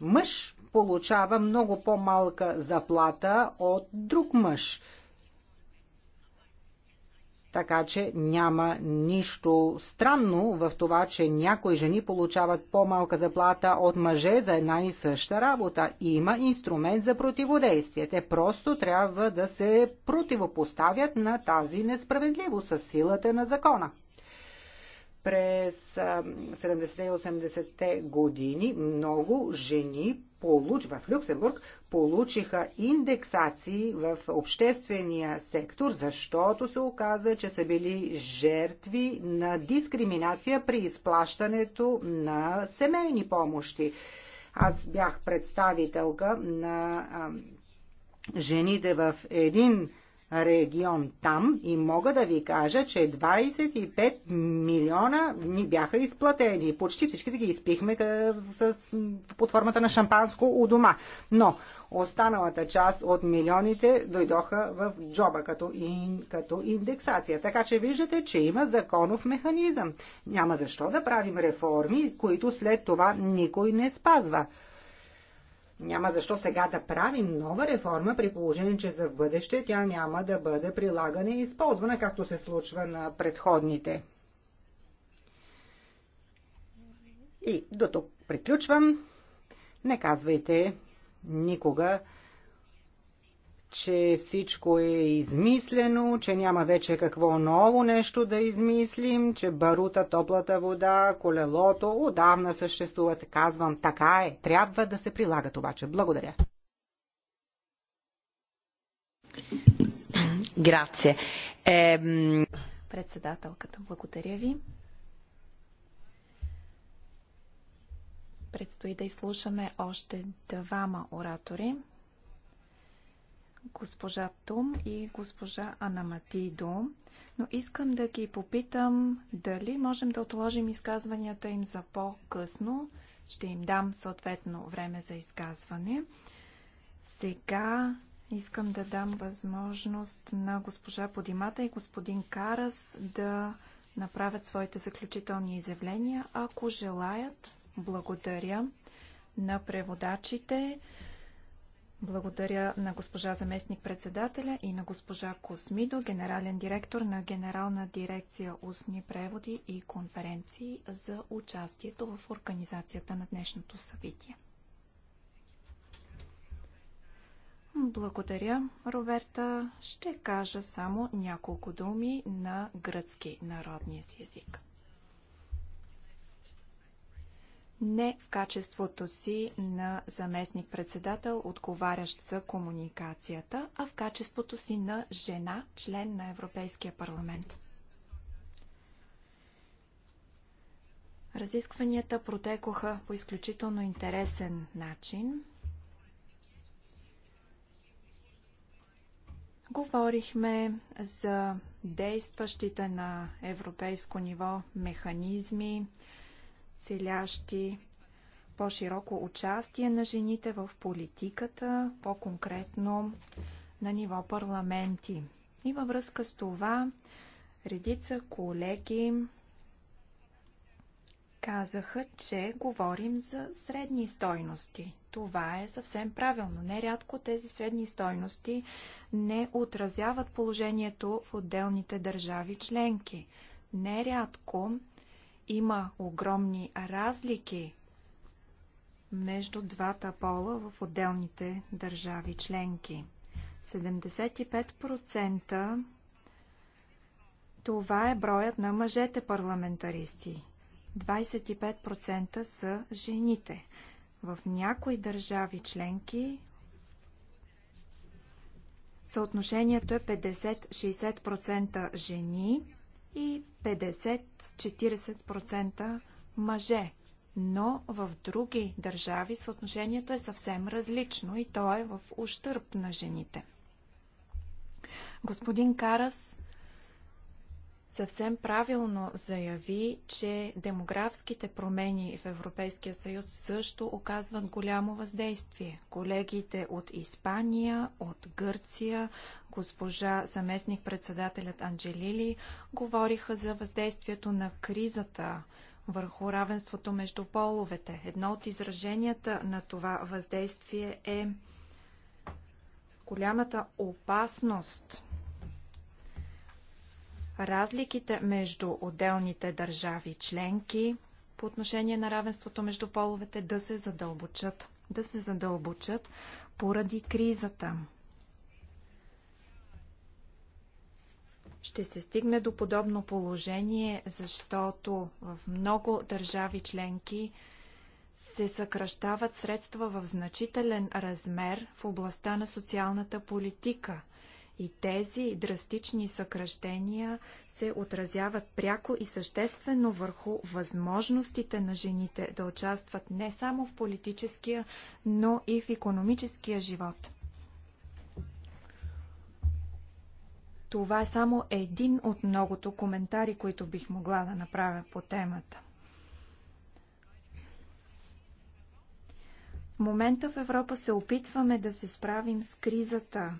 мъж получава много по-малка заплата от друг мъж. Така че няма нищо странно в това, че някои жени получават по-малка заплата от мъже за една и съща работа. Има инструмент за противодействие. Те просто трябва да се противопоставят на тази несправедливост с силата на закона през 70-те и 80-те години много жени получ, в Люксембург получиха индексации в обществения сектор, защото се оказа, че са били жертви на дискриминация при изплащането на семейни помощи. Аз бях представителка на а, жените в един регион там и мога да ви кажа, че 25 милиона ни бяха изплатени. Почти всички да ги изпихме с, под формата на шампанско у дома. Но останалата част от милионите дойдоха в джоба като, ин, като индексация. Така че виждате, че има законов механизъм. Няма защо да правим реформи, които след това никой не спазва. Няма защо сега да правим нова реформа при положение, че за бъдеще тя няма да бъде прилагана и използвана, както се случва на предходните. И до тук приключвам. Не казвайте никога, че всичко е измислено, че няма вече какво ново нещо да измислим, че барута, топлата вода, колелото отдавна съществуват. Казвам, така е. Трябва да се прилагат обаче. Благодаря. Грация. Ем... Председателката, благодаря ви. Предстои да изслушаме още двама оратори госпожа Том и госпожа Анаматидо, но искам да ги попитам дали можем да отложим изказванията им за по-късно. Ще им дам съответно време за изказване. Сега искам да дам възможност на госпожа Подимата и господин Карас да направят своите заключителни изявления, ако желаят. Благодаря на преводачите. Благодаря на госпожа заместник-председателя и на госпожа Космидо, генерален директор на Генерална дирекция Устни преводи и конференции за участието в организацията на днешното събитие. Благодаря, Роверта. Ще кажа само няколко думи на гръцки народния си език. не в качеството си на заместник-председател, отговарящ за комуникацията, а в качеството си на жена, член на Европейския парламент. Разискванията протекоха по изключително интересен начин. Говорихме за действащите на европейско ниво механизми, целящи по-широко участие на жените в политиката, по-конкретно на ниво парламенти. И във връзка с това, редица колеги казаха, че говорим за средни стойности. Това е съвсем правилно. Нерядко тези средни стойности не отразяват положението в отделните държави членки. Нерядко има огромни разлики между двата пола в отделните държави членки. 75% това е броят на мъжете парламентаристи. 25% са жените. В някои държави членки съотношението е 50-60% жени и 50-40% мъже. Но в други държави съотношението е съвсем различно и то е в ущърп на жените. Господин Карас съвсем правилно заяви, че демографските промени в Европейския съюз също оказват голямо въздействие. Колегите от Испания, от Гърция, госпожа заместник-председателят Анджелили говориха за въздействието на кризата върху равенството между половете. Едно от израженията на това въздействие е голямата опасност – разликите между отделните държави членки по отношение на равенството между половете да се задълбочат. Да се задълбочат поради кризата. ще се стигне до подобно положение, защото в много държави членки се съкръщават средства в значителен размер в областта на социалната политика. И тези драстични съкръщения се отразяват пряко и съществено върху възможностите на жените да участват не само в политическия, но и в економическия живот. Това е само един от многото коментари, които бих могла да направя по темата. В момента в Европа се опитваме да се справим с кризата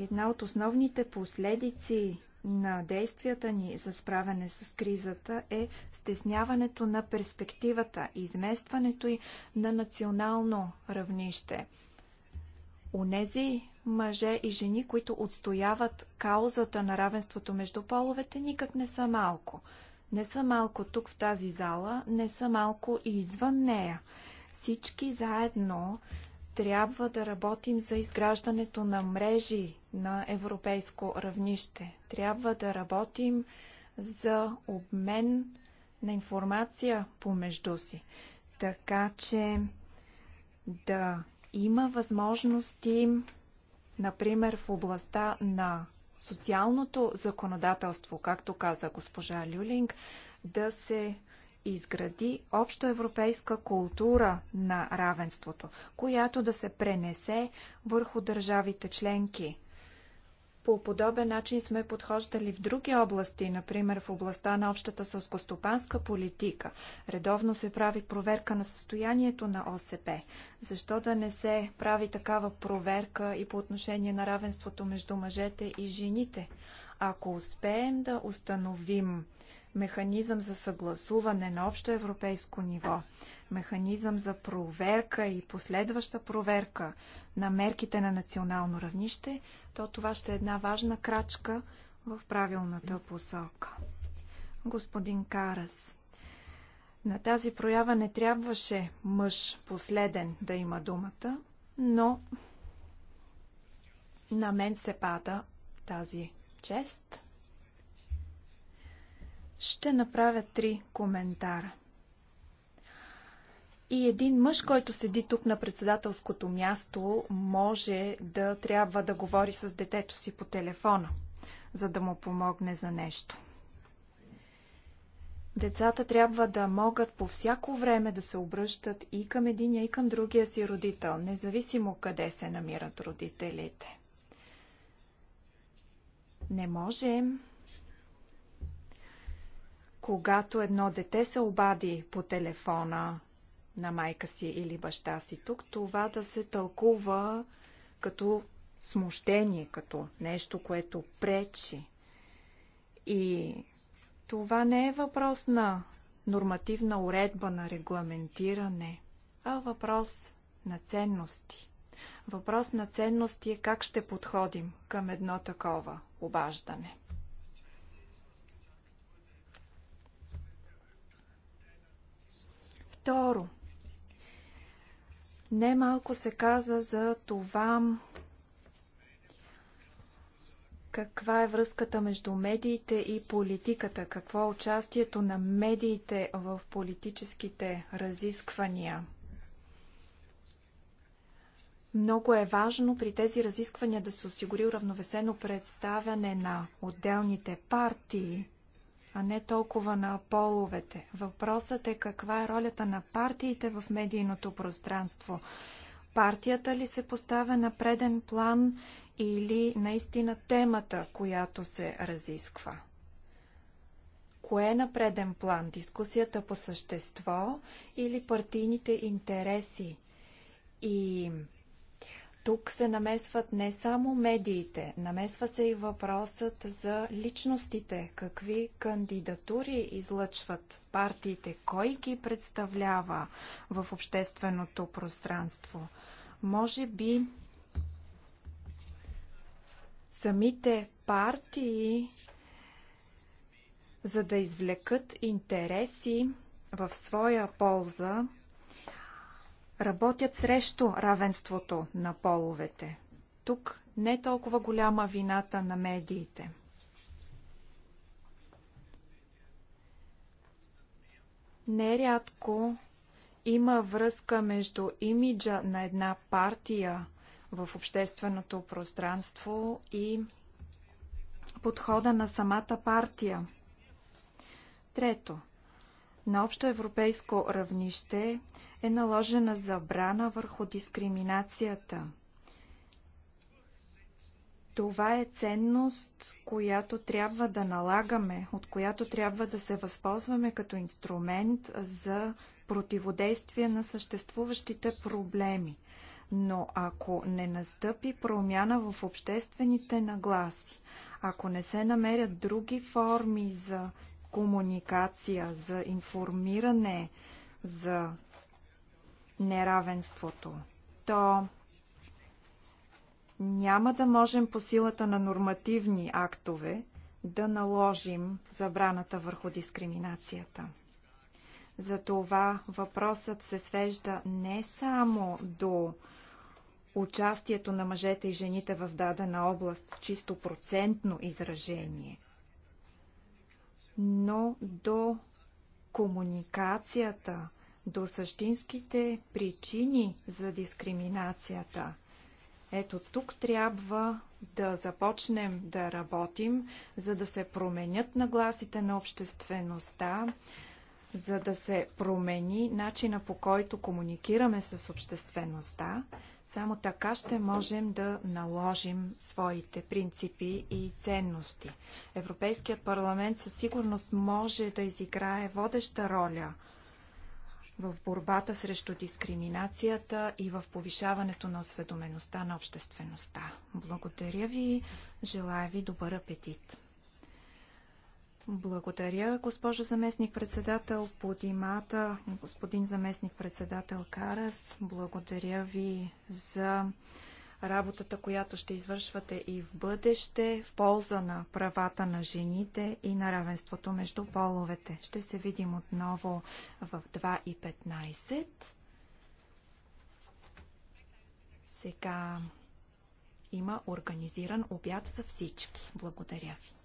Една от основните последици на действията ни за справяне с кризата е стесняването на перспективата, изместването й на национално равнище. Унези мъже и жени, които отстояват каузата на равенството между половете, никак не са малко. Не са малко тук в тази зала, не са малко и извън нея. Всички заедно трябва да работим за изграждането на мрежи на европейско равнище. Трябва да работим за обмен на информация помежду си, така че да има възможности, например в областта на социалното законодателство, както каза госпожа Люлинг, да се изгради обща европейска култура на равенството, която да се пренесе върху държавите членки. По подобен начин сме подхождали в други области, например в областта на общата сълскостопанска политика. Редовно се прави проверка на състоянието на ОСП. Защо да не се прави такава проверка и по отношение на равенството между мъжете и жените? Ако успеем да установим механизъм за съгласуване на общо европейско ниво, механизъм за проверка и последваща проверка на мерките на национално равнище, то това ще е една важна крачка в правилната посока. Господин Карас, на тази проява не трябваше мъж последен да има думата, но на мен се пада тази чест – ще направя три коментара. И един мъж, който седи тук на председателското място, може да трябва да говори с детето си по телефона, за да му помогне за нещо. Децата трябва да могат по всяко време да се обръщат и към единия, и към другия си родител, независимо къде се намират родителите. Не можем когато едно дете се обади по телефона на майка си или баща си тук, това да се тълкува като смущение, като нещо, което пречи. И това не е въпрос на нормативна уредба на регламентиране, а въпрос на ценности. Въпрос на ценности е как ще подходим към едно такова обаждане. Второ, немалко се каза за това каква е връзката между медиите и политиката, какво е участието на медиите в политическите разисквания. Много е важно при тези разисквания да се осигури уравновесено представяне на отделните партии а не толкова на половете. Въпросът е каква е ролята на партиите в медийното пространство. Партията ли се поставя на преден план или наистина темата, която се разисква? Кое е на преден план? Дискусията по същество или партийните интереси? И тук се намесват не само медиите, намесва се и въпросът за личностите. Какви кандидатури излъчват партиите? Кой ги представлява в общественото пространство? Може би самите партии, за да извлекат интереси в своя полза, работят срещу равенството на половете. Тук не е толкова голяма вината на медиите. Нерядко има връзка между имиджа на една партия в общественото пространство и подхода на самата партия. Трето, на общо европейско равнище е наложена забрана върху дискриминацията. Това е ценност, която трябва да налагаме, от която трябва да се възползваме като инструмент за противодействие на съществуващите проблеми. Но ако не настъпи промяна в обществените нагласи, ако не се намерят други форми за комуникация, за информиране за неравенството, то няма да можем по силата на нормативни актове да наложим забраната върху дискриминацията. Затова въпросът се свежда не само до участието на мъжете и жените в дадена област, чисто процентно изражение – но до комуникацията, до същинските причини за дискриминацията. Ето тук трябва да започнем да работим, за да се променят нагласите на обществеността, за да се промени начина по който комуникираме с обществеността, само така ще можем да наложим своите принципи и ценности. Европейският парламент със сигурност може да изиграе водеща роля в борбата срещу дискриминацията и в повишаването на осведомеността на обществеността. Благодаря ви, желая ви добър апетит! Благодаря, госпожо заместник-председател Подимата, господин заместник-председател Карас. Благодаря ви за работата, която ще извършвате и в бъдеще в полза на правата на жените и на равенството между половете. Ще се видим отново в 2.15. Сега има организиран обяд за всички. Благодаря ви.